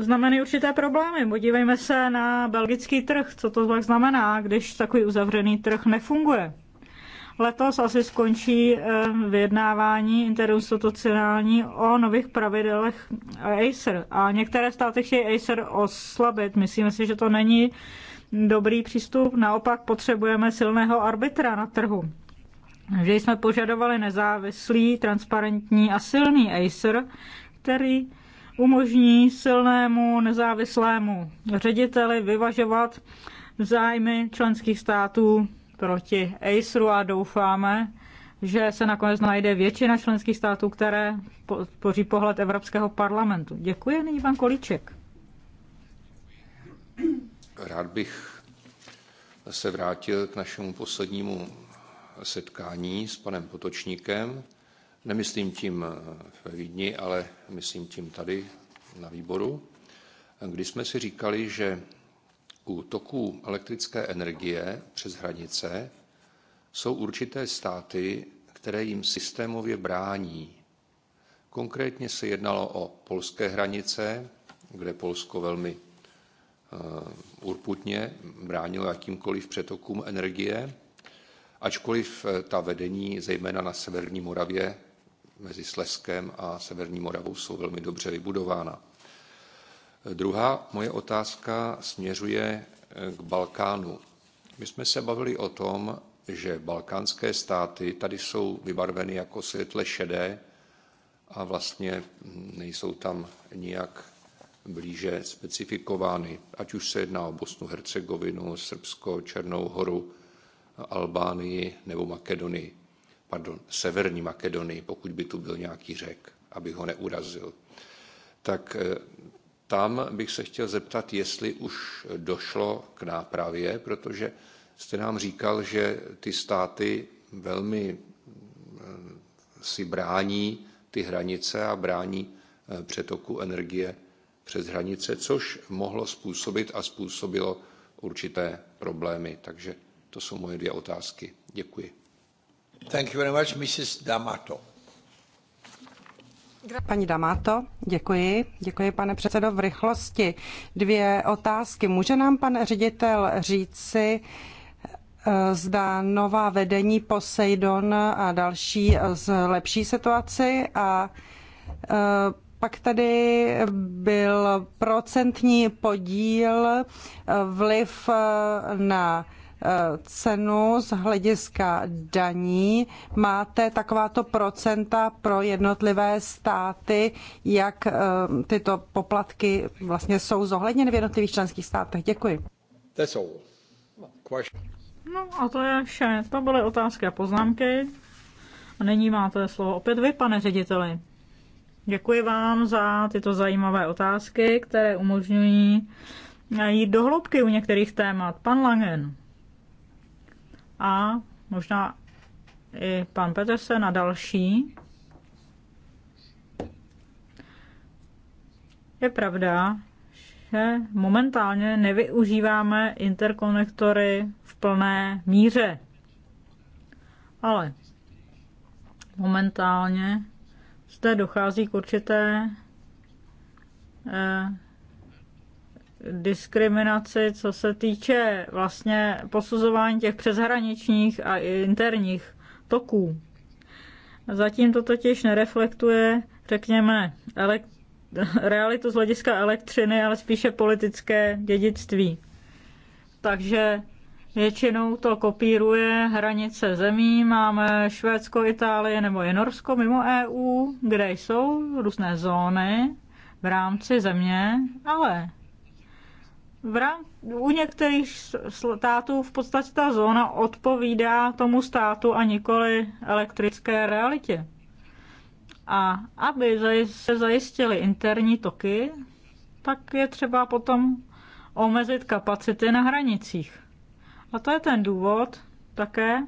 znamenají určité problémy. Podívejme se na belgický trh, co to tak znamená, když takový uzavřený trh nefunguje. Letos asi skončí eh, vyjednávání interinstitucionální o nových pravidelech Acer. A některé státy chtějí Acer oslabit. Myslíme si, že to není dobrý přístup. Naopak potřebujeme silného arbitra na trhu. Že jsme požadovali nezávislý, transparentní a silný Acer, který umožní silnému nezávislému řediteli vyvažovat zájmy členských států proti ACERu a doufáme, že se nakonec najde většina členských států, které podpoří pohled Evropského parlamentu. Děkuji, nyní pan Kolíček. Rád bych se vrátil k našemu poslednímu setkání s panem Potočníkem Nemyslím tím eh, ve Vídni, ale myslím tím tady na výboru, kdy jsme si říkali, že u toků elektrické energie přes hranice jsou určité státy, které jim systémově brání. Konkrétně se jednalo o polské hranice, kde Polsko velmi eh, urputně bránilo jakýmkoliv přetokům energie, ačkoliv eh, ta vedení, zejména na severní Moravě, mezi Slezskem a Severní Moravou jsou velmi dobře vybudována. Druhá moje otázka směřuje eh, k Balkánu. My jsme se bavili o tom, že balkánské státy tady jsou vybarveny jako světle šedé a vlastně hm, nejsou tam nijak blíže specifikovány, ať už se jedná o Bosnu, Hercegovinu, Srbsko, Černou horu, Albánii nebo Makedonii pardon, Severní Makedonii, pokud by tu byl nějaký řek, aby ho neurazil. Tak eh, tam bych se chtěl zeptat, jestli už došlo k nápravě, protože jste nám říkal, že ty státy velmi eh, si brání ty hranice a brání eh, přetoku energie přes hranice, což mohlo způsobit a způsobilo určité problémy. Takže to jsou moje dvě otázky. Děkuji. D'Amato. Paní Damato, děkuji. Děkuji, pane předsedo, v rychlosti. Dvě otázky. Může nám pan ředitel říci, eh, zda nová vedení Poseidon a další zlepší situaci a eh, pak tady byl procentní podíl eh, vliv na cenu z hlediska daní. Máte takováto procenta pro jednotlivé státy, jak eh, tyto poplatky vlastně jsou zohledněny v jednotlivých členských státech? Děkuji. That's all. No a to je vše. To byly otázky a poznámky. A nyní máte slovo opět vy, pane řediteli. Děkuji vám za tyto zajímavé otázky, které umožňují jít do hloubky u některých témat. Pan Langen a možná i pan se na další. Je pravda, že momentálně nevyužíváme interkonektory v plné míře. Ale momentálně zde dochází k určité eh, diskriminaci, co se týče vlastně posuzování těch přeshraničních a interních toků. Zatím to totiž nereflektuje, řekněme, realitu z hlediska elektřiny, ale spíše politické dědictví. Takže většinou to kopíruje hranice zemí. Máme Švédsko, Itálie nebo je Norsko mimo EU, kde jsou různé zóny v rámci země, ale v rám, u některých států v podstatě ta zóna odpovídá tomu státu a nikoli elektrické realitě. A aby se zajistily interní toky, tak je třeba potom omezit kapacity na hranicích. A to je ten důvod také,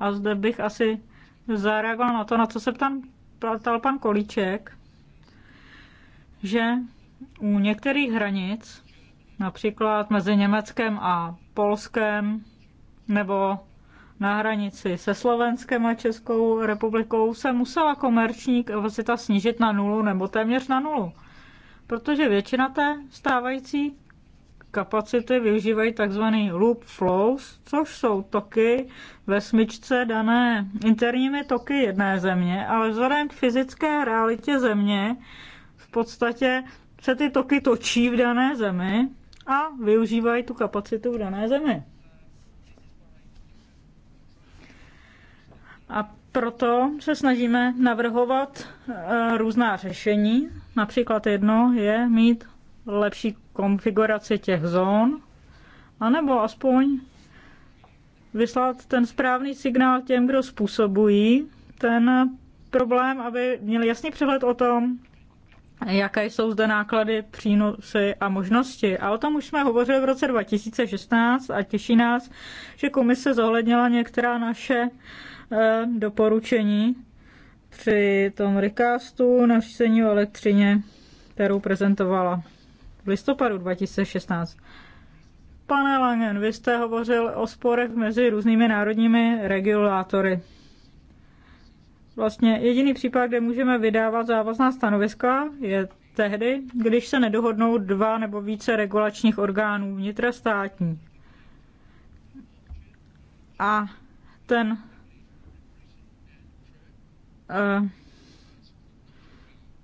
a zde bych asi zareagoval na to, na co se tam ptal pan Kolíček, že u některých hranic například mezi Německem a Polskem nebo na hranici se Slovenskem a Českou republikou se musela komerční kapacita snížit na nulu nebo téměř na nulu, protože většina té stávající kapacity využívají tzv. loop flows, což jsou toky ve smyčce dané interními toky jedné země, ale vzhledem k fyzické realitě země v podstatě se ty toky točí v dané zemi a využívají tu kapacitu v dané zemi. A proto se snažíme navrhovat eh, různá řešení. Například jedno je mít lepší konfiguraci těch zón, anebo aspoň vyslat ten správný signál těm, kdo způsobují ten problém, aby měli jasný přehled o tom, jaké jsou zde náklady, přínosy a možnosti. A o tom už jsme hovořili v roce 2016 a těší nás, že komise zohlednila některá naše eh, doporučení při tom recastu na řízení o elektřině, kterou prezentovala v listopadu 2016. Pane Langen, vy jste hovořil o sporech mezi různými národními regulátory. Vlastně jediný případ, kde můžeme vydávat závazná stanoviska, je tehdy, když se nedohodnou dva nebo více regulačních orgánů vnitrostátní. A ten uh,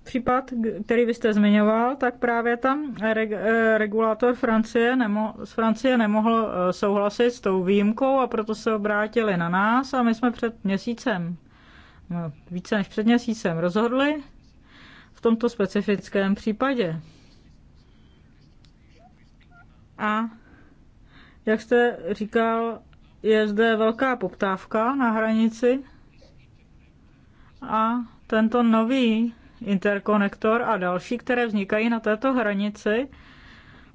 případ, který byste zmiňoval, tak právě tam reg, eh, regulátor Francie nemo, z Francie nemohl eh, souhlasit s tou výjimkou a proto se obrátili na nás a my jsme před měsícem No, více než před měsícem rozhodli v tomto specifickém případě. A jak jste říkal, je zde velká poptávka na hranici a tento nový interkonektor a další, které vznikají na této hranici,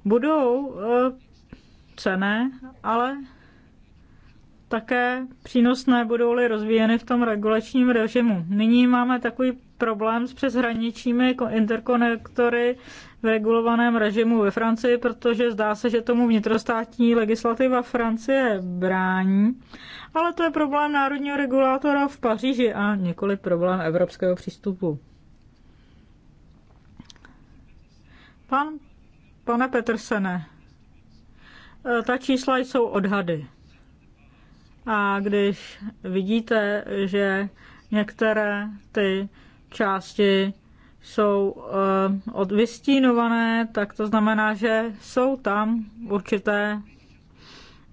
budou eh, cené, ale také přínosné budou-li rozvíjeny v tom regulačním režimu. Nyní máme takový problém s přeshraničními interkonektory v regulovaném režimu ve Francii, protože zdá se, že tomu vnitrostátní legislativa Francie brání. Ale to je problém národního regulátora v Paříži a nikoli problém evropského přístupu. Pan, pane Petersene, e, ta čísla jsou odhady. A když vidíte, že některé ty části jsou uh, eh, odvystínované, tak to znamená, že jsou tam určité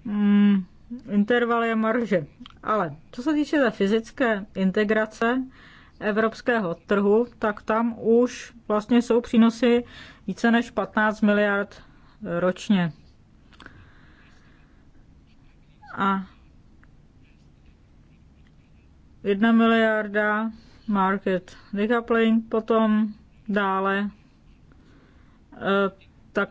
um, intervaly a marže. Ale co se týče té fyzické integrace evropského trhu, tak tam už vlastně jsou přínosy více než 15 miliard ročně. A 1 miliarda market decoupling, potom dále e, ta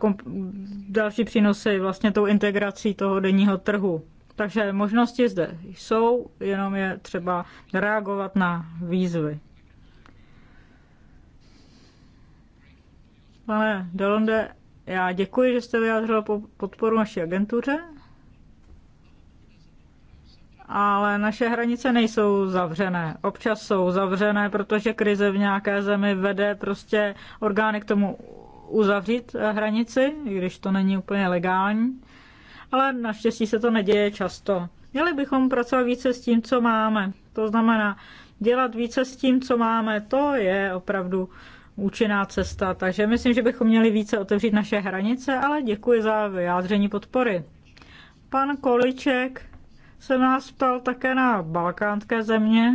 další přínosy vlastně tou integrací toho denního trhu. Takže možnosti zde jsou, jenom je třeba reagovat na výzvy. Pane Delonde, já děkuji, že jste vyjádřil podporu naší agentuře ale naše hranice nejsou zavřené. Občas jsou zavřené, protože krize v nějaké zemi vede prostě orgány k tomu uzavřít hranici, i když to není úplně legální. Ale naštěstí se to neděje často. Měli bychom pracovat více s tím, co máme. To znamená, dělat více s tím, co máme, to je opravdu účinná cesta. Takže myslím, že bychom měli více otevřít naše hranice, ale děkuji za vyjádření podpory. Pan Količek se nás ptal také na balkánské země,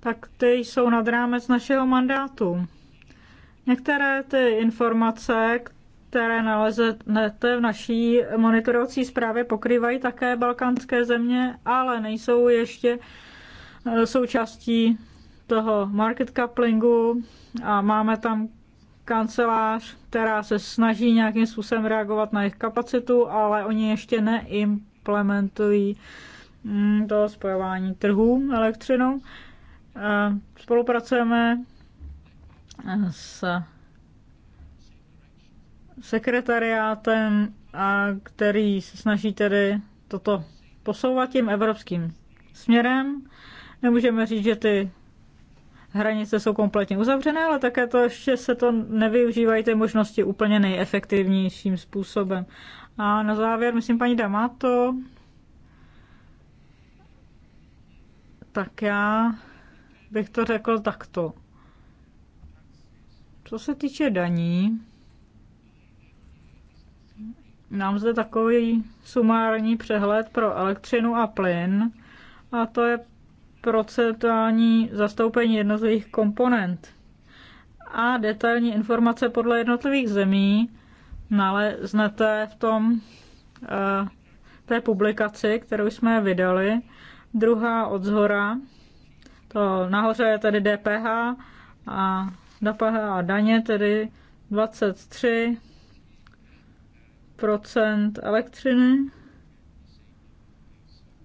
tak ty jsou nad rámec našeho mandátu. Některé ty informace, které naleznete v naší monitorovací zprávě, pokrývají také balkánské země, ale nejsou ještě eh, součástí toho market couplingu a máme tam kancelář, která se snaží nějakým způsobem reagovat na jejich kapacitu, ale oni ještě neim implementují mm, to spojování trhů elektřinou. Spolupracujeme eh, s sekretariátem, který se snaží tedy toto posouvat tím evropským směrem. Nemůžeme říct, že ty hranice jsou kompletně uzavřené, ale také to ještě se to nevyužívají ty možnosti úplně nejefektivnějším způsobem. A na závěr, myslím, paní Damato, tak já bych to řekl takto. Co se týče daní, nám zde takový sumární přehled pro elektřinu a plyn, a to je procentuální zastoupení jednotlivých komponent a detailní informace podle jednotlivých zemí naleznete v tom eh, té publikaci, kterou jsme vydali. Druhá od zhora, to nahoře je tedy DPH a DPH a daně, tedy 23 elektřiny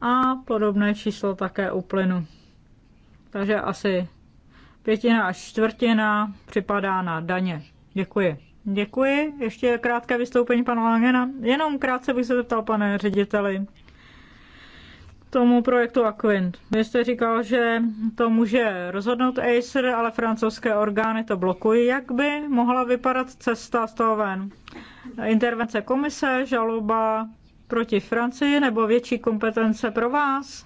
a podobné číslo také u plynu. Takže asi pětina až čtvrtina připadá na daně. Děkuji. Děkuji. Ještě krátké vystoupení pana Langena. Jenom krátce bych se zeptal, pane řediteli, tomu projektu Aquint. Vy jste říkal, že to může rozhodnout Acer, ale francouzské orgány to blokují. Jak by mohla vypadat cesta z toho ven? Intervence komise, žaloba proti Francii nebo větší kompetence pro vás?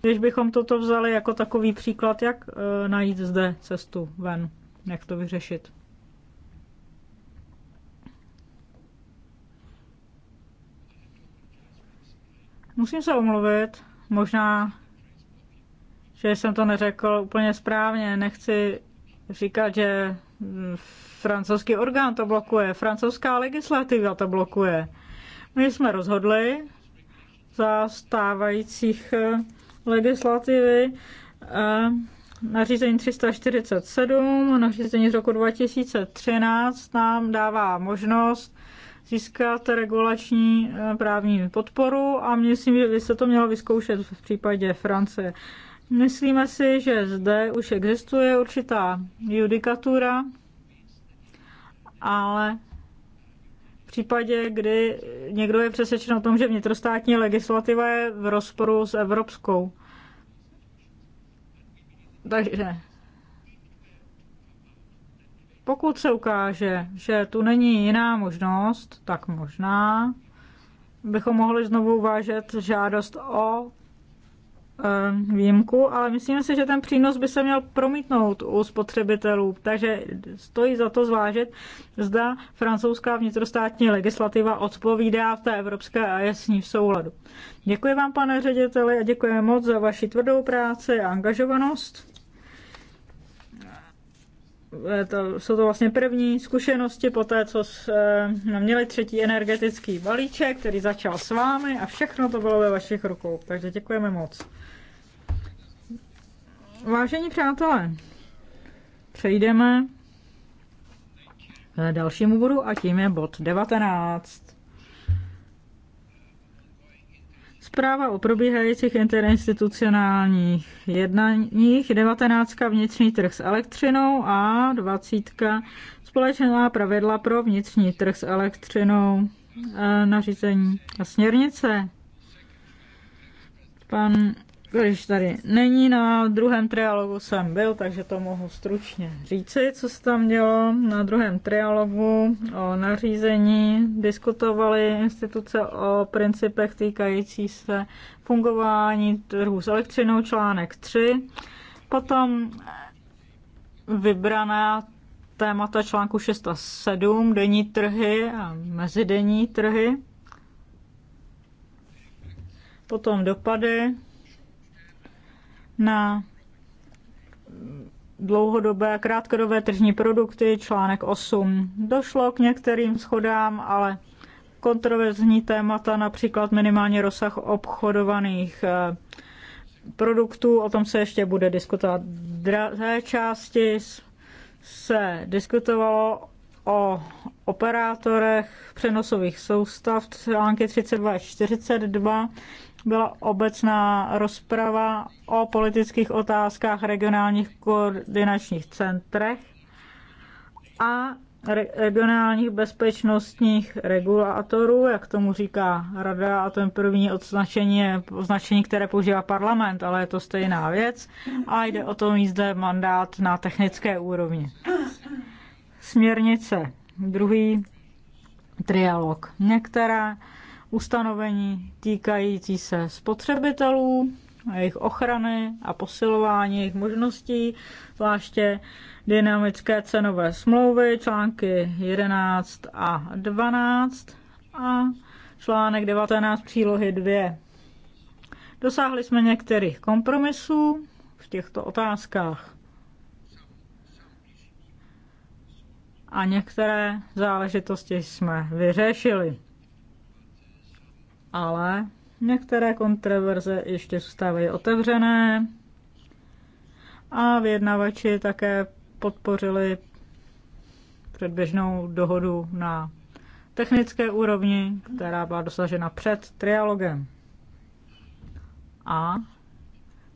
Když bychom toto vzali jako takový příklad, jak eh, najít zde cestu ven, jak to vyřešit? Musím se omluvit, možná, že jsem to neřekl úplně správně. Nechci říkat, že francouzský orgán to blokuje, francouzská legislativa to blokuje. My jsme rozhodli za stávajících eh, legislativy eh, nařízení 347, nařízení z roku 2013 nám dává možnost získat regulační eh, právní podporu a myslím, že by se to mělo vyzkoušet v případě Francie. Myslíme si, že zde už existuje určitá judikatura, ale v případě, kdy někdo je přesvědčen o tom, že vnitrostátní legislativa je v rozporu s evropskou. Takže pokud se ukáže, že tu není jiná možnost, tak možná bychom mohli znovu uvážet žádost o eh, výjimku, ale myslím si, že ten přínos by se měl promítnout u spotřebitelů. Takže stojí za to zvážit, zda francouzská vnitrostátní legislativa odpovídá v té evropské a je s ní v souladu. Děkuji vám, pane řediteli, a děkuji moc za vaši tvrdou práci a angažovanost. Eh, to, jsou to vlastně první zkušenosti po té, co jsme eh, měli třetí energetický balíček, který začal s vámi a všechno to bylo ve vašich rukou. Takže děkujeme moc. Vážení přátelé, přejdeme k dalšímu bodu a tím je bod 19. Zpráva o probíhajících interinstitucionálních jednáních, 19. vnitřní trh s elektřinou a 20. společná pravidla pro vnitřní trh s elektřinou, eh, nařízení a směrnice. Pan když tady není na druhém trialogu jsem byl, takže to mohu stručně říci, co se tam dělo. Na druhém trialogu o nařízení diskutovaly instituce o principech týkající se fungování trhu s elektřinou, článek 3. Potom vybraná témata článku 6 a 7, denní trhy a mezidenní trhy. Potom dopady na dlouhodobé krátkodobé tržní produkty, článek 8. Došlo k některým schodám, ale kontroverzní témata, například minimální rozsah obchodovaných eh, produktů, o tom se ještě bude diskutovat. V druhé části se diskutovalo o operátorech přenosových soustav, články 32 a 42, byla obecná rozprava o politických otázkách regionálních koordinačních centrech a regionálních bezpečnostních regulátorů, jak tomu říká rada, a ten první označení je označení, které používá parlament, ale je to stejná věc a jde o to mít zde mandát na technické úrovni směrnice, druhý trialog. Některá ustanovení týkající se spotřebitelů, jejich ochrany a posilování jejich možností, zvláště dynamické cenové smlouvy, články 11 a 12 a článek 19 přílohy 2. Dosáhli jsme některých kompromisů v těchto otázkách. a některé záležitosti jsme vyřešili. Ale některé kontroverze ještě zůstávají otevřené a vyjednavači také podpořili předběžnou dohodu na technické úrovni, která byla dosažena před trialogem. A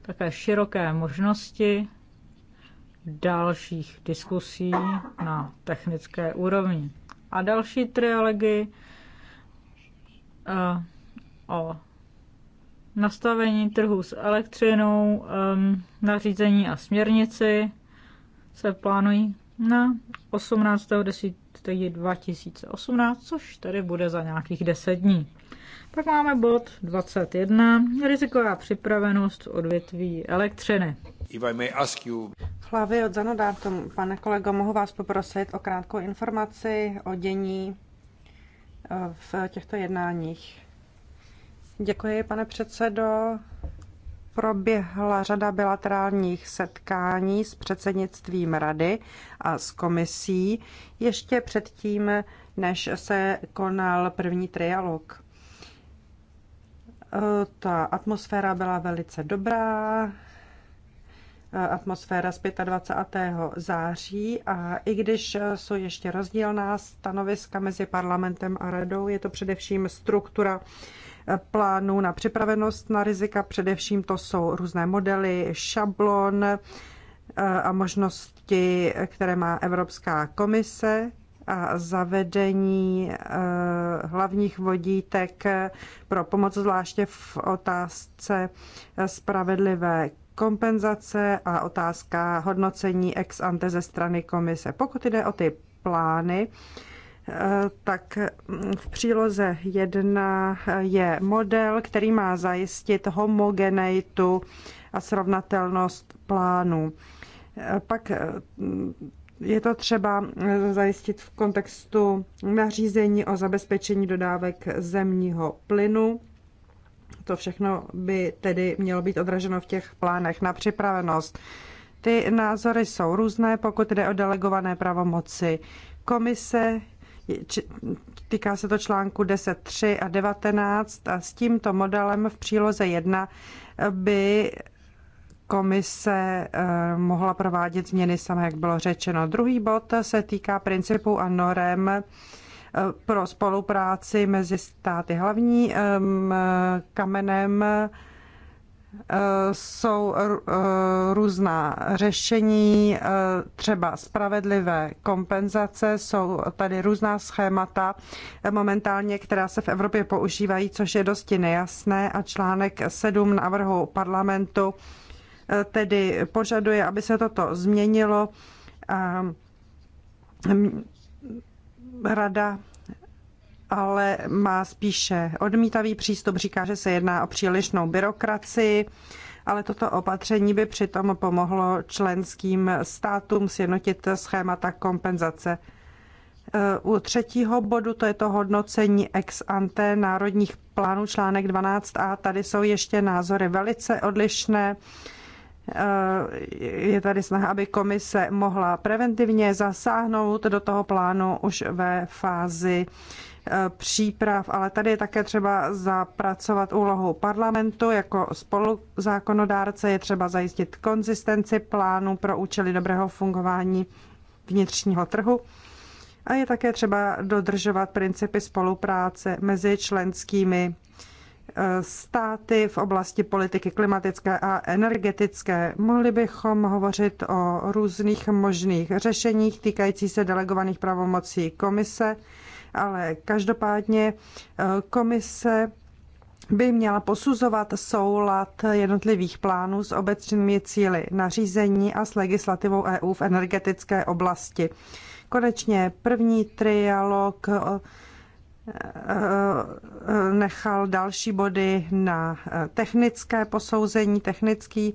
také široké možnosti dalších diskusí na technické úrovni. A další trialogy eh, o nastavení trhu s elektřinou, ehm, nařízení a směrnici se plánují na 18.10.2018, což tedy bude za nějakých 10 dní. Pak máme bod 21, riziková připravenost odvětví elektřiny. You... Hlavy od zanodátum. Pane kolego, mohu vás poprosit o krátkou informaci o dění eh, v těchto jednáních. Děkuji, pane předsedo. Proběhla řada bilaterálních setkání s předsednictvím rady a s komisí ještě předtím, než se konal první trialog. Eh, ta atmosféra byla velice dobrá, eh, atmosféra z 25. září a i když eh, jsou ještě rozdílná stanoviska mezi parlamentem a radou, je to především struktura plánů na připravenost na rizika, především to jsou různé modely, šablon a možnosti, které má Evropská komise a zavedení eh, hlavních vodítek pro pomoc zvláště v otázce spravedlivé kompenzace a otázka hodnocení ex ante ze strany komise. Pokud jde o ty plány, eh, tak v příloze 1 je model, který má zajistit homogeneitu a srovnatelnost plánů. Eh, pak je to třeba eh, zajistit v kontextu nařízení o zabezpečení dodávek zemního plynu. To všechno by tedy mělo být odraženo v těch plánech na připravenost. Ty názory jsou různé, pokud jde o delegované pravomoci komise. Týká se to článku 10.3 a 19 a s tímto modelem v příloze 1 by komise eh, mohla provádět změny sama, jak bylo řečeno. Druhý bod se týká principů a norem eh, pro spolupráci mezi státy. Hlavní kamenem eh, jsou různá řešení, třeba spravedlivé kompenzace, jsou tady různá schémata momentálně, která se v Evropě používají, což je dosti nejasné a článek 7 návrhu parlamentu tedy požaduje, aby se toto změnilo a rada ale má spíše odmítavý přístup, říká, že se jedná o přílišnou byrokracii, ale toto opatření by přitom pomohlo členským státům sjednotit schémata kompenzace. U třetího bodu, to je to hodnocení ex ante národních plánů článek 12a, tady jsou ještě názory velice odlišné. Eh, je tady snaha, aby komise mohla preventivně zasáhnout do toho plánu už ve fázi eh, příprav, ale tady je také třeba zapracovat úlohu parlamentu jako spoluzákonodárce, je třeba zajistit konzistenci plánu pro účely dobrého fungování vnitřního trhu a je také třeba dodržovat principy spolupráce mezi členskými státy v oblasti politiky klimatické a energetické. Mohli bychom hovořit o různých možných řešeních týkající se delegovaných pravomocí komise, ale každopádně eh, komise by měla posuzovat soulad jednotlivých plánů s obecnými cíly nařízení a s legislativou EU v energetické oblasti. Konečně první trialog eh, Eh, nechal další body na eh, technické posouzení, technický,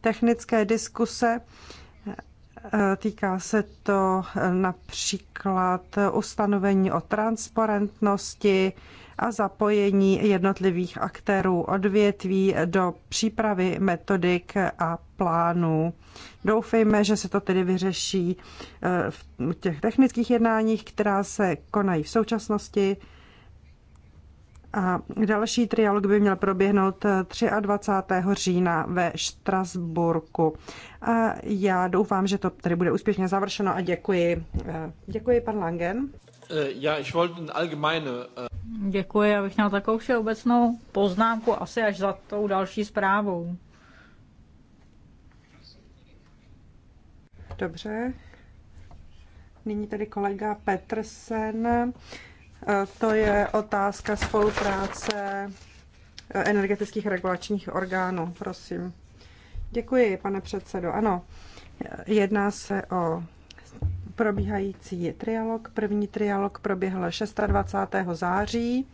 technické diskuse. Eh, týká se to eh, například ustanovení o transparentnosti a zapojení jednotlivých aktérů odvětví do přípravy metodik a plánů. Doufejme, že se to tedy vyřeší eh, v těch technických jednáních, která se konají v současnosti a další trialog by měl proběhnout 23. Eh, října ve Štrasburku. A já doufám, že to tady bude úspěšně završeno a děkuji. Eh, děkuji, pan Langen. Eh, já, ich wollte allgemeine... Děkuji, já bych měl takovou všeobecnou poznámku asi až za tou další zprávou. Dobře. Nyní tady kolega Petrsen. To je otázka spolupráce eh, energetických regulačních orgánů. Prosím. Děkuji, pane předsedo. Ano, jedná se o probíhající trialog. První trialog proběhl 26. září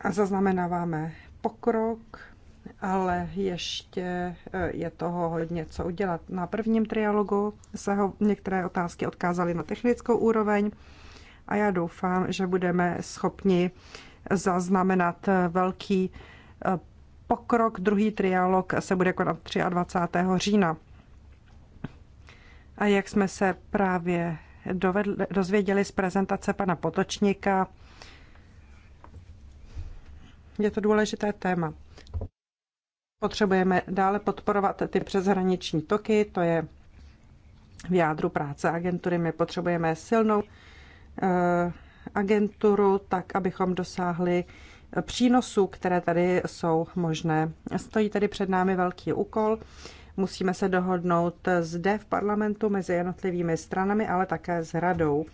a zaznamenáváme pokrok, ale ještě eh, je toho hodně co udělat. Na prvním trialogu se ho některé otázky odkázaly na technickou úroveň a já doufám, že budeme schopni zaznamenat velký eh, pokrok. Druhý trialog se bude konat 23. října. A jak jsme se právě dovedli, dozvěděli z prezentace pana Potočníka, je to důležité téma. Potřebujeme dále podporovat ty přeshraniční toky, to je v jádru práce agentury. My potřebujeme silnou Eh, agenturu, tak abychom dosáhli přínosů, které tady jsou možné. Stojí tedy před námi velký úkol. Musíme se dohodnout zde v parlamentu mezi jednotlivými stranami, ale také s radou.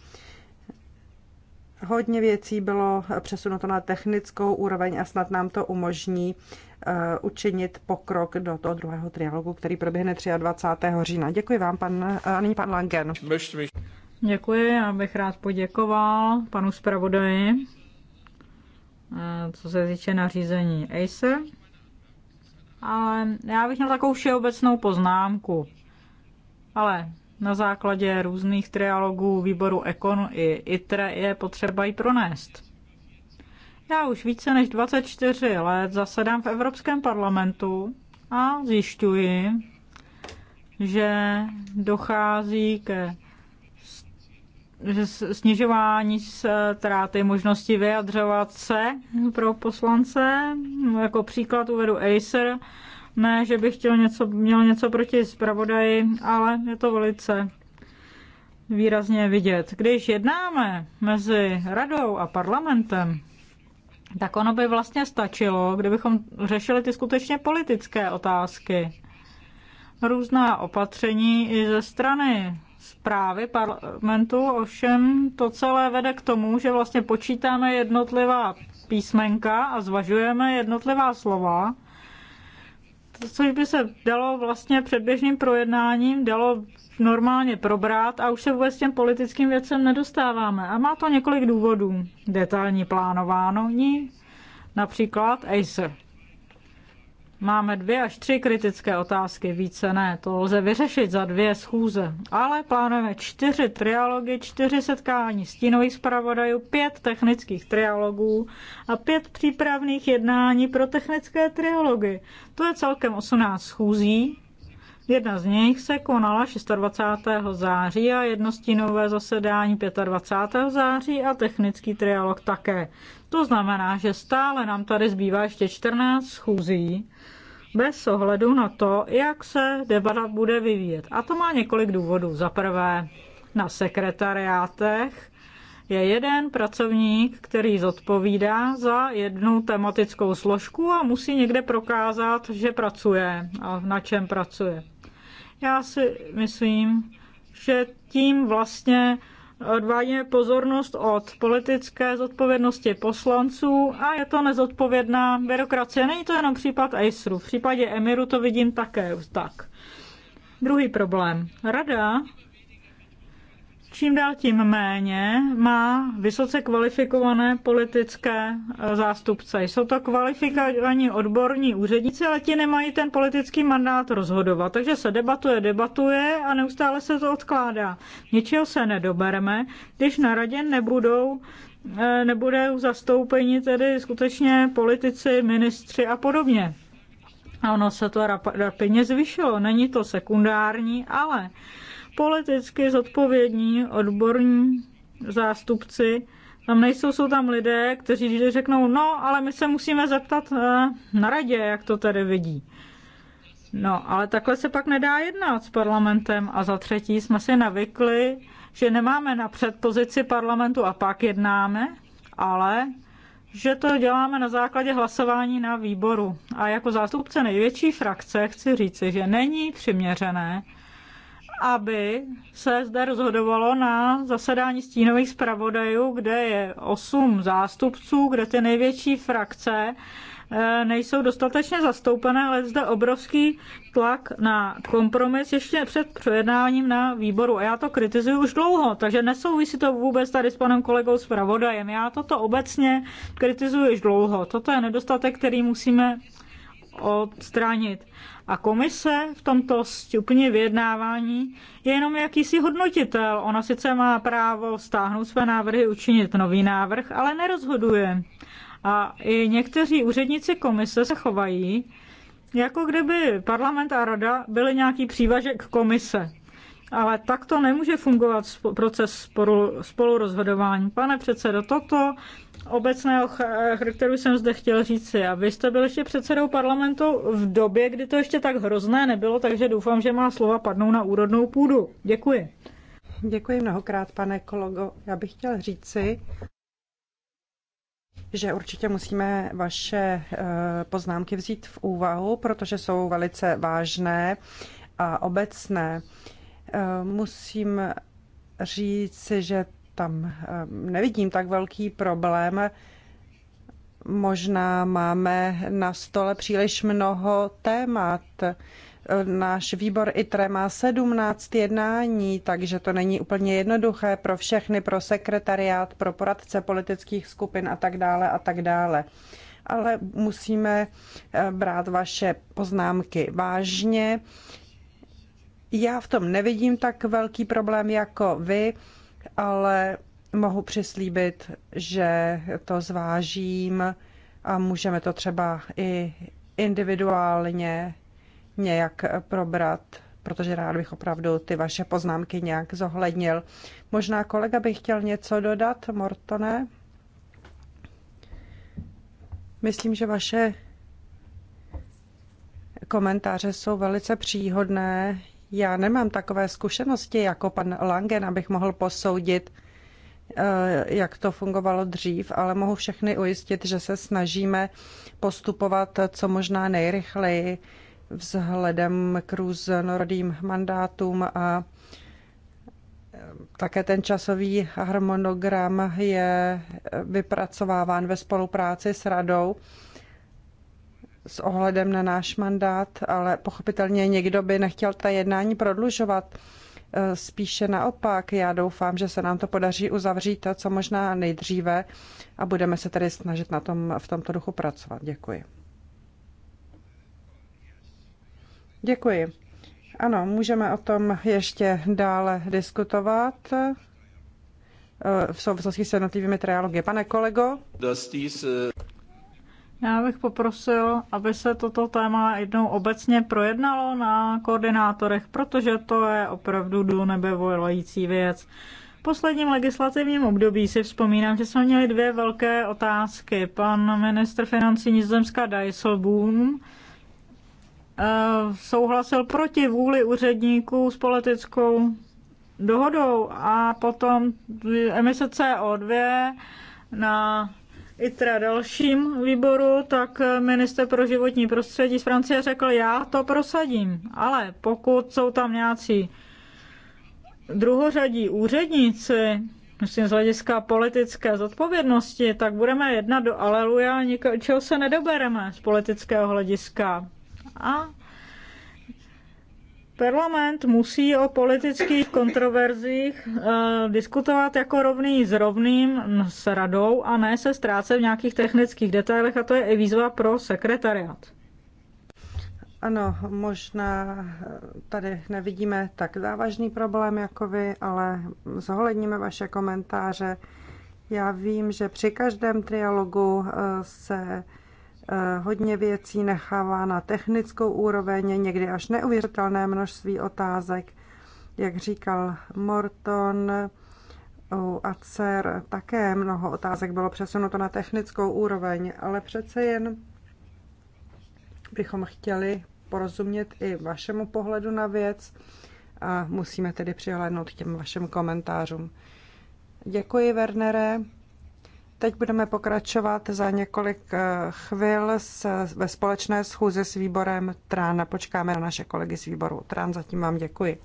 Hodně věcí bylo přesunuto na technickou úroveň a snad nám to umožní eh, učinit pokrok do toho druhého trialogu, který proběhne 23. října. Děkuji vám, pan, eh, a nyní pan Langen. Děkuji, já bych rád poděkoval panu zpravodaji, eh, co se týče nařízení ACER. Ale já bych měl takovou všeobecnou poznámku. Ale na základě různých trialogů výboru Econ i ITRE je potřeba ji pronést. Já už více než 24 let zasedám v Evropském parlamentu a zjišťuji, že dochází ke snižování eh, ztráty možnosti vyjadřovat se pro poslance. Jako příklad uvedu Acer. Ne, že bych chtěl něco, měl něco proti zpravodaji, ale je to velice výrazně vidět. Když jednáme mezi radou a parlamentem, tak ono by vlastně stačilo, kdybychom řešili ty skutečně politické otázky. Různá opatření i ze strany zprávy parlamentu, ovšem to celé vede k tomu, že vlastně počítáme jednotlivá písmenka a zvažujeme jednotlivá slova, což by se dalo vlastně předběžným projednáním, dalo normálně probrat a už se vůbec těm politickým věcem nedostáváme. A má to několik důvodů. Detailní plánování, například ACER. Máme dvě až tři kritické otázky, více ne. To lze vyřešit za dvě schůze. Ale plánujeme čtyři trialogy, čtyři setkání stínových zpravodajů, pět technických trialogů a pět přípravných jednání pro technické trialogy. To je celkem 18 schůzí, Jedna z nich se konala 26. září a jednostinové zasedání 25. září a technický trialog také. To znamená, že stále nám tady zbývá ještě 14 schůzí, bez ohledu na to, jak se debata bude vyvíjet. A to má několik důvodů. Za prvé, na sekretariátech je jeden pracovník, který zodpovídá za jednu tematickou složku a musí někde prokázat, že pracuje a na čem pracuje. Já si myslím, že tím vlastně odvádíme pozornost od politické zodpovědnosti poslanců a je to nezodpovědná byrokracie. Není to jenom případ ACERu, v případě Emiru to vidím také tak. Druhý problém. Rada čím dál tím méně má vysoce kvalifikované politické e, zástupce. Jsou to kvalifikovaní odborní úředníci, ale ti nemají ten politický mandát rozhodovat. Takže se debatuje, debatuje a neustále se to odkládá. Ničeho se nedobereme, když na radě nebudou e, nebudou zastoupeni tedy skutečně politici, ministři a podobně. A ono se to rapidně zvyšilo. Není to sekundární, ale politicky zodpovědní odborní zástupci. Tam nejsou, jsou tam lidé, kteří když řeknou, no, ale my se musíme zeptat eh, na radě, jak to tady vidí. No, ale takhle se pak nedá jednat s parlamentem. A za třetí jsme si navykli, že nemáme na předpozici parlamentu a pak jednáme, ale že to děláme na základě hlasování na výboru. A jako zástupce největší frakce chci říci, že není přiměřené, aby se zde rozhodovalo na zasedání stínových zpravodajů, kde je osm zástupců, kde ty největší frakce eh, nejsou dostatečně zastoupené, ale zde obrovský tlak na kompromis ještě před projednáním na výboru. A já to kritizuji už dlouho, takže nesouvisí to vůbec tady s panem kolegou pravodajem. Já toto obecně kritizuji už dlouho. Toto je nedostatek, který musíme odstranit. A komise v tomto stupni vyjednávání je jenom jakýsi hodnotitel. Ona sice má právo stáhnout své návrhy, učinit nový návrh, ale nerozhoduje. A i někteří úředníci komise se chovají, jako kdyby parlament a rada byly nějaký přívažek komise. Ale tak to nemůže fungovat proces spolurozhodování. Pane předsedo, toto obecného charakteru jsem zde chtěl říct si. A vy jste byl ještě předsedou parlamentu v době, kdy to ještě tak hrozné nebylo, takže doufám, že má slova padnou na úrodnou půdu. Děkuji. Děkuji mnohokrát, pane kolego. Já bych chtěl říci, že určitě musíme vaše eh, poznámky vzít v úvahu, protože jsou velice vážné a obecné. Eh, musím říct, že tam eh, nevidím tak velký problém. Možná máme na stole příliš mnoho témat. Náš výbor ITRE má 17 jednání, takže to není úplně jednoduché pro všechny, pro sekretariát, pro poradce politických skupin a tak dále a tak dále. Ale musíme eh, brát vaše poznámky vážně. Já v tom nevidím tak velký problém jako vy ale mohu přislíbit, že to zvážím a můžeme to třeba i individuálně nějak probrat, protože rád bych opravdu ty vaše poznámky nějak zohlednil. Možná kolega by chtěl něco dodat, Mortone? Myslím, že vaše komentáře jsou velice příhodné. Já nemám takové zkušenosti jako pan Langen, abych mohl posoudit, eh, jak to fungovalo dřív, ale mohu všechny ujistit, že se snažíme postupovat co možná nejrychleji vzhledem k různorodým mandátům a eh, také ten časový harmonogram je eh, vypracováván ve spolupráci s radou s ohledem na náš mandát, ale pochopitelně někdo by nechtěl ta jednání prodlužovat. E, spíše naopak, já doufám, že se nám to podaří uzavřít to, co možná nejdříve a budeme se tedy snažit na tom, v tomto duchu pracovat. Děkuji. Děkuji. Ano, můžeme o tom ještě dále diskutovat e, v souvislosti s jednotlivými trialogy. Pane kolego, já bych poprosil, aby se toto téma jednou obecně projednalo na koordinátorech, protože to je opravdu do nebe volající věc. V posledním legislativním období si vzpomínám, že jsme měli dvě velké otázky. Pan ministr financí Nizozemská Dijsselboom eh, souhlasil proti vůli úředníků s politickou dohodou a potom emise CO2 na ITRA dalším výboru, tak minister pro životní prostředí z Francie řekl, já to prosadím, ale pokud jsou tam nějací druhořadí úředníci, myslím z hlediska politické zodpovědnosti, tak budeme jednat do aleluja, čeho se nedobereme z politického hlediska. A Parlament musí o politických kontroverzích e, diskutovat jako rovný s rovným s radou a ne se ztrácet v nějakých technických detailech a to je i výzva pro sekretariat. Ano, možná eh, tady nevidíme tak závažný problém jako vy, ale zohledníme vaše komentáře. Já vím, že při každém trialogu eh, se Eh, hodně věcí nechává na technickou úroveň, někdy až neuvěřitelné množství otázek. Jak říkal Morton u ACER, také mnoho otázek bylo přesunuto na technickou úroveň, ale přece jen bychom chtěli porozumět i vašemu pohledu na věc a musíme tedy přihlédnout k těm vašim komentářům. Děkuji, Wernere. Teď budeme pokračovat za několik eh, chvil s, ve společné schůzi s výborem TRAN. Počkáme na naše kolegy z výboru TRAN. Zatím vám děkuji.